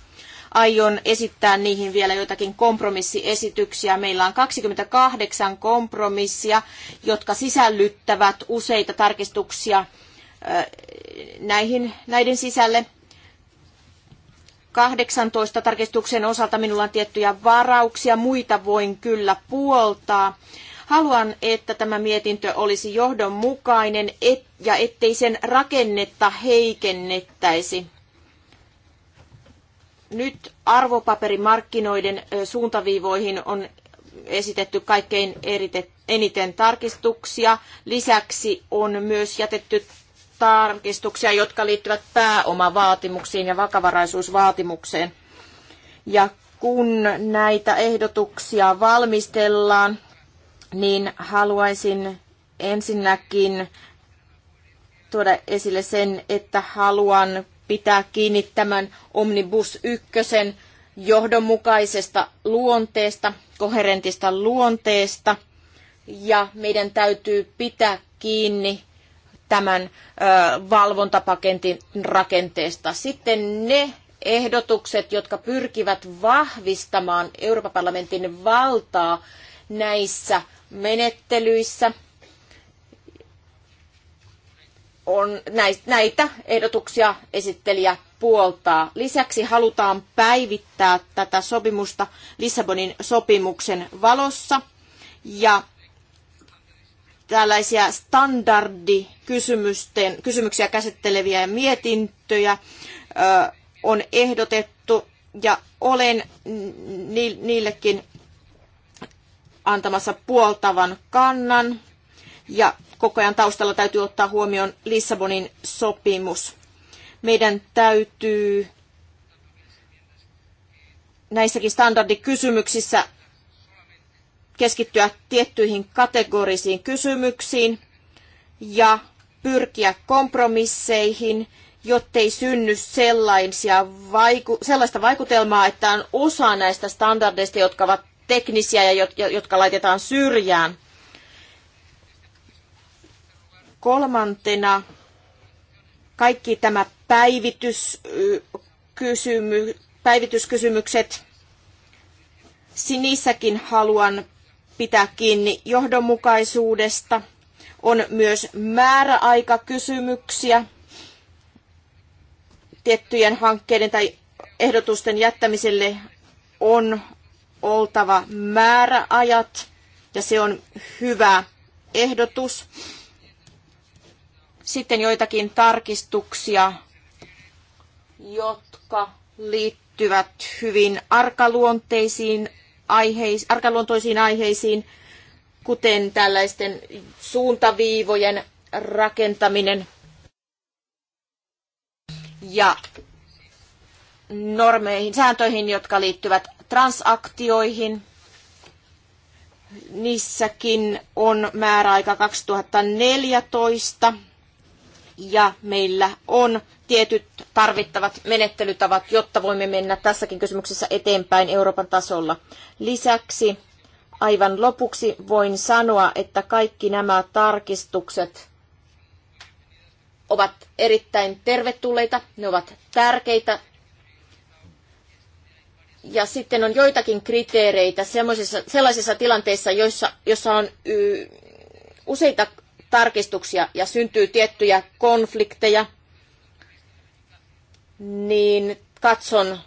aion esittää niihin vielä jotakin kompromissiesityksiä. Meillä on 28 kompromissia, jotka sisällyttävät useita tarkistuksia näihin, näiden sisälle. 18 tarkistuksen osalta minulla on tiettyjä varauksia, muita voin kyllä puoltaa. Haluan, että tämä mietintö olisi johdonmukainen et, ja ettei sen rakennetta heikennettäisi. Nyt arvopaperimarkkinoiden suuntaviivoihin on esitetty kaikkein erite, eniten tarkistuksia. Lisäksi on myös jätetty tarkistuksia, jotka liittyvät pääomavaatimuksiin ja vakavaraisuusvaatimukseen. Ja kun näitä ehdotuksia valmistellaan, niin haluaisin ensinnäkin tuoda esille sen, että haluan pitää kiinni tämän Omnibus 1 johdonmukaisesta luonteesta, koherentista luonteesta, ja meidän täytyy pitää kiinni tämän valvontapaketin rakenteesta. Sitten ne ehdotukset, jotka pyrkivät vahvistamaan Euroopan parlamentin valtaa näissä menettelyissä, on näitä ehdotuksia esittelijä puoltaa. Lisäksi halutaan päivittää tätä sopimusta Lissabonin sopimuksen valossa ja tällaisia standardikysymysten, kysymyksiä käsitteleviä mietintöjä ö, on ehdotettu ja olen ni, niillekin antamassa puoltavan kannan ja koko ajan taustalla täytyy ottaa huomioon Lissabonin sopimus. Meidän täytyy näissäkin standardikysymyksissä keskittyä tiettyihin kategorisiin kysymyksiin ja pyrkiä kompromisseihin, jottei synny sellaisia vaiku- sellaista vaikutelmaa, että on osa näistä standardeista, jotka ovat teknisiä ja jotka laitetaan syrjään. Kolmantena kaikki tämä päivityskysymykset. Sinissäkin haluan pitää kiinni johdonmukaisuudesta. On myös määräaikakysymyksiä tiettyjen hankkeiden tai ehdotusten jättämiselle on oltava määräajat ja se on hyvä ehdotus. Sitten joitakin tarkistuksia, jotka liittyvät hyvin arkaluonteisiin aiheis, arkaluontoisiin aiheisiin, kuten tällaisten suuntaviivojen rakentaminen ja normeihin, sääntöihin, jotka liittyvät transaktioihin. Niissäkin on määräaika 2014 ja meillä on tietyt tarvittavat menettelytavat, jotta voimme mennä tässäkin kysymyksessä eteenpäin Euroopan tasolla. Lisäksi aivan lopuksi voin sanoa, että kaikki nämä tarkistukset ovat erittäin tervetulleita, ne ovat tärkeitä. Ja sitten on joitakin kriteereitä sellaisissa tilanteissa, joissa, on y, useita tarkistuksia ja syntyy tiettyjä konflikteja, niin katson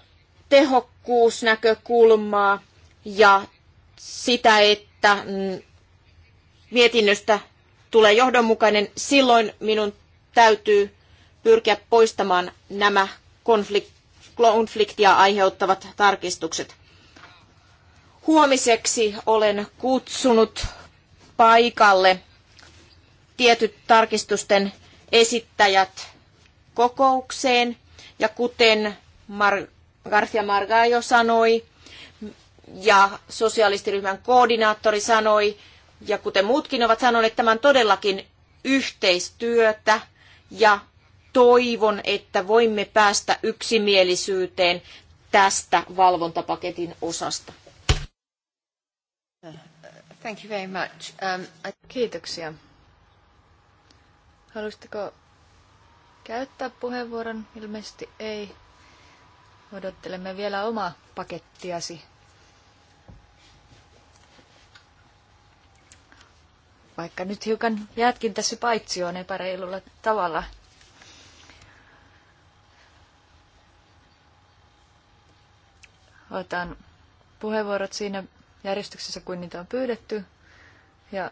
tehokkuusnäkökulmaa ja sitä, että mm, mietinnöstä tulee johdonmukainen, silloin minun täytyy pyrkiä poistamaan nämä konfliktia aiheuttavat tarkistukset. Huomiseksi olen kutsunut paikalle tietyt tarkistusten esittäjät kokoukseen. Ja kuten Mar- Garcia Margallo sanoi, ja sosialistiryhmän koordinaattori sanoi, ja kuten muutkin ovat sanoneet, tämän todellakin yhteistyötä ja toivon, että voimme päästä yksimielisyyteen tästä valvontapaketin osasta. Thank you very much. Um, I... Kiitoksia. Haluaisitteko käyttää puheenvuoron? Ilmeisesti ei. Odottelemme vielä omaa pakettiasi. Vaikka nyt hiukan jäätkin tässä on epäreilulla tavalla. Otan puheenvuorot siinä järjestyksessä, kuin niitä on pyydetty. Ja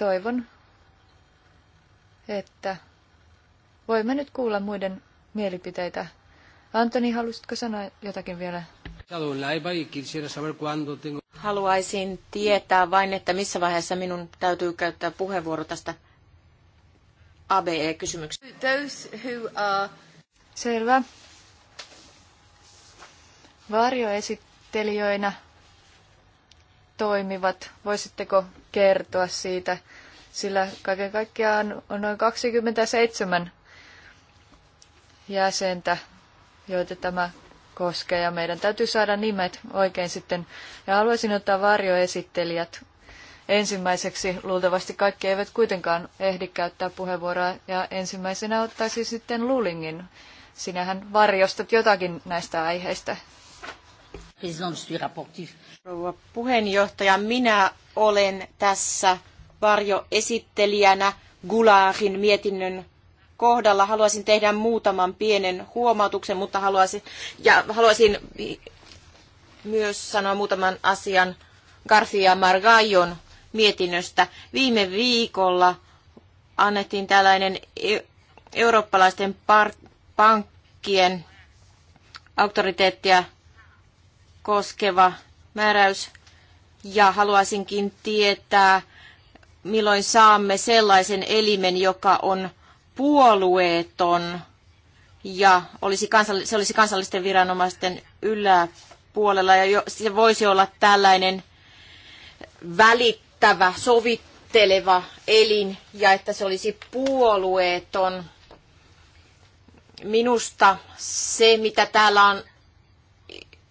Toivon, että voimme nyt kuulla muiden mielipiteitä. Antoni, haluaisitko sanoa jotakin vielä? Haluaisin tietää vain, että missä vaiheessa minun täytyy käyttää puheenvuoro tästä ABE-kysymyksestä. Are... Selvä. Varjoesittelijöinä toimivat? Voisitteko kertoa siitä? Sillä kaiken kaikkiaan on noin 27 jäsentä, joita tämä koskee, ja meidän täytyy saada nimet oikein sitten. Ja haluaisin ottaa varjoesittelijät ensimmäiseksi. Luultavasti kaikki eivät kuitenkaan ehdi käyttää puheenvuoroa, ja ensimmäisenä ottaisi sitten Lulingin. Sinähän varjostat jotakin näistä aiheista. Rouva puheenjohtaja, minä olen tässä varjoesittelijänä Gularin mietinnön kohdalla. Haluaisin tehdä muutaman pienen huomautuksen, mutta haluaisin, ja haluaisin myös sanoa muutaman asian Garcia Margajon mietinnöstä. Viime viikolla annettiin tällainen e- eurooppalaisten pankkien auktoriteettia koskeva määräys. Ja haluaisinkin tietää, milloin saamme sellaisen elimen, joka on puolueeton ja olisi kansalli- se olisi kansallisten viranomaisten yläpuolella. Ja jo, se voisi olla tällainen välittävä, sovitteleva elin ja että se olisi puolueeton. Minusta se, mitä täällä on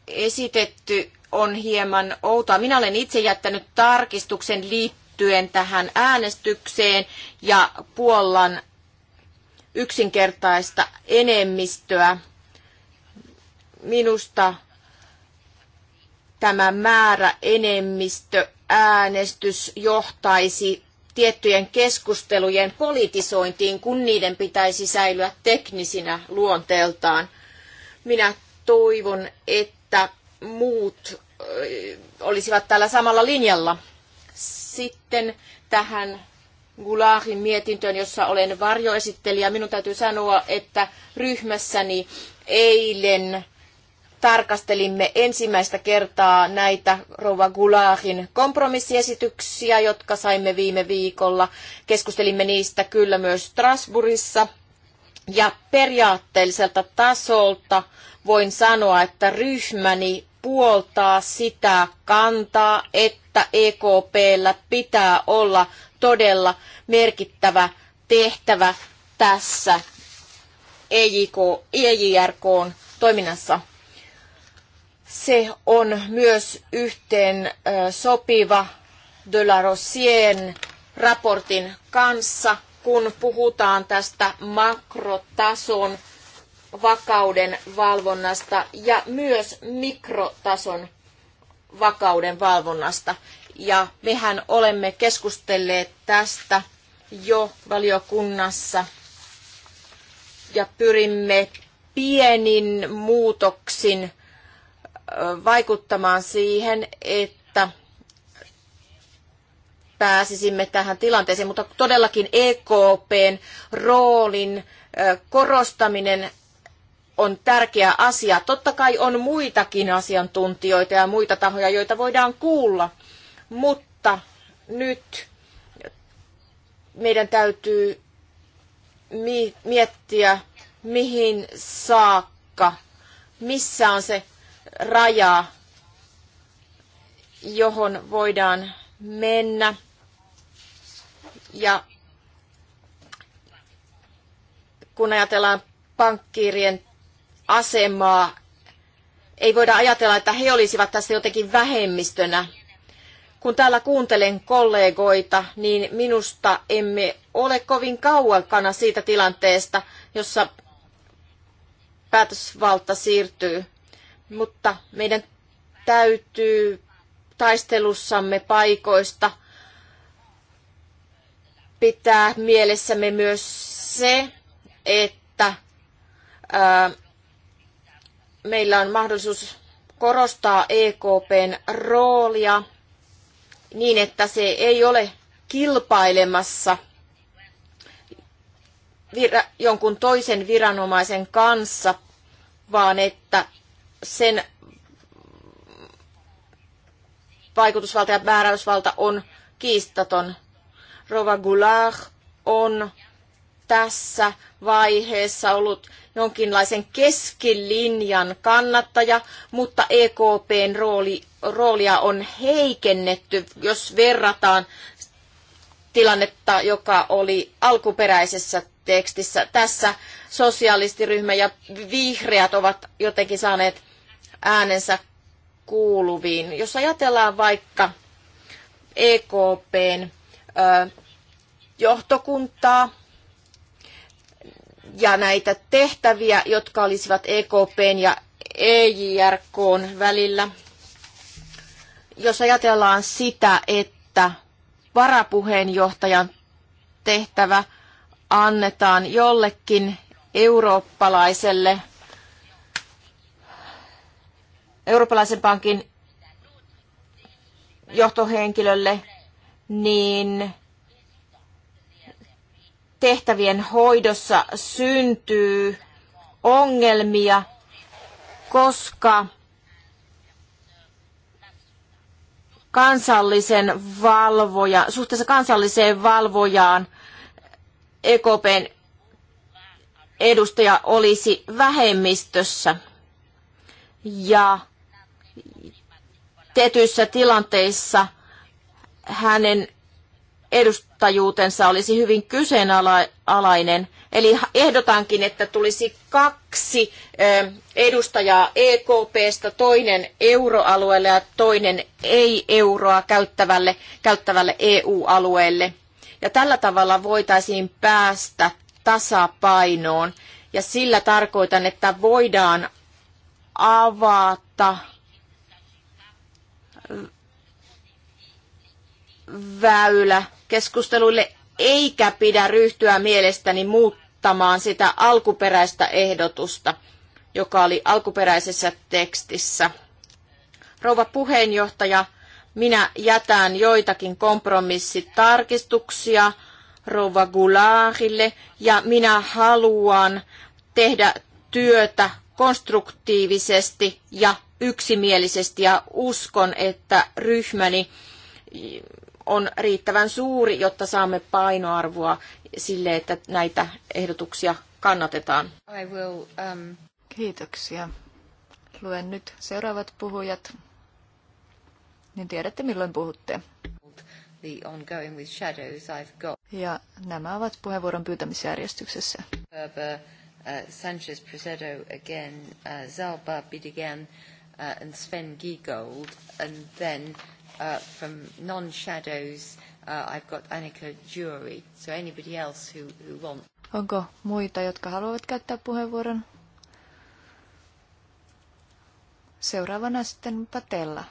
esitetty, on hieman outoa. Minä olen itse jättänyt tarkistuksen liittyen tähän äänestykseen ja Puollan yksinkertaista enemmistöä. Minusta tämä määrä enemmistö äänestys johtaisi tiettyjen keskustelujen politisointiin, kun niiden pitäisi säilyä teknisinä luonteeltaan. Minä toivon, että muut olisivat tällä samalla linjalla. Sitten tähän Gulaarin mietintöön, jossa olen varjoesittelijä. Minun täytyy sanoa, että ryhmässäni eilen tarkastelimme ensimmäistä kertaa näitä Rova Gulaarin kompromissiesityksiä, jotka saimme viime viikolla. Keskustelimme niistä kyllä myös Strasbourgissa. Ja periaatteelliselta tasolta voin sanoa, että ryhmäni puoltaa sitä kantaa, että EKPllä pitää olla todella merkittävä tehtävä tässä EJK, EJRKn toiminnassa. Se on myös yhteen sopiva de la Rosien raportin kanssa, kun puhutaan tästä makrotason vakauden valvonnasta ja myös mikrotason vakauden valvonnasta. Ja mehän olemme keskustelleet tästä jo valiokunnassa ja pyrimme pienin muutoksin vaikuttamaan siihen, että pääsisimme tähän tilanteeseen, mutta todellakin EKPn roolin korostaminen on tärkeä asia. Totta kai on muitakin asiantuntijoita ja muita tahoja, joita voidaan kuulla, mutta nyt meidän täytyy miettiä, mihin saakka, missä on se raja, johon voidaan mennä. Ja kun ajatellaan pankkiirien asemaa. Ei voida ajatella, että he olisivat tässä jotenkin vähemmistönä. Kun täällä kuuntelen kollegoita, niin minusta emme ole kovin kauankana siitä tilanteesta, jossa päätösvalta siirtyy. Mutta meidän täytyy taistelussamme paikoista pitää mielessämme myös se, että ää, meillä on mahdollisuus korostaa EKPn roolia niin, että se ei ole kilpailemassa vira- jonkun toisen viranomaisen kanssa, vaan että sen vaikutusvalta ja määräysvalta on kiistaton. Rova Goulart on tässä vaiheessa ollut jonkinlaisen keskilinjan kannattaja, mutta EKPn rooli, roolia on heikennetty, jos verrataan tilannetta, joka oli alkuperäisessä tekstissä. Tässä sosialistiryhmä ja vihreät ovat jotenkin saaneet äänensä kuuluviin. Jos ajatellaan vaikka EKPn johtokuntaa, ja näitä tehtäviä, jotka olisivat EKPn ja EJRKn välillä. Jos ajatellaan sitä, että varapuheenjohtajan tehtävä annetaan jollekin eurooppalaiselle eurooppalaisen pankin johtohenkilölle, niin tehtävien hoidossa syntyy ongelmia, koska kansallisen valvoja, suhteessa kansalliseen valvojaan EKPn edustaja olisi vähemmistössä. Ja tietyissä tilanteissa hänen edustajuutensa olisi hyvin kyseenalainen. Eli ehdotankin, että tulisi kaksi edustajaa EKPstä, toinen euroalueelle ja toinen ei-euroa käyttävälle, käyttävälle EU-alueelle. Ja tällä tavalla voitaisiin päästä tasapainoon. Ja sillä tarkoitan, että voidaan avata väylä keskusteluille, eikä pidä ryhtyä mielestäni muuttamaan sitä alkuperäistä ehdotusta, joka oli alkuperäisessä tekstissä. Rouva puheenjohtaja, minä jätän joitakin kompromissitarkistuksia Rouva Gulaarille ja minä haluan tehdä työtä konstruktiivisesti ja yksimielisesti ja uskon, että ryhmäni on riittävän suuri, jotta saamme painoarvoa sille, että näitä ehdotuksia kannatetaan. I will, um... Kiitoksia. Luen nyt seuraavat puhujat, niin tiedätte milloin puhutte. The ongoing with shadows I've got. Ja nämä ovat puheenvuoron pyytämisjärjestyksessä. Berber, uh, Sanchez Presedo again, uh, Zalba Bidigan uh, and Sven Giegold, and then Uh, from non-shadows, uh, I've got Annika Jury. So anybody else who, who wants. Onko muita, jotka haluavat käyttää puheenvuoron? Seuraavana sitten Patella.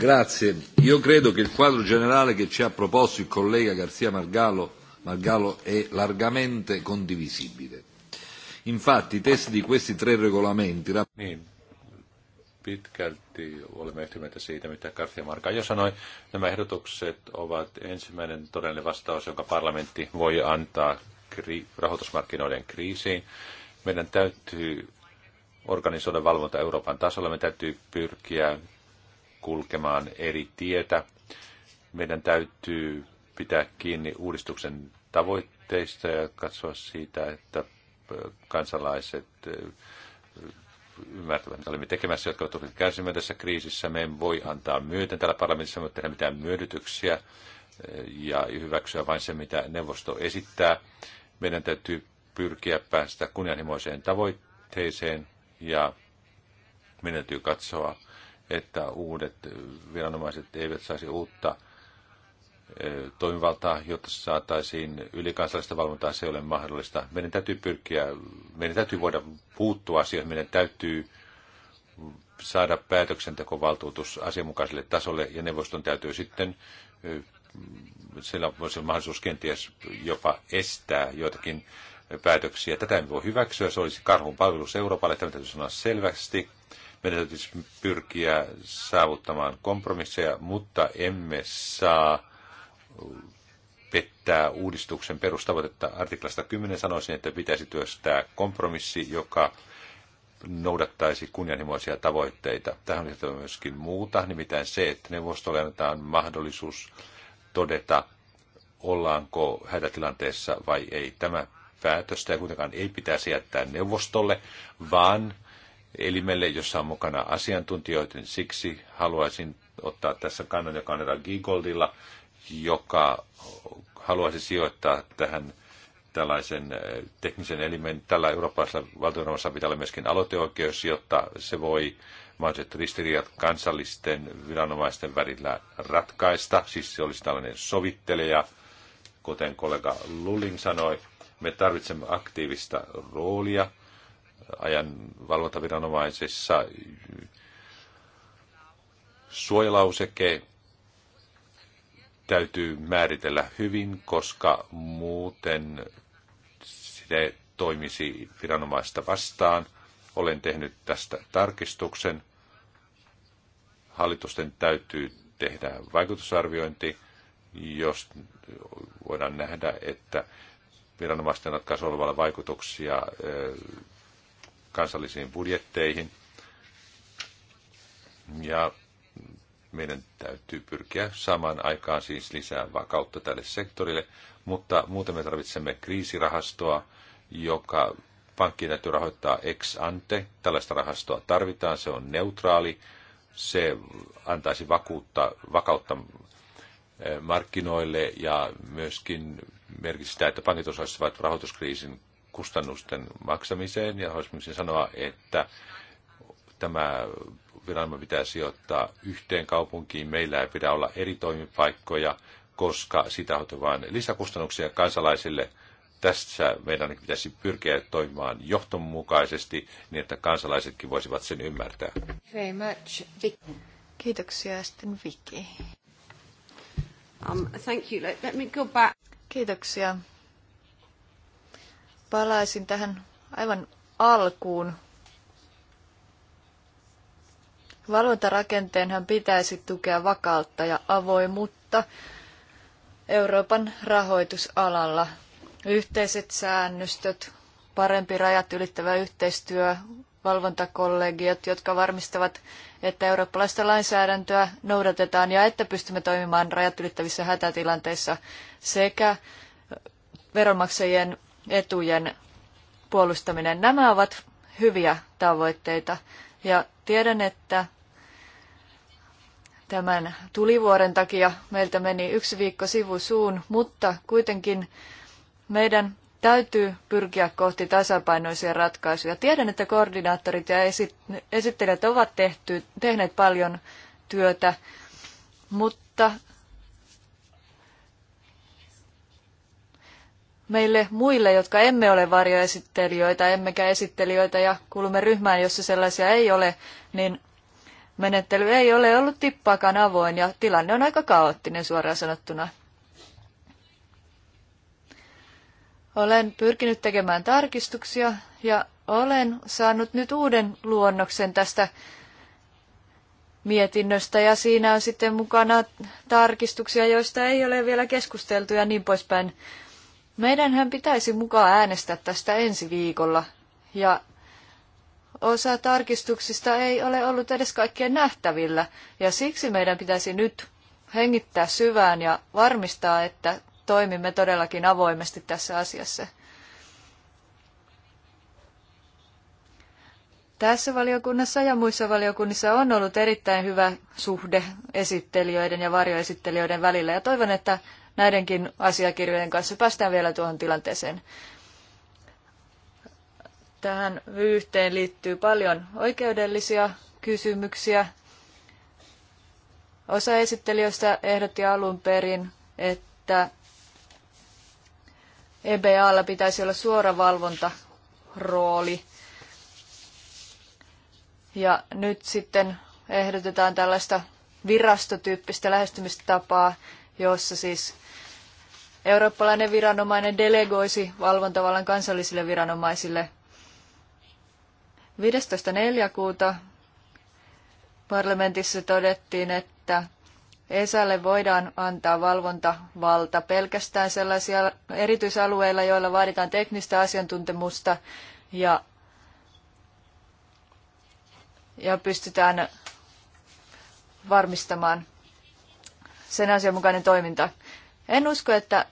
Grazie. Io credo che il quadro generale che ci ha proposto il collega Garcia Margallo, Margallo è largamente condivisibile. Infatti i testi di questi tre regolamenti... Niin pitkälti olemme yhtä mieltä siitä, mitä Garcia Marca jo sanoi. Nämä ehdotukset ovat ensimmäinen todellinen vastaus, jonka parlamentti voi antaa kri- rahoitusmarkkinoiden kriisiin. Meidän täytyy organisoida valvonta Euroopan tasolla. Meidän täytyy pyrkiä kulkemaan eri tietä. Meidän täytyy pitää kiinni uudistuksen tavoitteista ja katsoa siitä, että kansalaiset ymmärtävät, mitä olemme tekemässä, jotka ovat kärsimään tässä kriisissä. Me emme voi antaa myöten täällä parlamentissa, mutta tehdä mitään myödytyksiä eh, ja hyväksyä vain se, mitä neuvosto esittää. Meidän täytyy pyrkiä päästä kunnianhimoiseen tavoitteeseen ja meidän täytyy katsoa, että uudet viranomaiset eivät saisi uutta toimivaltaa, jotta saataisiin ylikansallista valvontaa, se ei ole mahdollista. Meidän täytyy pyrkiä, meidän täytyy voida puuttua asioihin, meidän täytyy saada päätöksentekovaltuutus asianmukaiselle tasolle ja neuvoston täytyy sitten, sillä voisi olla mahdollisuus kenties jopa estää joitakin päätöksiä. Tätä ei voi hyväksyä, se olisi karhun palvelus Euroopalle, tämä täytyy sanoa selvästi. Meidän täytyisi pyrkiä saavuttamaan kompromisseja, mutta emme saa pettää uudistuksen perustavoitetta. Artiklasta 10 sanoisin, että pitäisi työstää kompromissi, joka noudattaisi kunnianhimoisia tavoitteita. Tähän lisätty myöskin muuta, nimittäin se, että neuvostolle annetaan mahdollisuus todeta, ollaanko hätätilanteessa vai ei. Tämä päätöstä ja kuitenkaan ei pitäisi jättää neuvostolle, vaan elimelle, jossa on mukana asiantuntijoita. Siksi haluaisin ottaa tässä kannan, joka on Gigoldilla, joka haluaisi sijoittaa tähän tällaisen eh, teknisen elimen. Tällä eurooppalaisella valtioneuvossa pitää olla myöskin aloiteoikeus, jotta se voi mahdolliset ristiriidat kansallisten viranomaisten välillä ratkaista. Siis se olisi tällainen sovittelija, kuten kollega Lulling sanoi. Me tarvitsemme aktiivista roolia ajan valvontaviranomaisessa Suojalauseke täytyy määritellä hyvin, koska muuten se toimisi viranomaista vastaan. Olen tehnyt tästä tarkistuksen. Hallitusten täytyy tehdä vaikutusarviointi, jos voidaan nähdä, että viranomaisten ratkaisu olevalla vaikutuksia kansallisiin budjetteihin. Ja meidän täytyy pyrkiä saamaan aikaan siis lisää vakautta tälle sektorille, mutta muuten me tarvitsemme kriisirahastoa, joka pankkien täytyy rahoittaa ex ante. Tällaista rahastoa tarvitaan, se on neutraali, se antaisi vakuutta, vakautta markkinoille ja myöskin merkitsi sitä, että pankit osaisivat rahoituskriisin kustannusten maksamiseen ja haluaisin sanoa, että tämä viranomainen pitää sijoittaa yhteen kaupunkiin. Meillä ei pidä olla eri toimipaikkoja, koska sitä aiheutuu vain lisäkustannuksia kansalaisille. Tässä meidän pitäisi pyrkiä toimimaan johtonmukaisesti niin, että kansalaisetkin voisivat sen ymmärtää. Very much. Kiitoksia sitten Vicky. Um, thank you. Let, let me go back. Kiitoksia. Palaisin tähän aivan alkuun Valvontarakenteenhan pitäisi tukea vakautta ja avoimuutta Euroopan rahoitusalalla. Yhteiset säännöstöt, parempi rajat ylittävä yhteistyö, valvontakollegiot, jotka varmistavat, että eurooppalaista lainsäädäntöä noudatetaan ja että pystymme toimimaan rajat ylittävissä hätätilanteissa sekä veronmaksajien etujen puolustaminen. Nämä ovat hyviä tavoitteita ja tiedän, että Tämän tulivuoren takia meiltä meni yksi viikko suun, mutta kuitenkin meidän täytyy pyrkiä kohti tasapainoisia ratkaisuja. Tiedän, että koordinaattorit ja esittelijät ovat tehty, tehneet paljon työtä, mutta meille muille, jotka emme ole varjoesittelijöitä, emmekä esittelijöitä ja kuulumme ryhmään, jossa sellaisia ei ole, niin menettely ei ole ollut tippaakaan avoin ja tilanne on aika kaoottinen suoraan sanottuna. Olen pyrkinyt tekemään tarkistuksia ja olen saanut nyt uuden luonnoksen tästä mietinnöstä ja siinä on sitten mukana tarkistuksia, joista ei ole vielä keskusteltu ja niin poispäin. Meidänhän pitäisi mukaan äänestää tästä ensi viikolla ja osa tarkistuksista ei ole ollut edes kaikkien nähtävillä, ja siksi meidän pitäisi nyt hengittää syvään ja varmistaa, että toimimme todellakin avoimesti tässä asiassa. Tässä valiokunnassa ja muissa valiokunnissa on ollut erittäin hyvä suhde esittelijöiden ja varjoesittelijöiden välillä, ja toivon, että näidenkin asiakirjojen kanssa päästään vielä tuohon tilanteeseen. Tähän yhteen liittyy paljon oikeudellisia kysymyksiä. Osa esittelijöistä ehdotti alun perin, että EBAlla pitäisi olla suora valvontarooli. Ja nyt sitten ehdotetaan tällaista virastotyyppistä lähestymistapaa, jossa siis eurooppalainen viranomainen delegoisi valvontavallan kansallisille viranomaisille 15. neljäkuuta parlamentissa todettiin, että ESAlle voidaan antaa valvontavalta pelkästään sellaisia erityisalueilla, joilla vaaditaan teknistä asiantuntemusta ja, ja pystytään varmistamaan sen asianmukainen toiminta. En usko, että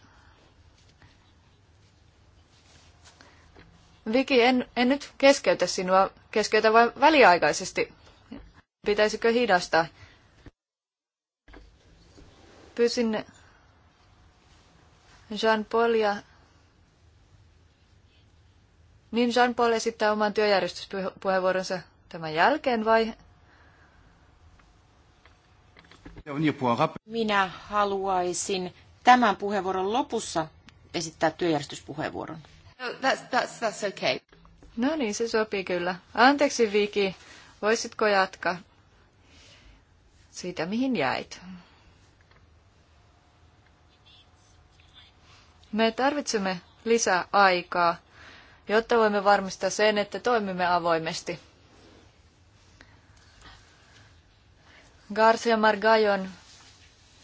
Viki, en, en nyt keskeytä sinua. Keskeytä vain väliaikaisesti. Pitäisikö hidastaa? Pysin Jean-Paul ja... Niin Jean-Paul esittää oman työjärjestyspuheenvuoronsa tämän jälkeen vai minä haluaisin tämän puheenvuoron lopussa esittää työjärjestyspuheenvuoron. No, that's, that's, that's okay. No niin, se sopii kyllä. Anteeksi Viki, voisitko jatkaa siitä, mihin jäit? Me tarvitsemme lisää aikaa, jotta voimme varmistaa sen, että toimimme avoimesti. Garcia Margajon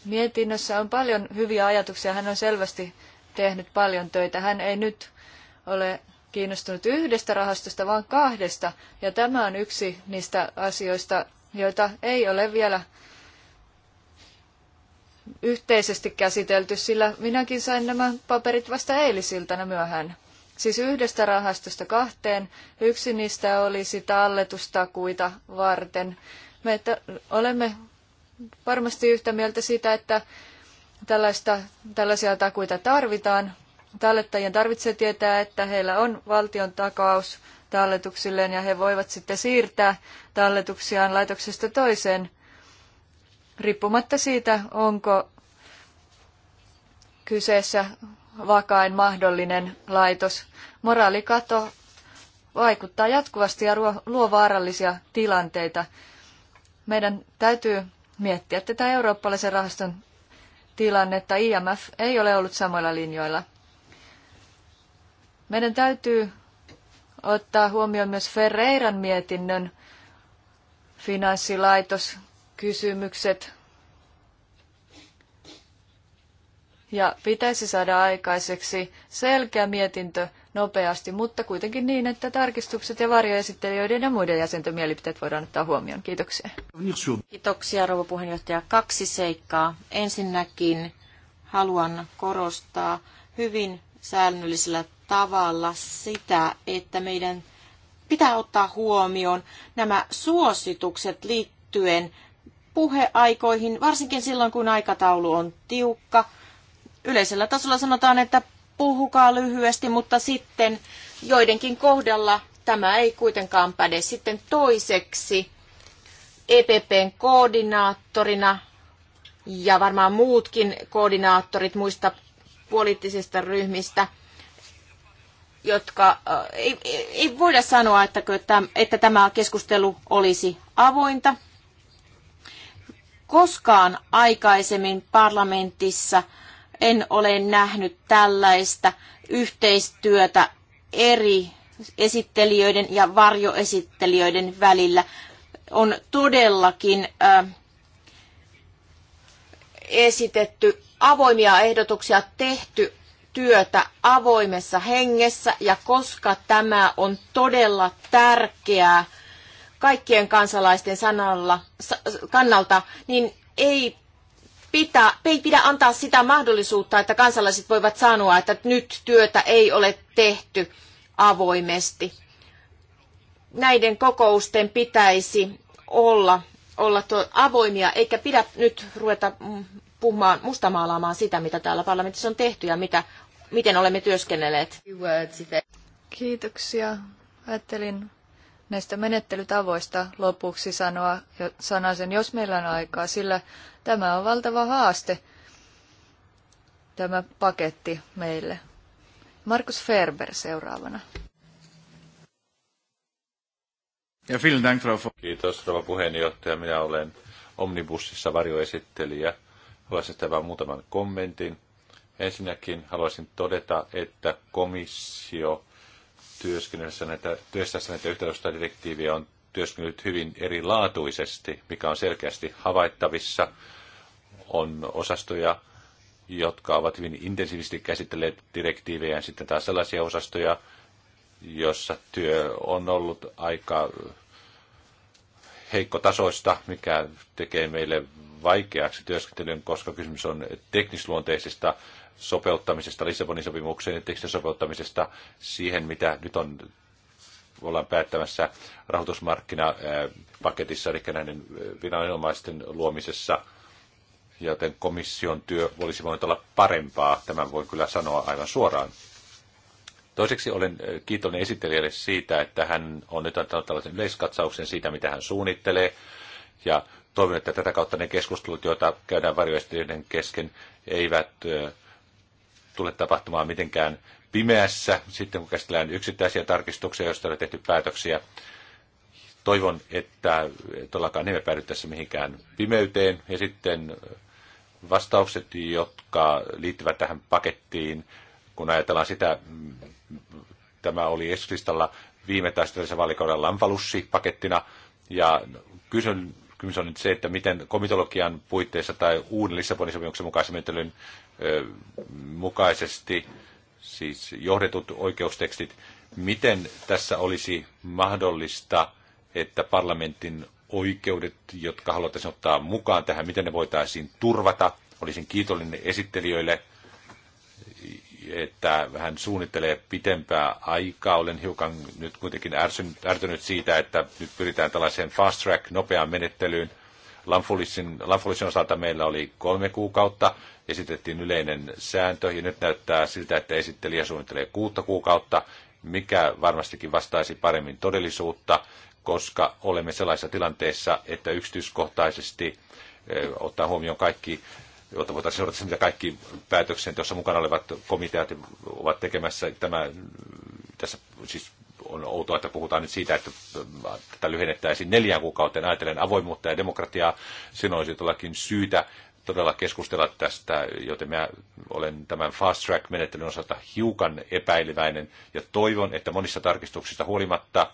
mietinnössä on paljon hyviä ajatuksia. Hän on selvästi tehnyt paljon töitä. Hän ei nyt ole kiinnostunut yhdestä rahastosta, vaan kahdesta. Ja tämä on yksi niistä asioista, joita ei ole vielä yhteisesti käsitelty, sillä minäkin sain nämä paperit vasta eilisiltana myöhään. Siis yhdestä rahastosta kahteen, yksi niistä olisi talletustakuita varten. Me olemme varmasti yhtä mieltä siitä, että tällaista, tällaisia takuita tarvitaan, tallettajien tarvitsee tietää, että heillä on valtion takaus talletuksilleen ja he voivat sitten siirtää talletuksiaan laitoksesta toiseen riippumatta siitä, onko kyseessä vakain mahdollinen laitos. Moraalikato vaikuttaa jatkuvasti ja luo vaarallisia tilanteita. Meidän täytyy miettiä tätä eurooppalaisen rahaston tilannetta. IMF ei ole ollut samoilla linjoilla. Meidän täytyy ottaa huomioon myös Ferreiran mietinnön finanssilaitoskysymykset. Ja pitäisi saada aikaiseksi selkeä mietintö nopeasti, mutta kuitenkin niin, että tarkistukset ja varjoesittelijöiden ja muiden jäsenten mielipiteet voidaan ottaa huomioon. Kiitoksia. Kiitoksia, rouva puheenjohtaja. Kaksi seikkaa. Ensinnäkin haluan korostaa hyvin säännöllisellä tavalla sitä, että meidän pitää ottaa huomioon nämä suositukset liittyen puheaikoihin, varsinkin silloin kun aikataulu on tiukka. Yleisellä tasolla sanotaan, että puhukaa lyhyesti, mutta sitten joidenkin kohdalla tämä ei kuitenkaan päde. Sitten toiseksi EPPn koordinaattorina ja varmaan muutkin koordinaattorit muista poliittisista ryhmistä, jotka ei, ei voida sanoa, että, että tämä keskustelu olisi avointa. Koskaan aikaisemmin parlamentissa en ole nähnyt tällaista yhteistyötä eri esittelijöiden ja varjoesittelijöiden välillä. On todellakin äh, esitetty avoimia ehdotuksia, tehty työtä avoimessa hengessä ja koska tämä on todella tärkeää kaikkien kansalaisten sanalla, kannalta, niin ei, pitä, ei pidä antaa sitä mahdollisuutta, että kansalaiset voivat sanoa, että nyt työtä ei ole tehty avoimesti. Näiden kokousten pitäisi olla, olla avoimia, eikä pidä nyt ruveta puhumaan, mustamaalaamaan sitä, mitä täällä parlamentissa on tehty ja mitä, miten olemme työskennelleet. Kiitoksia. Ajattelin näistä menettelytavoista lopuksi sanoa sanasen, jos meillä on aikaa, sillä tämä on valtava haaste, tämä paketti meille. Markus Ferber seuraavana. Ja Kiitos, rouva puheenjohtaja. Minä olen Omnibussissa varjoesittelijä Haluaisin tehdä vain muutaman kommentin. Ensinnäkin haluaisin todeta, että komissio työskennellessä näitä, työstässä näitä yhtäläistä direktiiviä on työskennellyt hyvin erilaatuisesti, mikä on selkeästi havaittavissa. On osastoja, jotka ovat hyvin intensiivisesti käsitelleet direktiivejä, ja sitten taas sellaisia osastoja, jossa työ on ollut aika heikkotasoista, mikä tekee meille vaikeaksi työskentelyn, koska kysymys on teknisluonteisista sopeuttamisesta Lissabonin sopimukseen ja teknisestä sopeuttamisesta siihen, mitä nyt on ollaan päättämässä rahoitusmarkkinapaketissa, eli näiden äh, viranomaisten luomisessa, joten komission työ olisi voinut olla parempaa, tämän voi kyllä sanoa aivan suoraan. Toiseksi olen kiitollinen esittelijälle siitä, että hän on nyt antanut tällaisen yleiskatsauksen siitä, mitä hän suunnittelee. Ja toivon, että tätä kautta ne keskustelut, joita käydään varjoistajien kesken, eivät tule tapahtumaan mitenkään pimeässä, sitten kun käsitellään yksittäisiä tarkistuksia, joista on tehty päätöksiä. Toivon, että todellakaan emme päädy tässä mihinkään pimeyteen. Ja sitten vastaukset, jotka liittyvät tähän pakettiin, kun ajatellaan sitä, Tämä oli Eskristalla viime taistelisessa vaalikaudella lampalussi pakettina Ja kysyn, kysymys on nyt se, että miten komitologian puitteissa tai uuden Lissabonin sopimuksen mukaisen menettelyn mukaisesti, siis johdetut oikeustekstit, miten tässä olisi mahdollista, että parlamentin oikeudet, jotka haluttaisiin ottaa mukaan tähän, miten ne voitaisiin turvata. Olisin kiitollinen esittelijöille että hän suunnittelee pitempää aikaa. Olen hiukan nyt kuitenkin ärtynyt siitä, että nyt pyritään tällaiseen fast track, nopeaan menettelyyn. Lamfulissin, Lamfulissin osalta meillä oli kolme kuukautta, esitettiin yleinen sääntö ja nyt näyttää siltä, että esittelijä suunnittelee kuutta kuukautta, mikä varmastikin vastaisi paremmin todellisuutta, koska olemme sellaisessa tilanteessa, että yksityiskohtaisesti eh, ottaa huomioon kaikki jota voitaisiin seurata mitä kaikki päätökset, joissa mukana olevat komiteat ovat tekemässä. Tämä, tässä siis on outoa, että puhutaan nyt siitä, että tätä lyhennettäisiin neljään kuukauteen ajatellen avoimuutta ja demokratiaa. Silloin olisi jotakin syytä todella keskustella tästä, joten mä olen tämän fast track-menettelyn osalta hiukan epäileväinen ja toivon, että monissa tarkistuksista huolimatta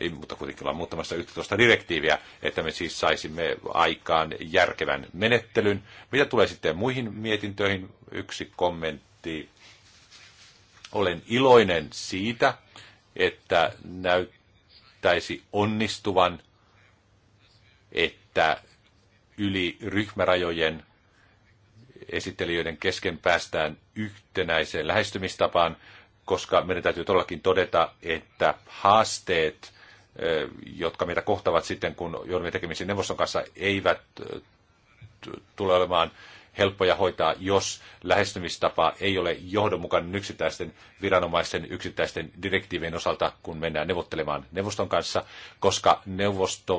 ei, mutta kuitenkin ollaan muuttamassa 11 direktiiviä, että me siis saisimme aikaan järkevän menettelyn. Mitä tulee sitten muihin mietintöihin? Yksi kommentti. Olen iloinen siitä, että näyttäisi onnistuvan, että yli ryhmärajojen esittelijöiden kesken päästään yhtenäiseen lähestymistapaan, koska meidän täytyy todellakin todeta, että haasteet – Eh, jotka meitä kohtavat sitten, kun joudumme tekemisiin neuvoston kanssa, eivät eh, tule olemaan helppoja hoitaa, jos lähestymistapa ei ole johdonmukainen yksittäisten viranomaisten, yksittäisten direktiivien osalta, kun mennään neuvottelemaan neuvoston kanssa, koska neuvosto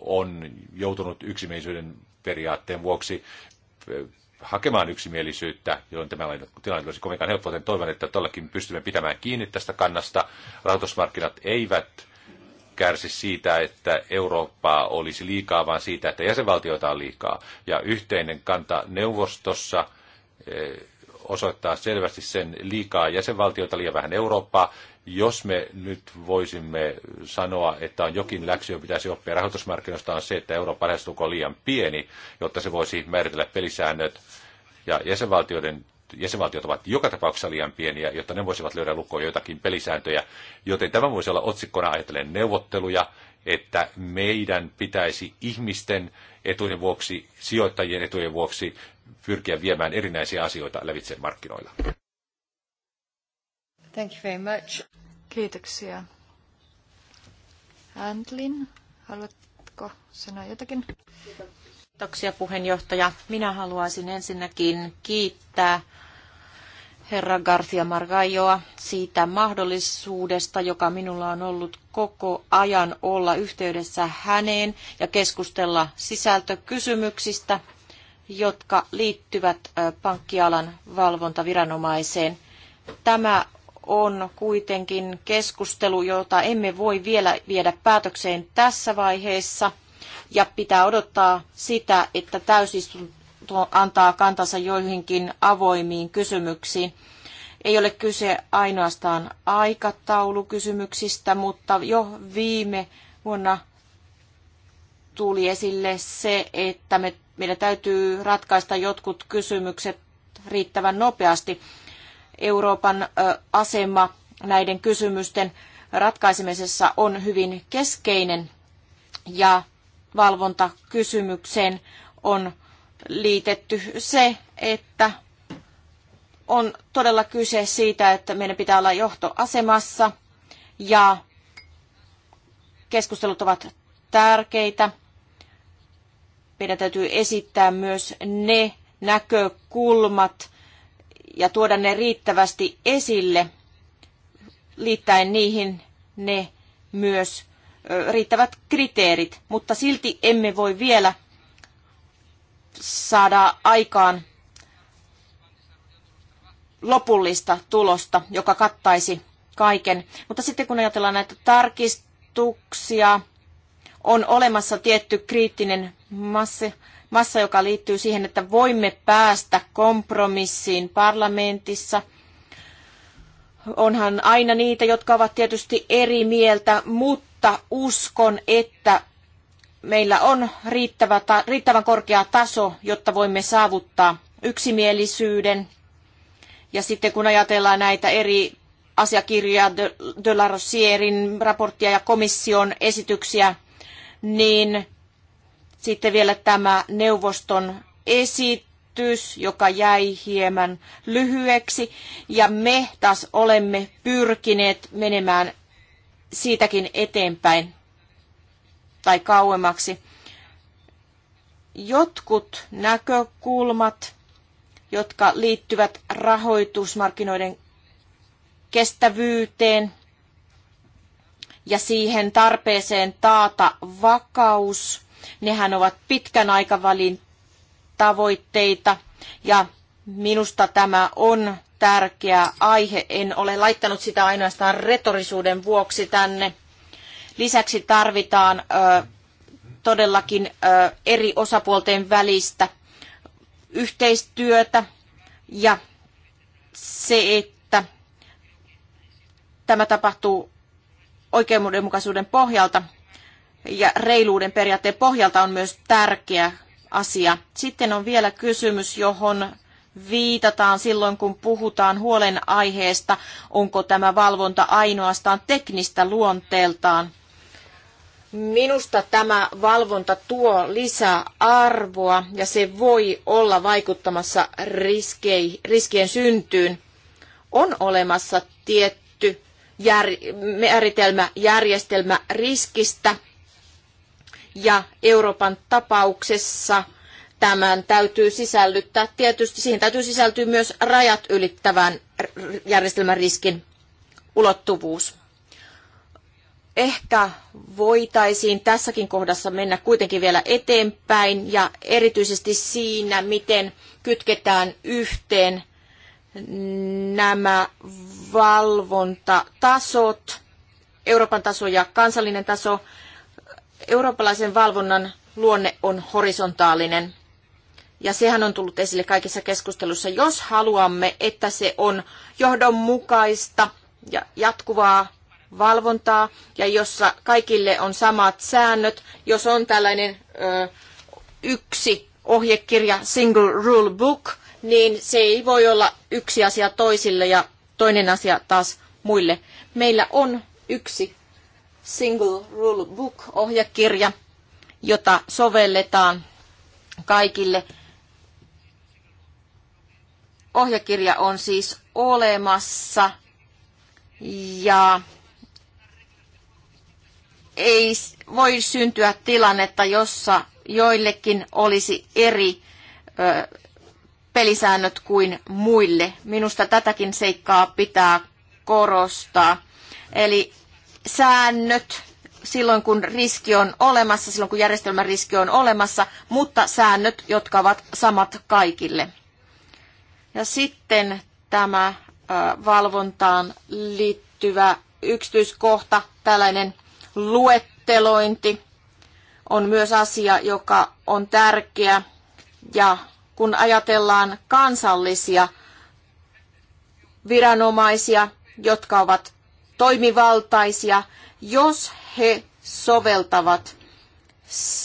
on joutunut yksimielisyyden periaatteen vuoksi eh, hakemaan yksimielisyyttä, jolloin tämä tilanne olisi kovinkaan helppo, joten toivon, että todellakin pystymme pitämään kiinni tästä kannasta. Rahoitusmarkkinat eivät kärsi siitä, että Eurooppaa olisi liikaa, vaan siitä, että jäsenvaltioita on liikaa. Ja yhteinen kanta neuvostossa eh, osoittaa selvästi sen liikaa jäsenvaltioita, liian vähän Eurooppaa. Jos me nyt voisimme sanoa, että on jokin läksy, joka pitäisi oppia rahoitusmarkkinoista, on se, että Eurooppa lähestulko on liian pieni, jotta se voisi määritellä pelisäännöt. Ja jäsenvaltioiden jäsenvaltiot ovat joka tapauksessa liian pieniä, jotta ne voisivat löydä lukkoon joitakin pelisääntöjä. Joten tämä voisi olla otsikkona ajatellen neuvotteluja, että meidän pitäisi ihmisten etujen vuoksi, sijoittajien etujen vuoksi pyrkiä viemään erinäisiä asioita lävitse markkinoilla. Thank you very much. Kiitoksia. Antlin, haluatko sanoa jotakin? Kiitos. Kiitoksia puheenjohtaja. Minä haluaisin ensinnäkin kiittää herra Garcia Margalloa siitä mahdollisuudesta, joka minulla on ollut koko ajan olla yhteydessä häneen ja keskustella sisältökysymyksistä, jotka liittyvät pankkialan valvontaviranomaiseen. Tämä on kuitenkin keskustelu, jota emme voi vielä viedä päätökseen tässä vaiheessa – ja pitää odottaa sitä, että täysistunto antaa kantansa joihinkin avoimiin kysymyksiin. Ei ole kyse ainoastaan aikataulukysymyksistä, mutta jo viime vuonna tuli esille se, että me, meidän täytyy ratkaista jotkut kysymykset riittävän nopeasti. Euroopan asema näiden kysymysten ratkaisemisessa on hyvin keskeinen ja valvontakysymykseen on liitetty se, että on todella kyse siitä, että meidän pitää olla johtoasemassa ja keskustelut ovat tärkeitä. Meidän täytyy esittää myös ne näkökulmat ja tuoda ne riittävästi esille, liittäen niihin ne myös riittävät kriteerit, mutta silti emme voi vielä saada aikaan lopullista tulosta, joka kattaisi kaiken. Mutta sitten kun ajatellaan näitä tarkistuksia, on olemassa tietty kriittinen massa, massa, joka liittyy siihen, että voimme päästä kompromissiin parlamentissa – Onhan aina niitä, jotka ovat tietysti eri mieltä, mutta uskon, että meillä on riittävä ta- riittävän korkea taso, jotta voimme saavuttaa yksimielisyyden. Ja sitten kun ajatellaan näitä eri asiakirjoja, De, De La raporttia ja komission esityksiä, niin sitten vielä tämä neuvoston esitys lähetys, joka jäi hieman lyhyeksi, ja me taas olemme pyrkineet menemään siitäkin eteenpäin tai kauemmaksi. Jotkut näkökulmat, jotka liittyvät rahoitusmarkkinoiden kestävyyteen ja siihen tarpeeseen taata vakaus, nehän ovat pitkän aikavälin tavoitteita ja minusta tämä on tärkeä aihe. En ole laittanut sitä ainoastaan retorisuuden vuoksi tänne. Lisäksi tarvitaan ö, todellakin ö, eri osapuolten välistä yhteistyötä ja se, että tämä tapahtuu oikeudenmukaisuuden pohjalta ja reiluuden periaatteen pohjalta on myös tärkeää asia. Sitten on vielä kysymys, johon viitataan silloin, kun puhutaan huolenaiheesta, onko tämä valvonta ainoastaan teknistä luonteeltaan. Minusta tämä valvonta tuo lisää arvoa ja se voi olla vaikuttamassa riskei, riskien syntyyn. On olemassa tietty jär, määritelmä järjestelmä riskistä – ja Euroopan tapauksessa tämän täytyy sisällyttää. Tietysti siihen täytyy sisältyä myös rajat ylittävän järjestelmän riskin ulottuvuus. Ehkä voitaisiin tässäkin kohdassa mennä kuitenkin vielä eteenpäin ja erityisesti siinä, miten kytketään yhteen nämä valvontatasot, Euroopan taso ja kansallinen taso, Eurooppalaisen valvonnan luonne on horisontaalinen. Ja sehän on tullut esille kaikissa keskustelussa, jos haluamme, että se on johdonmukaista ja jatkuvaa valvontaa ja jossa kaikille on samat säännöt, jos on tällainen ö, yksi ohjekirja, single rule book, niin se ei voi olla yksi asia toisille ja toinen asia taas muille. Meillä on yksi Single Rule Book-ohjekirja, jota sovelletaan kaikille. Ohjekirja on siis olemassa ja ei voi syntyä tilannetta, jossa joillekin olisi eri ö, pelisäännöt kuin muille. Minusta tätäkin seikkaa pitää korostaa. Eli säännöt silloin, kun riski on olemassa, silloin kun järjestelmän riski on olemassa, mutta säännöt, jotka ovat samat kaikille. Ja sitten tämä valvontaan liittyvä yksityiskohta, tällainen luettelointi, on myös asia, joka on tärkeä. Ja kun ajatellaan kansallisia viranomaisia, jotka ovat toimivaltaisia, jos he soveltavat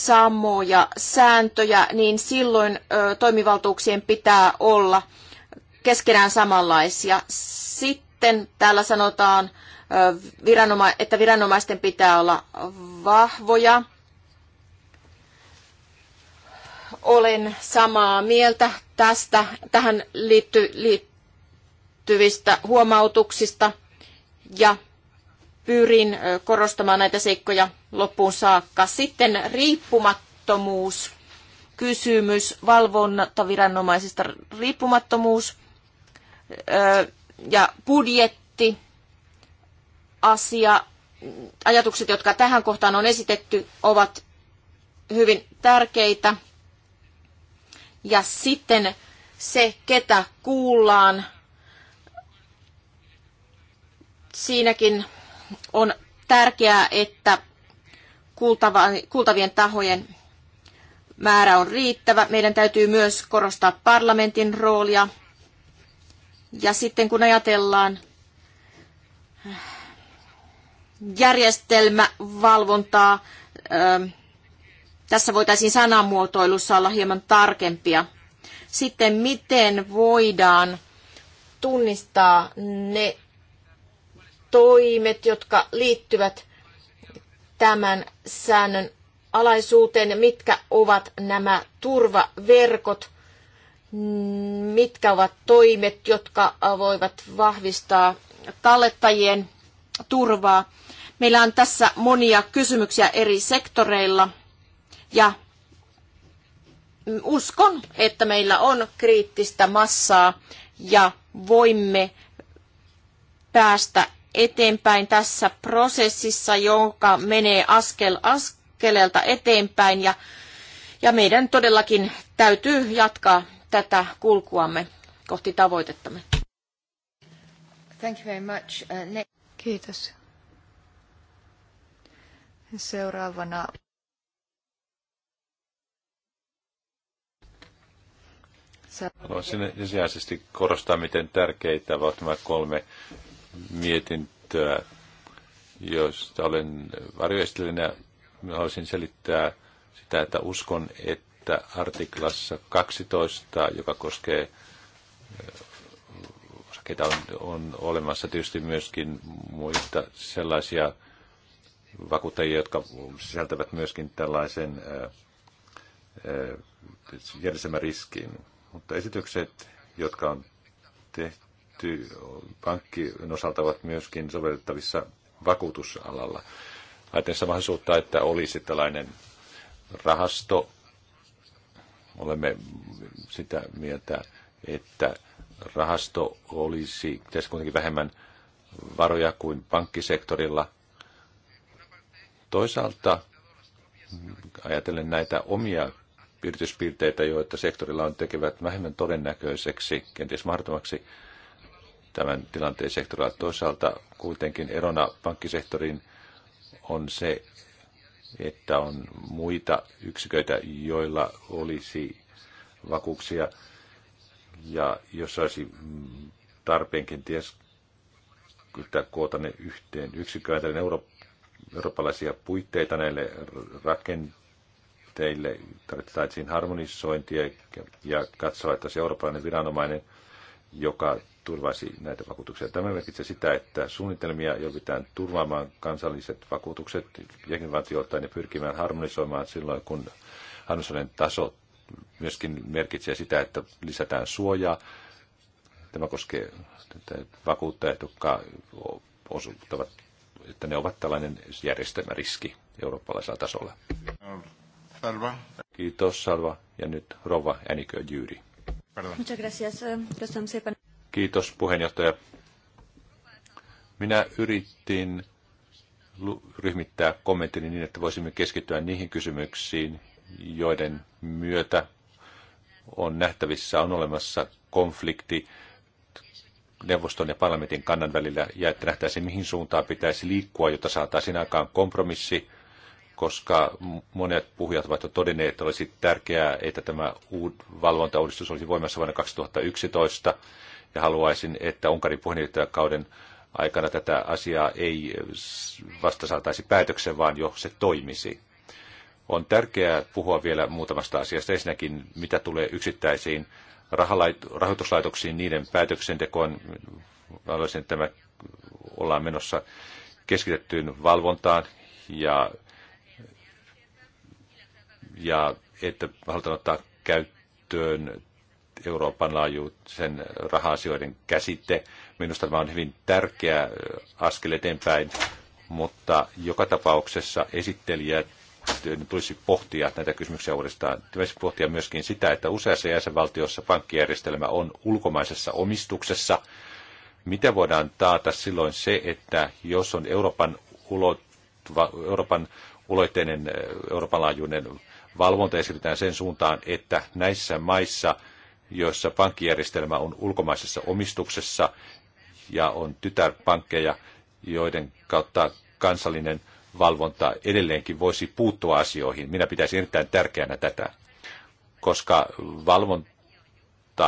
samoja sääntöjä, niin silloin ö, toimivaltuuksien pitää olla keskenään samanlaisia. Sitten täällä sanotaan, ö, viranoma- että viranomaisten pitää olla vahvoja. Olen samaa mieltä tästä. Tähän liitty- liittyvistä huomautuksista – ja pyrin korostamaan näitä seikkoja loppuun saakka. Sitten riippumattomuus, kysymys, valvontaviranomaisista riippumattomuus ja budjetti, asia, ajatukset, jotka tähän kohtaan on esitetty, ovat hyvin tärkeitä. Ja sitten se, ketä kuullaan, Siinäkin on tärkeää, että kuultavien tahojen määrä on riittävä. Meidän täytyy myös korostaa parlamentin roolia. Ja sitten kun ajatellaan äh, järjestelmävalvontaa, ähm, tässä voitaisiin sanamuotoilussa olla hieman tarkempia. Sitten miten voidaan tunnistaa ne toimet, jotka liittyvät tämän säännön alaisuuteen mitkä ovat nämä turvaverkot, mitkä ovat toimet, jotka voivat vahvistaa tallettajien turvaa. Meillä on tässä monia kysymyksiä eri sektoreilla ja uskon, että meillä on kriittistä massaa ja voimme päästä eteenpäin tässä prosessissa, joka menee askel askeleelta eteenpäin ja, ja meidän todellakin täytyy jatkaa tätä kulkuamme kohti tavoitettamme. Thank you very much. Uh, Kiitos. Seuraavana Haluaisin ensisijaisesti korostaa, miten tärkeitä ovat nämä kolme mietintöä, josta olen ja Haluaisin selittää sitä, että uskon, että artiklassa 12, joka koskee äh, osakkeita, on, on olemassa tietysti myöskin muita sellaisia vakuuttajia, jotka sisältävät myöskin tällaisen äh, äh, järjestelmäriskiin. Mutta esitykset, jotka on tehty, tehty pankkien osalta ovat myöskin sovellettavissa vakuutusalalla. Ajatellaan mahdollisuutta, että olisi tällainen rahasto. Olemme sitä mieltä, että rahasto olisi, tässä kuitenkin vähemmän varoja kuin pankkisektorilla. Toisaalta ajatellen näitä omia yrityspiirteitä, joita sektorilla on, tekevät vähemmän todennäköiseksi, kenties mahdottomaksi tämän tilanteen sektorilla. Toisaalta kuitenkin erona pankkisektoriin on se, että on muita yksiköitä, joilla olisi vakuuksia ja jos olisi tarpeen kenties yrittää koota ne yhteen yksikköön, tällainen euro, eurooppalaisia puitteita näille rakenteille, tarvittaisiin harmonisointia ja katsoa, että se eurooppalainen viranomainen, joka turvaisi näitä vakuutuksia. Tämä merkitsee sitä, että suunnitelmia joudutaan turvaamaan kansalliset vakuutukset jäsenvaltioittain ja pyrkimään harmonisoimaan silloin, kun harmonisoinnin taso myöskin merkitsee sitä, että lisätään suojaa. Tämä koskee vakuuttajat, jotka osuuttavat, että ne ovat tällainen järjestelmäriski eurooppalaisella tasolla. Salva. Kiitos Salva ja nyt Rova Änikö Jyri. Muchas gracias. Kiitos puheenjohtaja. Minä yritin ryhmittää kommenttini niin, että voisimme keskittyä niihin kysymyksiin, joiden myötä on nähtävissä, on olemassa konflikti neuvoston ja parlamentin kannan välillä ja että nähtäisiin, mihin suuntaan pitäisi liikkua, jotta saataisiin aikaan kompromissi, koska monet puhujat ovat jo todenneet, että olisi tärkeää, että tämä valvontauudistus olisi voimassa vuonna 2011 ja haluaisin, että Unkarin puheenjohtajakauden aikana tätä asiaa ei vasta saataisi päätöksen, vaan jo se toimisi. On tärkeää puhua vielä muutamasta asiasta. Ensinnäkin, mitä tulee yksittäisiin rahoituslaitoksiin, niiden päätöksentekoon. Haluaisin, että tämä ollaan menossa keskitettyyn valvontaan ja, ja että halutaan ottaa käyttöön Euroopan laajuisen raha-asioiden käsite. Minusta tämä on hyvin tärkeä askel eteenpäin, mutta joka tapauksessa esittelijät tulisi pohtia näitä kysymyksiä uudestaan. Tulisi pohtia myöskin sitä, että useassa jäsenvaltiossa pankkijärjestelmä on ulkomaisessa omistuksessa. Mitä voidaan taata silloin se, että jos on Euroopan, ulottuva, Euroopan uloitteinen, Euroopan laajuinen valvonta esitetään sen suuntaan, että näissä maissa – joissa pankkijärjestelmä on ulkomaisessa omistuksessa ja on tytärpankkeja, joiden kautta kansallinen valvonta edelleenkin voisi puuttua asioihin. Minä pitäisin erittäin tärkeänä tätä, koska valvonta,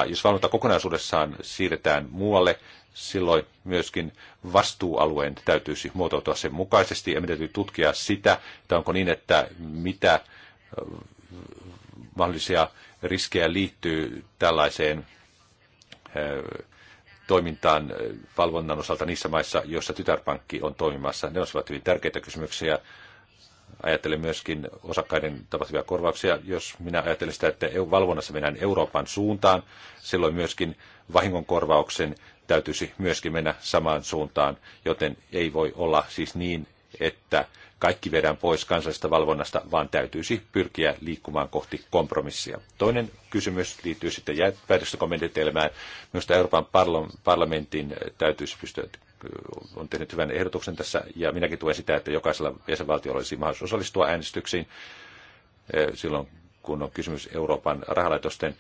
jos valvonta kokonaisuudessaan siirretään muualle, silloin myöskin vastuualueen täytyisi muotoutua sen mukaisesti ja meidän täytyy tutkia sitä, että onko niin, että mitä mahdollisia riskejä liittyy tällaiseen toimintaan valvonnan osalta niissä maissa, joissa tytärpankki on toimimassa. Ne ovat hyvin tärkeitä kysymyksiä. Ajattelen myöskin osakkaiden tapahtuvia korvauksia. Jos minä ajattelen sitä, että valvonnassa mennään Euroopan suuntaan, silloin myöskin vahingonkorvauksen täytyisi myöskin mennä samaan suuntaan, joten ei voi olla siis niin, että kaikki vedään pois kansallisesta valvonnasta, vaan täytyisi pyrkiä liikkumaan kohti kompromissia. Toinen kysymys liittyy sitten päätöstökomiteetelmään. Minusta Euroopan parlamentin äh, täytyisi pystyä äh, on tehnyt hyvän ehdotuksen tässä, ja minäkin tuen sitä, että jokaisella jäsenvaltiolla olisi mahdollisuus osallistua äänestyksiin äh, silloin, kun on kysymys Euroopan rahalaitosten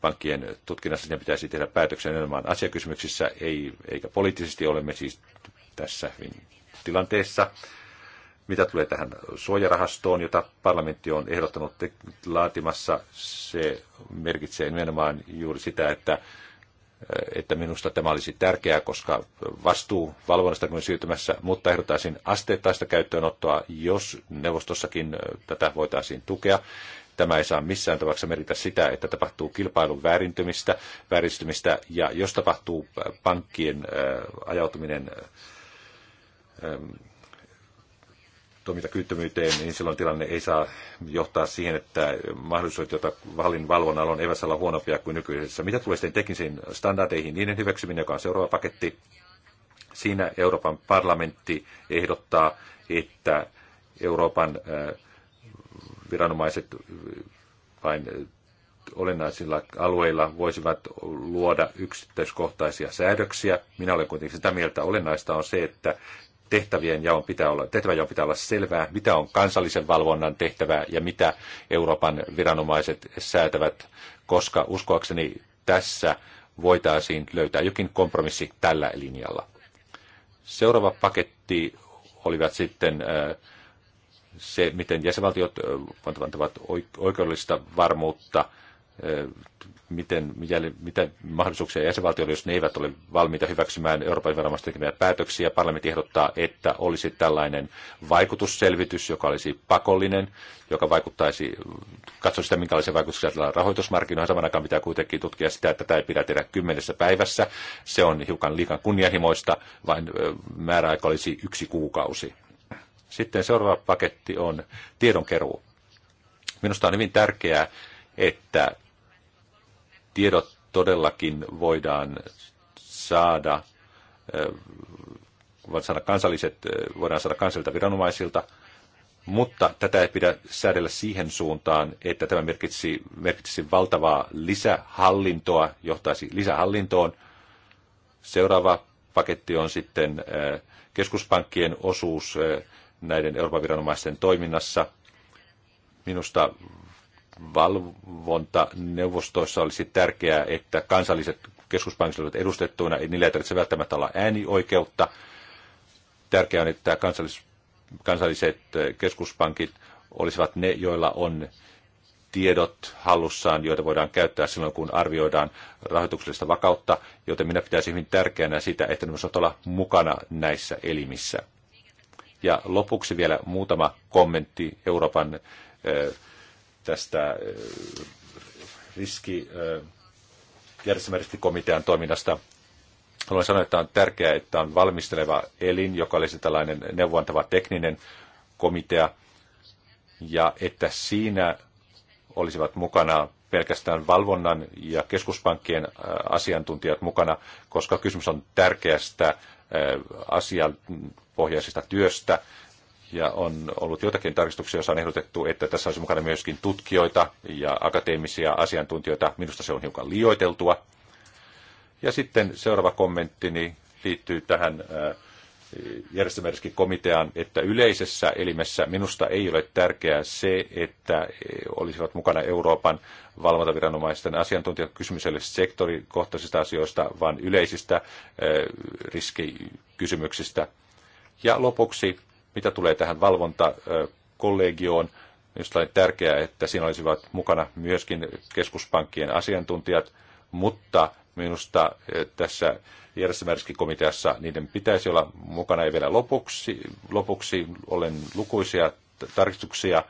pankkien tutkinnassa, ne niin pitäisi tehdä päätöksen enemmän asiakysymyksissä, ei, eikä poliittisesti olemme siis tässä hyvin tilanteessa, mitä tulee tähän suojarahastoon, jota parlamentti on ehdottanut laatimassa, se merkitsee nimenomaan juuri sitä, että, että minusta tämä olisi tärkeää, koska vastuu valvonnasta on siirtymässä, mutta ehdottaisin asteittaista käyttöönottoa, jos neuvostossakin tätä voitaisiin tukea. Tämä ei saa missään tapauksessa merkitä sitä, että tapahtuu kilpailun väärintymistä, vääristymistä, ja jos tapahtuu pankkien ajautuminen Ähm, toimintakyvyttömyyteen, niin silloin tilanne ei saa johtaa siihen, että mahdollisuudet, joita vallin valvonnalla on, eivät saa olla huonompia kuin nykyisessä. Mitä tulee sitten teknisiin standardeihin, niiden hyväksyminen, joka on seuraava paketti, siinä Euroopan parlamentti ehdottaa, että Euroopan äh, viranomaiset äh, vain äh, olennaisilla alueilla voisivat luoda yksittäiskohtaisia säädöksiä. Minä olen kuitenkin sitä mieltä, olennaista on se, että tehtävien jaon pitää olla, tehtävänjaon pitää olla selvää, mitä on kansallisen valvonnan tehtävää ja mitä Euroopan viranomaiset säätävät, koska uskoakseni tässä voitaisiin löytää jokin kompromissi tällä linjalla. Seuraava paketti olivat sitten äh, se, miten jäsenvaltiot äh, antavat oikeudellista varmuutta – miten, mitä mahdollisuuksia jäsenvaltioille, jos ne eivät ole valmiita hyväksymään Euroopan viranomaisten tekemiä päätöksiä. Parlamentti ehdottaa, että olisi tällainen vaikutusselvitys, joka olisi pakollinen, joka vaikuttaisi, katso sitä, minkälaisia vaikutuksia tällä rahoitusmarkkinoilla. Saman aikaan pitää kuitenkin tutkia sitä, että tämä ei pidä tehdä kymmenessä päivässä. Se on hiukan liikan kunnianhimoista, vain määräaika olisi yksi kuukausi. Sitten seuraava paketti on tiedonkeruu. Minusta on hyvin tärkeää, että tiedot todellakin voidaan saada, eh, voidaan saada, kansalliset, eh, voidaan saada kansallisilta viranomaisilta, mutta tätä ei pidä säädellä siihen suuntaan, että tämä merkitsisi, merkitsisi valtavaa lisähallintoa, johtaisi lisähallintoon. Seuraava paketti on sitten eh, keskuspankkien osuus näiden Euroopan viranomaisten toiminnassa. Minusta valvontaneuvostoissa olisi tärkeää, että kansalliset keskuspankit ovat edustettuina, ei niillä ei tarvitse välttämättä olla äänioikeutta. Tärkeää on, että kansallis, kansalliset keskuspankit olisivat ne, joilla on tiedot hallussaan, joita voidaan käyttää silloin, kun arvioidaan rahoituksellista vakautta, joten minä pitäisin hyvin tärkeänä sitä, että ne voisivat olla mukana näissä elimissä. Ja lopuksi vielä muutama kommentti Euroopan tästä äh, riski, äh, järjestelmäriskikomitean toiminnasta. Haluan sanoa, että on tärkeää, että on valmisteleva elin, joka olisi tällainen neuvontava tekninen komitea, ja että siinä olisivat mukana pelkästään valvonnan ja keskuspankkien äh, asiantuntijat mukana, koska kysymys on tärkeästä asianpohjaisesta työstä, ja on ollut jotakin tarkistuksia, joissa on ehdotettu, että tässä olisi mukana myöskin tutkijoita ja akateemisia asiantuntijoita. Minusta se on hiukan liioiteltua. Ja sitten seuraava kommenttini liittyy tähän äh, järjestelmäriskin komiteaan, että yleisessä elimessä minusta ei ole tärkeää se, että äh, olisivat mukana Euroopan valvontaviranomaisten asiantuntijat kysymyselle sektorikohtaisista asioista, vaan yleisistä äh, riskikysymyksistä. Ja lopuksi mitä tulee tähän valvontakollegioon, minusta on tärkeää, että siinä olisivat mukana myöskin keskuspankkien asiantuntijat, mutta minusta eh, tässä järjestelmäriskikomiteassa niiden pitäisi olla mukana. Ja vielä lopuksi, lopuksi olen lukuisia tarkistuksia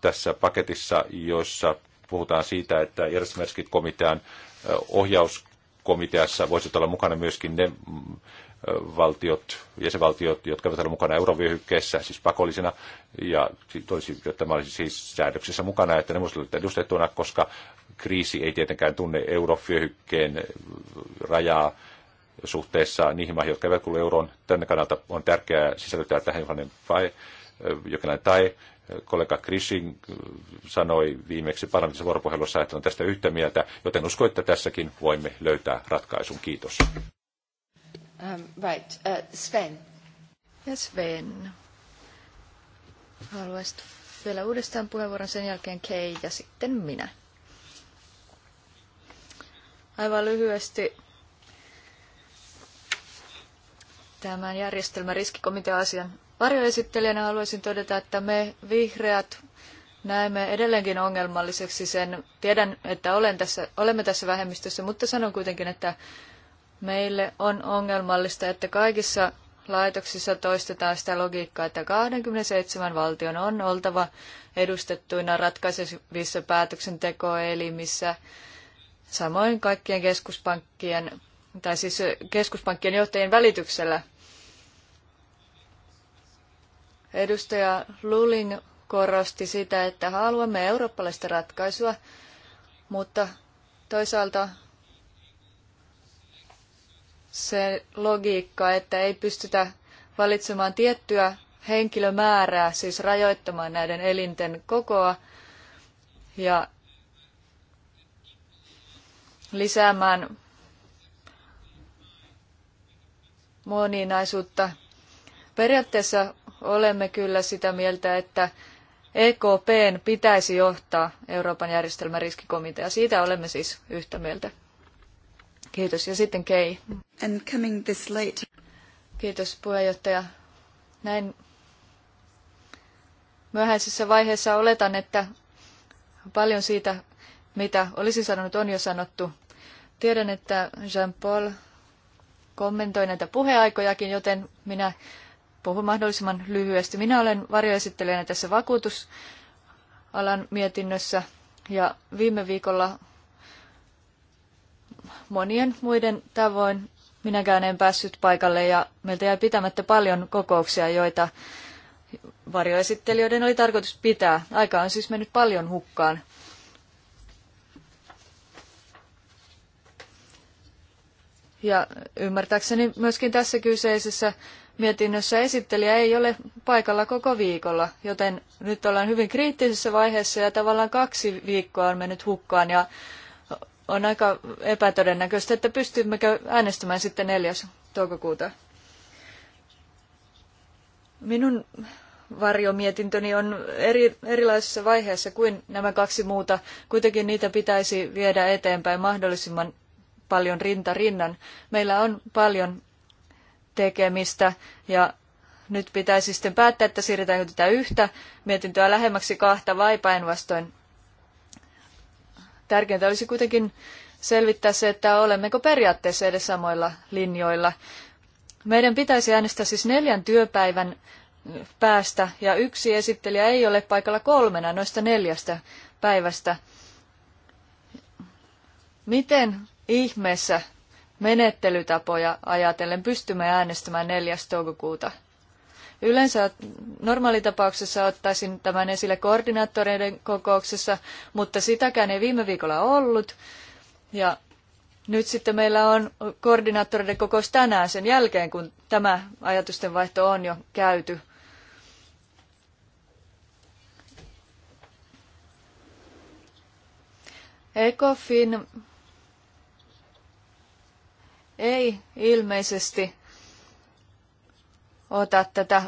tässä paketissa, joissa puhutaan siitä, että järjestelmäriskikomitean eh, ohjauskomiteassa voisi olla mukana myöskin ne mm, valtiot, jäsenvaltiot, jotka ovat olleet mukana eurovyöhykkeessä, siis pakollisena, ja jotta tämä olisi siis säädöksessä mukana, että ne olisivat edustettuna, koska kriisi ei tietenkään tunne eurovyöhykkeen rajaa suhteessa niihin maihin, jotka eivät kuulu euroon. Tänne kannalta on tärkeää sisällyttää tähän jokainen vai, jokinlainen tai. Kollega Krishin sanoi viimeksi parlamentissa vuoropuhelussa, että on tästä yhtä mieltä, joten usko, että tässäkin voimme löytää ratkaisun. Kiitos. Um, right. Uh, Sven. Yes, Sven. Haluaisit vielä uudestaan puheenvuoron sen jälkeen Kei ja sitten minä. Aivan lyhyesti tämän järjestelmän riskikomitean asian varjoesittelijänä haluaisin todeta, että me vihreät näemme edelleenkin ongelmalliseksi sen. Tiedän, että olen tässä, olemme tässä vähemmistössä, mutta sanon kuitenkin, että Meille on ongelmallista, että kaikissa laitoksissa toistetaan sitä logiikkaa, että 27 valtion on oltava edustettuina ratkaisevissa päätöksentekoelimissä, samoin kaikkien keskuspankkien, tai siis keskuspankkien johtajien välityksellä. Edustaja Lulin korosti sitä, että haluamme eurooppalaista ratkaisua, mutta toisaalta se logiikka, että ei pystytä valitsemaan tiettyä henkilömäärää, siis rajoittamaan näiden elinten kokoa ja lisäämään moninaisuutta. Periaatteessa olemme kyllä sitä mieltä, että EKPn pitäisi johtaa Euroopan järjestelmäriskikomiteaa. Siitä olemme siis yhtä mieltä. Kiitos. Ja sitten Kei. And coming this late. Kiitos puheenjohtaja. Näin myöhäisessä vaiheessa oletan, että paljon siitä, mitä olisi sanonut, on jo sanottu. Tiedän, että Jean-Paul kommentoi näitä puheaikojakin, joten minä puhun mahdollisimman lyhyesti. Minä olen varjoesittelijänä tässä vakuutusalan mietinnössä ja viime viikolla monien muiden tavoin minäkään en päässyt paikalle ja meiltä jäi pitämättä paljon kokouksia, joita varjoesittelijöiden oli tarkoitus pitää. Aika on siis mennyt paljon hukkaan. Ja ymmärtääkseni myöskin tässä kyseisessä mietinnössä esittelijä ei ole paikalla koko viikolla, joten nyt ollaan hyvin kriittisessä vaiheessa ja tavallaan kaksi viikkoa on mennyt hukkaan ja on aika epätodennäköistä, että pystymmekö äänestämään sitten 4. toukokuuta. Minun varjomietintöni on eri, erilaisessa vaiheessa kuin nämä kaksi muuta. Kuitenkin niitä pitäisi viedä eteenpäin mahdollisimman paljon rinta rinnan. Meillä on paljon tekemistä ja nyt pitäisi sitten päättää, että siirretäänkö tätä yhtä mietintöä lähemmäksi kahta vai päinvastoin Tärkeintä olisi kuitenkin selvittää se, että olemmeko periaatteessa edes samoilla linjoilla. Meidän pitäisi äänestää siis neljän työpäivän päästä ja yksi esittelijä ei ole paikalla kolmena noista neljästä päivästä. Miten ihmeessä menettelytapoja ajatellen pystymme äänestämään 4. toukokuuta? Yleensä normaalitapauksessa ottaisin tämän esille koordinaattoreiden kokouksessa, mutta sitäkään ei viime viikolla ollut. Ja nyt sitten meillä on koordinaattoreiden kokous tänään sen jälkeen, kun tämä ajatusten vaihto on jo käyty. ECOFIN ei ilmeisesti ota tätä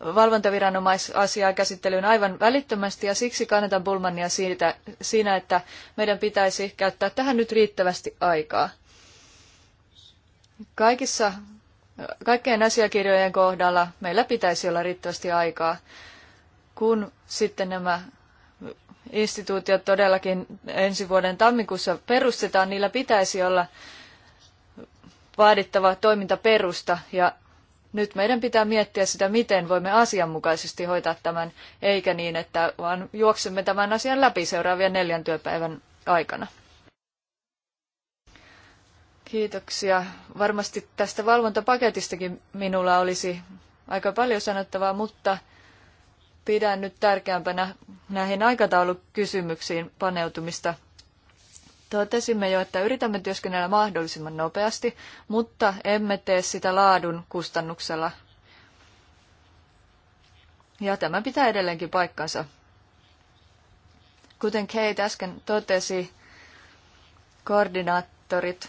valvontaviranomaisasiaa käsittelyyn aivan välittömästi ja siksi kannatan Bulmania siitä, siinä, että meidän pitäisi käyttää tähän nyt riittävästi aikaa. Kaikissa, kaikkien asiakirjojen kohdalla meillä pitäisi olla riittävästi aikaa, kun sitten nämä instituutiot todellakin ensi vuoden tammikuussa perustetaan, niillä pitäisi olla vaadittava toimintaperusta ja nyt meidän pitää miettiä sitä, miten voimme asianmukaisesti hoitaa tämän, eikä niin, että vaan juoksemme tämän asian läpi seuraavien neljän työpäivän aikana. Kiitoksia. Varmasti tästä valvontapaketistakin minulla olisi aika paljon sanottavaa, mutta pidän nyt tärkeämpänä näihin aikataulukysymyksiin paneutumista – Totesimme jo, että yritämme työskennellä mahdollisimman nopeasti, mutta emme tee sitä laadun kustannuksella. Ja tämä pitää edelleenkin paikkansa. Kuten Kate äsken totesi, koordinaattorit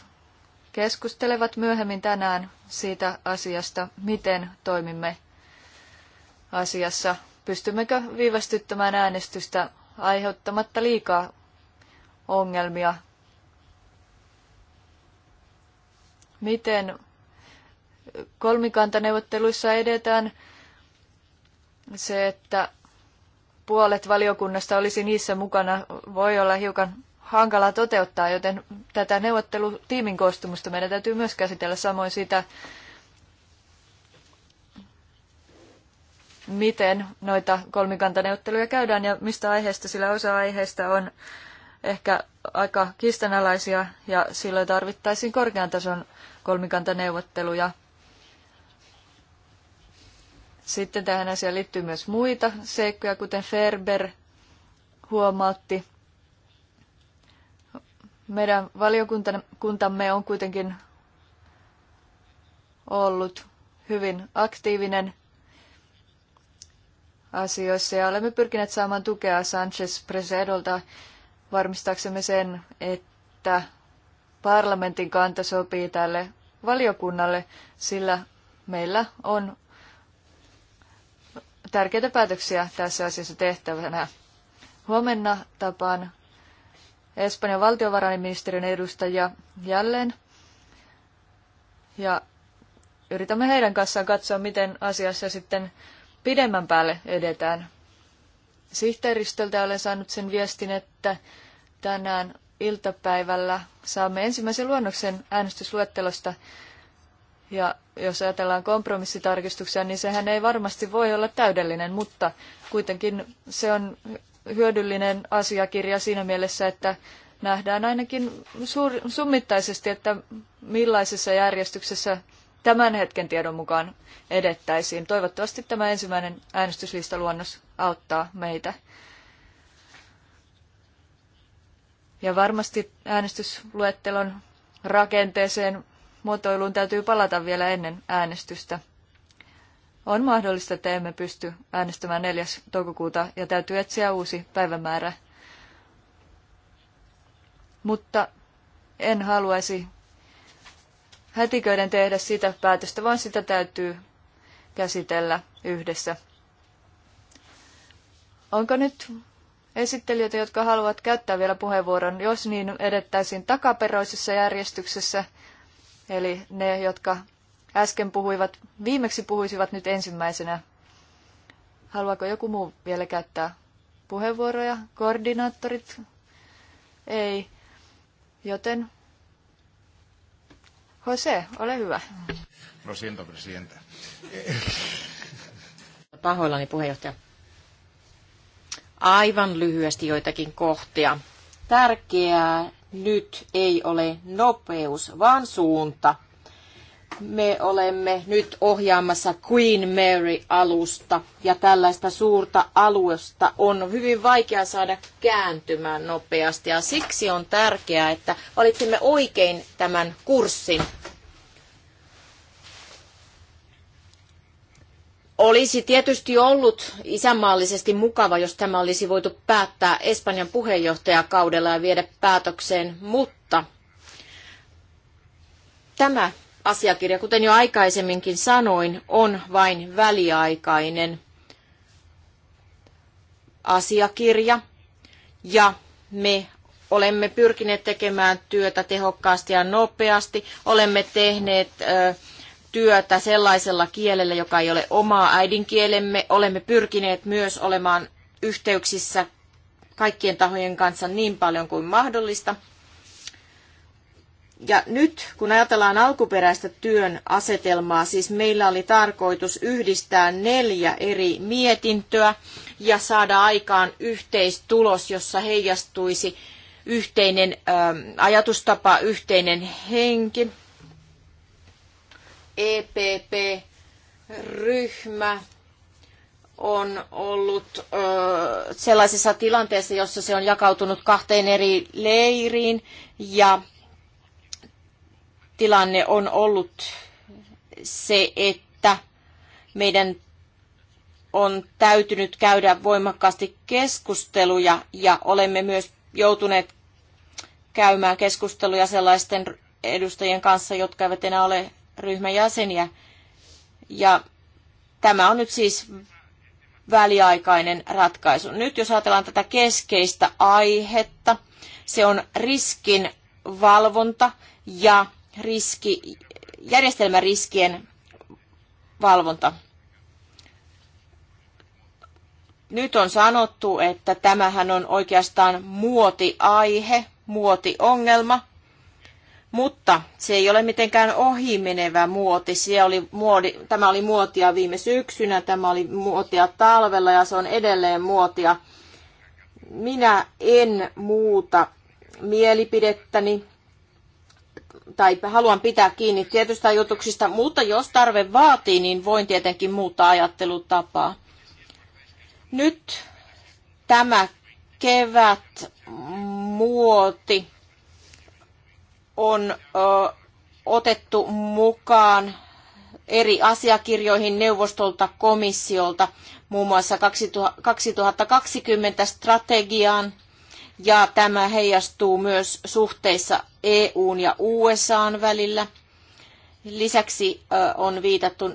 keskustelevat myöhemmin tänään siitä asiasta, miten toimimme asiassa. Pystymmekö viivästyttämään äänestystä aiheuttamatta liikaa ongelmia miten kolmikantaneuvotteluissa edetään. Se, että puolet valiokunnasta olisi niissä mukana, voi olla hiukan hankalaa toteuttaa, joten tätä neuvottelutiimin koostumusta meidän täytyy myös käsitellä samoin sitä, miten noita kolmikantaneuvotteluja käydään ja mistä aiheesta, sillä osa aiheesta on ehkä aika kiistanalaisia ja silloin tarvittaisiin korkean tason kolmikantaneuvotteluja. Sitten tähän asiaan liittyy myös muita seikkoja, kuten Ferber huomautti. Meidän valiokuntamme on kuitenkin ollut hyvin aktiivinen asioissa ja olemme pyrkineet saamaan tukea Sanchez Presedolta varmistaaksemme sen, että parlamentin kanta sopii tälle valiokunnalle, sillä meillä on tärkeitä päätöksiä tässä asiassa tehtävänä. Huomenna tapaan Espanjan valtiovarainministeriön edustajia jälleen ja yritämme heidän kanssaan katsoa, miten asiassa sitten pidemmän päälle edetään. Sihteeristöltä olen saanut sen viestin, että tänään iltapäivällä saamme ensimmäisen luonnoksen äänestysluettelosta. Ja jos ajatellaan kompromissitarkistuksia, niin sehän ei varmasti voi olla täydellinen, mutta kuitenkin se on hyödyllinen asiakirja siinä mielessä, että nähdään ainakin suur, summittaisesti, että millaisessa järjestyksessä tämän hetken tiedon mukaan edettäisiin. Toivottavasti tämä ensimmäinen äänestyslistaluonnos auttaa meitä. Ja varmasti äänestysluettelon rakenteeseen muotoiluun täytyy palata vielä ennen äänestystä. On mahdollista, että emme pysty äänestämään 4. toukokuuta ja täytyy etsiä uusi päivämäärä. Mutta en haluaisi hätiköiden tehdä sitä päätöstä, vaan sitä täytyy käsitellä yhdessä. Onko nyt esittelijöitä, jotka haluavat käyttää vielä puheenvuoron, jos niin edettäisiin takaperoisessa järjestyksessä, eli ne, jotka äsken puhuivat, viimeksi puhuisivat nyt ensimmäisenä. Haluaako joku muu vielä käyttää puheenvuoroja? Koordinaattorit? Ei. Joten Jose, ole hyvä. Lo siento, presidente. Pahoillani puheenjohtaja. Aivan lyhyesti joitakin kohtia. Tärkeää nyt ei ole nopeus, vaan suunta me olemme nyt ohjaamassa Queen Mary-alusta ja tällaista suurta alusta on hyvin vaikea saada kääntymään nopeasti ja siksi on tärkeää, että valitsimme oikein tämän kurssin. Olisi tietysti ollut isänmaallisesti mukava, jos tämä olisi voitu päättää Espanjan puheenjohtajakaudella ja viedä päätökseen, mutta tämä asiakirja, kuten jo aikaisemminkin sanoin, on vain väliaikainen asiakirja ja me olemme pyrkineet tekemään työtä tehokkaasti ja nopeasti. Olemme tehneet työtä sellaisella kielellä, joka ei ole omaa äidinkielemme. Olemme pyrkineet myös olemaan yhteyksissä kaikkien tahojen kanssa niin paljon kuin mahdollista. Ja nyt, kun ajatellaan alkuperäistä työn asetelmaa, siis meillä oli tarkoitus yhdistää neljä eri mietintöä ja saada aikaan yhteistulos, jossa heijastuisi yhteinen ähm, ajatustapa, yhteinen henki. EPP-ryhmä on ollut ö, äh, sellaisessa tilanteessa, jossa se on jakautunut kahteen eri leiriin ja tilanne on ollut se, että meidän on täytynyt käydä voimakkaasti keskusteluja ja olemme myös joutuneet käymään keskusteluja sellaisten edustajien kanssa, jotka eivät enää ole ryhmän jäseniä. Ja tämä on nyt siis väliaikainen ratkaisu. Nyt jos ajatellaan tätä keskeistä aihetta, se on riskin valvonta ja riski, järjestelmäriskien valvonta. Nyt on sanottu, että tämähän on oikeastaan muotiaihe, muotiongelma, mutta se ei ole mitenkään ohimenevä muoti. Se oli muodi, tämä oli muotia viime syksynä, tämä oli muotia talvella ja se on edelleen muotia. Minä en muuta mielipidettäni tai haluan pitää kiinni tietystä ajatuksista, mutta jos tarve vaatii, niin voin tietenkin muuttaa ajattelutapaa. Nyt tämä kevät muoti on ö, otettu mukaan eri asiakirjoihin neuvostolta komissiolta, muun muassa 2020 strategiaan – ja tämä heijastuu myös suhteissa EUn ja USAn välillä. Lisäksi on viitattu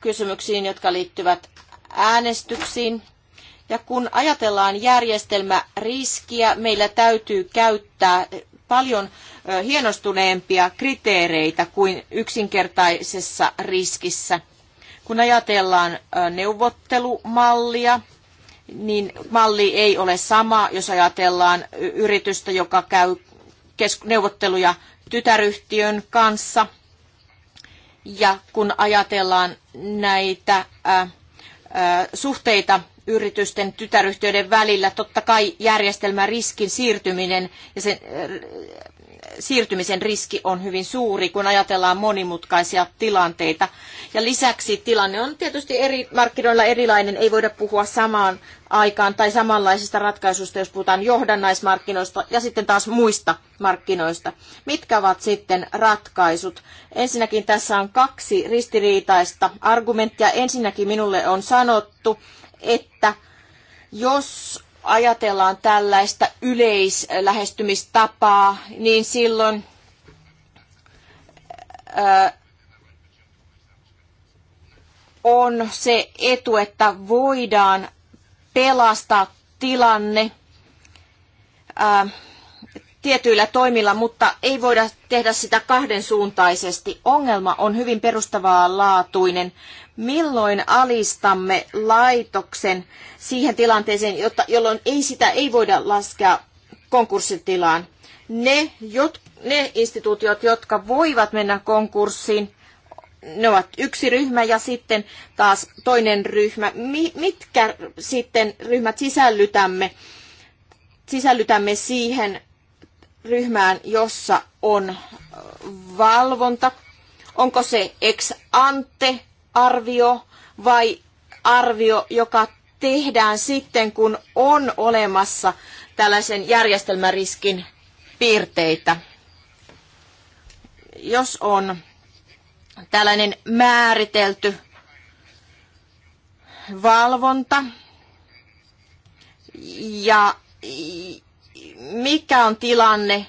kysymyksiin, jotka liittyvät äänestyksiin. Ja kun ajatellaan järjestelmäriskiä, meillä täytyy käyttää paljon hienostuneempia kriteereitä kuin yksinkertaisessa riskissä. Kun ajatellaan neuvottelumallia, niin malli ei ole sama, jos ajatellaan yritystä, joka käy neuvotteluja tytäryhtiön kanssa. Ja kun ajatellaan näitä ää, ää, suhteita yritysten tytäryhtiöiden välillä, totta kai järjestelmäriskin siirtyminen ja sen ää, siirtymisen riski on hyvin suuri, kun ajatellaan monimutkaisia tilanteita. Ja lisäksi tilanne on tietysti eri markkinoilla erilainen, ei voida puhua samaan aikaan tai samanlaisista ratkaisusta, jos puhutaan johdannaismarkkinoista ja sitten taas muista markkinoista. Mitkä ovat sitten ratkaisut? Ensinnäkin tässä on kaksi ristiriitaista argumenttia. Ensinnäkin minulle on sanottu, että jos ajatellaan tällaista yleislähestymistapaa, niin silloin on se etu, että voidaan pelastaa tilanne ää, tietyillä toimilla, mutta ei voida tehdä sitä kahden suuntaisesti. Ongelma on hyvin perustavaa laatuinen milloin alistamme laitoksen siihen tilanteeseen, jotta, jolloin ei sitä ei voida laskea konkurssitilaan. Ne, jot, ne instituutiot, jotka voivat mennä konkurssiin, ne ovat yksi ryhmä ja sitten taas toinen ryhmä. Mi, mitkä sitten ryhmät sisällytämme, sisällytämme siihen ryhmään, jossa on valvonta? Onko se ex ante arvio vai arvio, joka tehdään sitten, kun on olemassa tällaisen järjestelmäriskin piirteitä. Jos on tällainen määritelty valvonta ja mikä on tilanne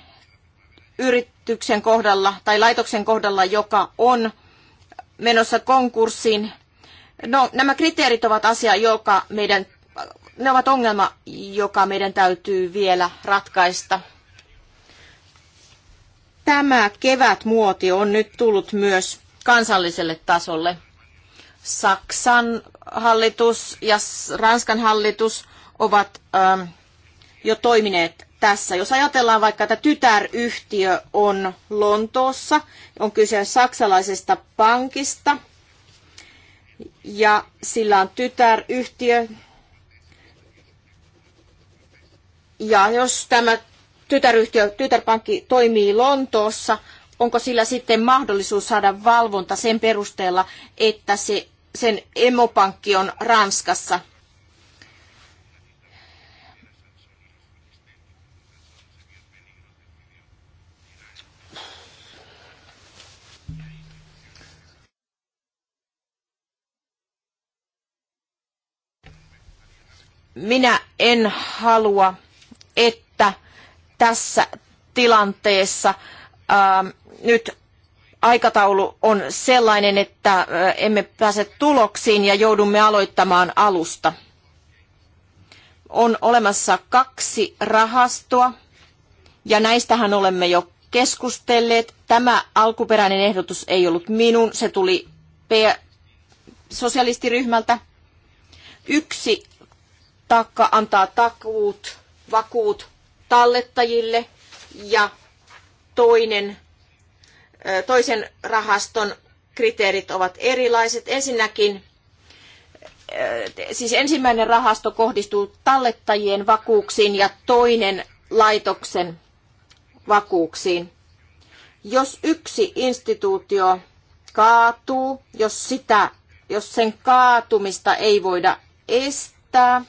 yrityksen kohdalla tai laitoksen kohdalla, joka on menossa konkurssiin. No, nämä kriteerit ovat asia, joka meidän, ne ovat ongelma, joka meidän täytyy vielä ratkaista. Tämä kevätmuoti on nyt tullut myös kansalliselle tasolle. Saksan hallitus ja Ranskan hallitus ovat ähm, jo toimineet tässä. Jos ajatellaan vaikka, että tytäryhtiö on Lontoossa, on kyse saksalaisesta pankista ja sillä on tytäryhtiö. Ja jos tämä tytäryhtiö, tytärpankki toimii Lontoossa, onko sillä sitten mahdollisuus saada valvonta sen perusteella, että se, sen emopankki on Ranskassa? minä en halua, että tässä tilanteessa ää, ähm, nyt aikataulu on sellainen, että äh, emme pääse tuloksiin ja joudumme aloittamaan alusta. On olemassa kaksi rahastoa ja näistähän olemme jo keskustelleet. Tämä alkuperäinen ehdotus ei ollut minun, se tuli P- sosialistiryhmältä. Yksi takka, antaa takuut, vakuut tallettajille ja toinen, toisen rahaston kriteerit ovat erilaiset. Ensinnäkin siis ensimmäinen rahasto kohdistuu tallettajien vakuuksiin ja toinen laitoksen vakuuksiin. Jos yksi instituutio kaatuu, jos, sitä, jos sen kaatumista ei voida estää,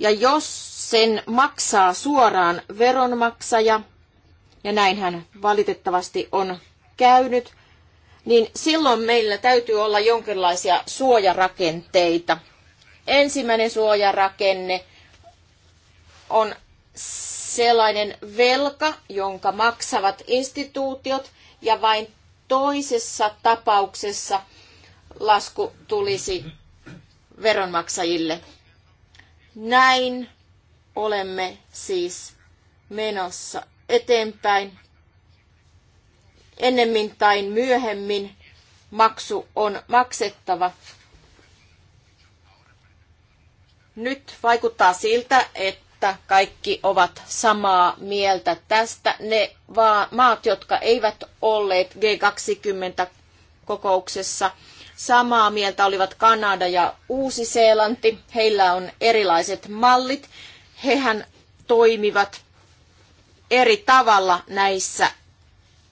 ja jos sen maksaa suoraan veronmaksaja, ja näinhän valitettavasti on käynyt, niin silloin meillä täytyy olla jonkinlaisia suojarakenteita. Ensimmäinen suojarakenne on sellainen velka, jonka maksavat instituutiot, ja vain toisessa tapauksessa lasku tulisi veronmaksajille. Näin olemme siis menossa eteenpäin. Ennemmin tai myöhemmin maksu on maksettava. Nyt vaikuttaa siltä, että kaikki ovat samaa mieltä tästä. Ne maat, jotka eivät olleet G20-kokouksessa, Samaa mieltä olivat Kanada ja Uusi-Seelanti. Heillä on erilaiset mallit. Hehän toimivat eri tavalla näissä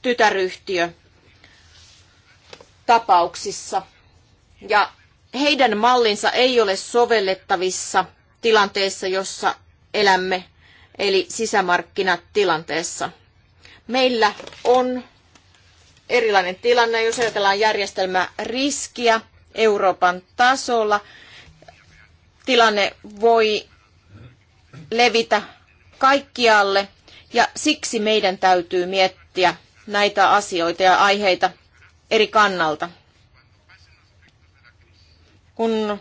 tytäryhtiötapauksissa. Ja heidän mallinsa ei ole sovellettavissa tilanteessa, jossa elämme, eli sisämarkkinatilanteessa. Meillä on erilainen tilanne, jos ajatellaan järjestelmäriskiä Euroopan tasolla. Tilanne voi levitä kaikkialle ja siksi meidän täytyy miettiä näitä asioita ja aiheita eri kannalta. Kun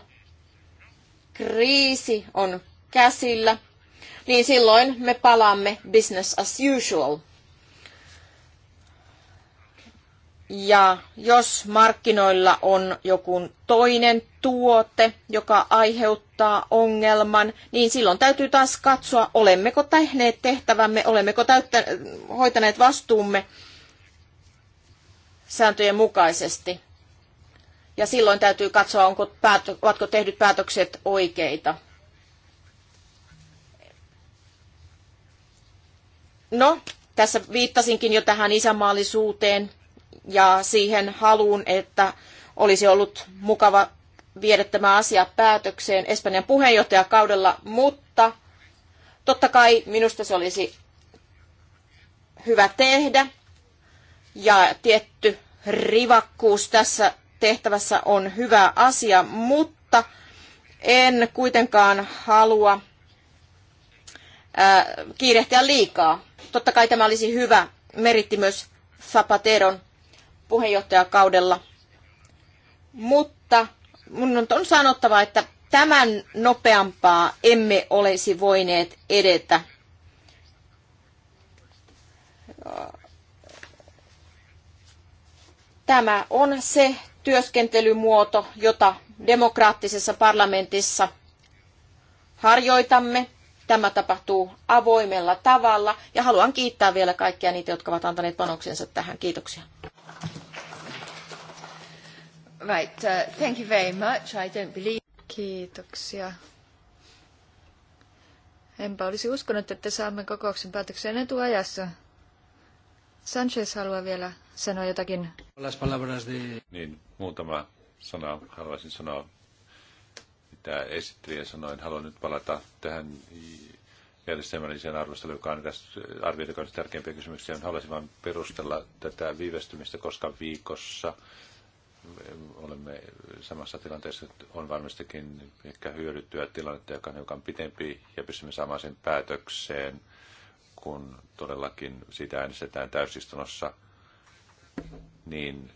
kriisi on käsillä, niin silloin me palaamme business as usual – Ja jos markkinoilla on joku toinen tuote, joka aiheuttaa ongelman, niin silloin täytyy taas katsoa, olemmeko tehneet tehtävämme, olemmeko täyttä, hoitaneet vastuumme sääntöjen mukaisesti. Ja silloin täytyy katsoa, onko päätö, ovatko tehdyt päätökset oikeita. No, tässä viittasinkin jo tähän isämaallisuuteen ja siihen haluun, että olisi ollut mukava viedä tämä asia päätökseen Espanjan puheenjohtajakaudella, mutta totta kai minusta se olisi hyvä tehdä ja tietty rivakkuus tässä tehtävässä on hyvä asia, mutta en kuitenkaan halua kiirehtiä liikaa. Totta kai tämä olisi hyvä meritti myös Zapateron puheenjohtajakaudella. Mutta mun on sanottava, että tämän nopeampaa emme olisi voineet edetä. Tämä on se työskentelymuoto, jota demokraattisessa parlamentissa harjoitamme. Tämä tapahtuu avoimella tavalla ja haluan kiittää vielä kaikkia niitä, jotka ovat antaneet panoksensa tähän. Kiitoksia. Right, uh, thank you very much. I don't believe... Kiitoksia. Enpä olisi uskonut, että saamme kokouksen päätökseen etuajassa. Sanchez haluaa vielä sanoa jotakin. Las palabras de... Niin, muutama sana haluaisin sanoa, mitä esittelijä sanoi. Haluan nyt palata tähän järjestelmälliseen arvosteluun, joka on tässä tärkeimpiä kysymyksiä. Haluaisin vain perustella tätä viivästymistä, koska viikossa olemme samassa tilanteessa, on varmastikin ehkä hyödyttyä tilannetta, joka on hiukan pitempi ja pystymme saamaan sen päätökseen, kun todellakin sitä äänestetään täysistunnossa niin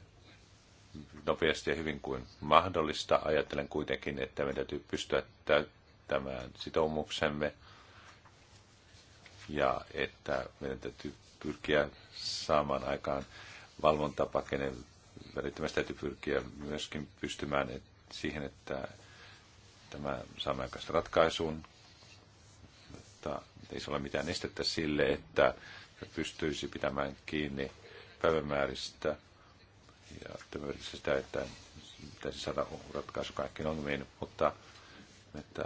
nopeasti ja hyvin kuin mahdollista. Ajattelen kuitenkin, että meidän täytyy pystyä täyttämään sitoumuksemme ja että meidän täytyy pyrkiä saamaan aikaan valvontapakenen välittömästi täytyy pyrkiä myöskin pystymään et, siihen, että tämä saamme aikaista ratkaisuun. Mutta ei se ole mitään estettä sille, että pystyisi pitämään kiinni päivämääristä ja tämä sitä, että pitäisi saada ratkaisu kaikkiin ongelmiin, mutta että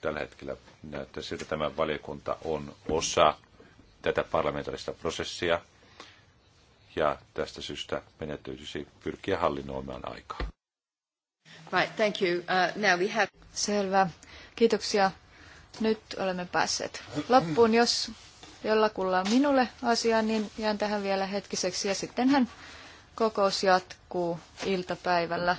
tällä hetkellä näyttää siltä, että tämä valiokunta on osa tätä parlamentaarista prosessia – ja tästä syystä meidän täytyisi pyrkiä hallinnoimaan aikaa. Right, thank you. Uh, now we have... Selvä. Kiitoksia. Nyt olemme päässeet loppuun. Jos jollakulla on minulle asiaa, niin jään tähän vielä hetkiseksi ja sittenhän kokous jatkuu iltapäivällä.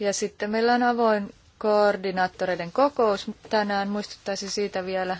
Ja sitten meillä on avoin koordinaattoreiden kokous tänään. Muistuttaisin siitä vielä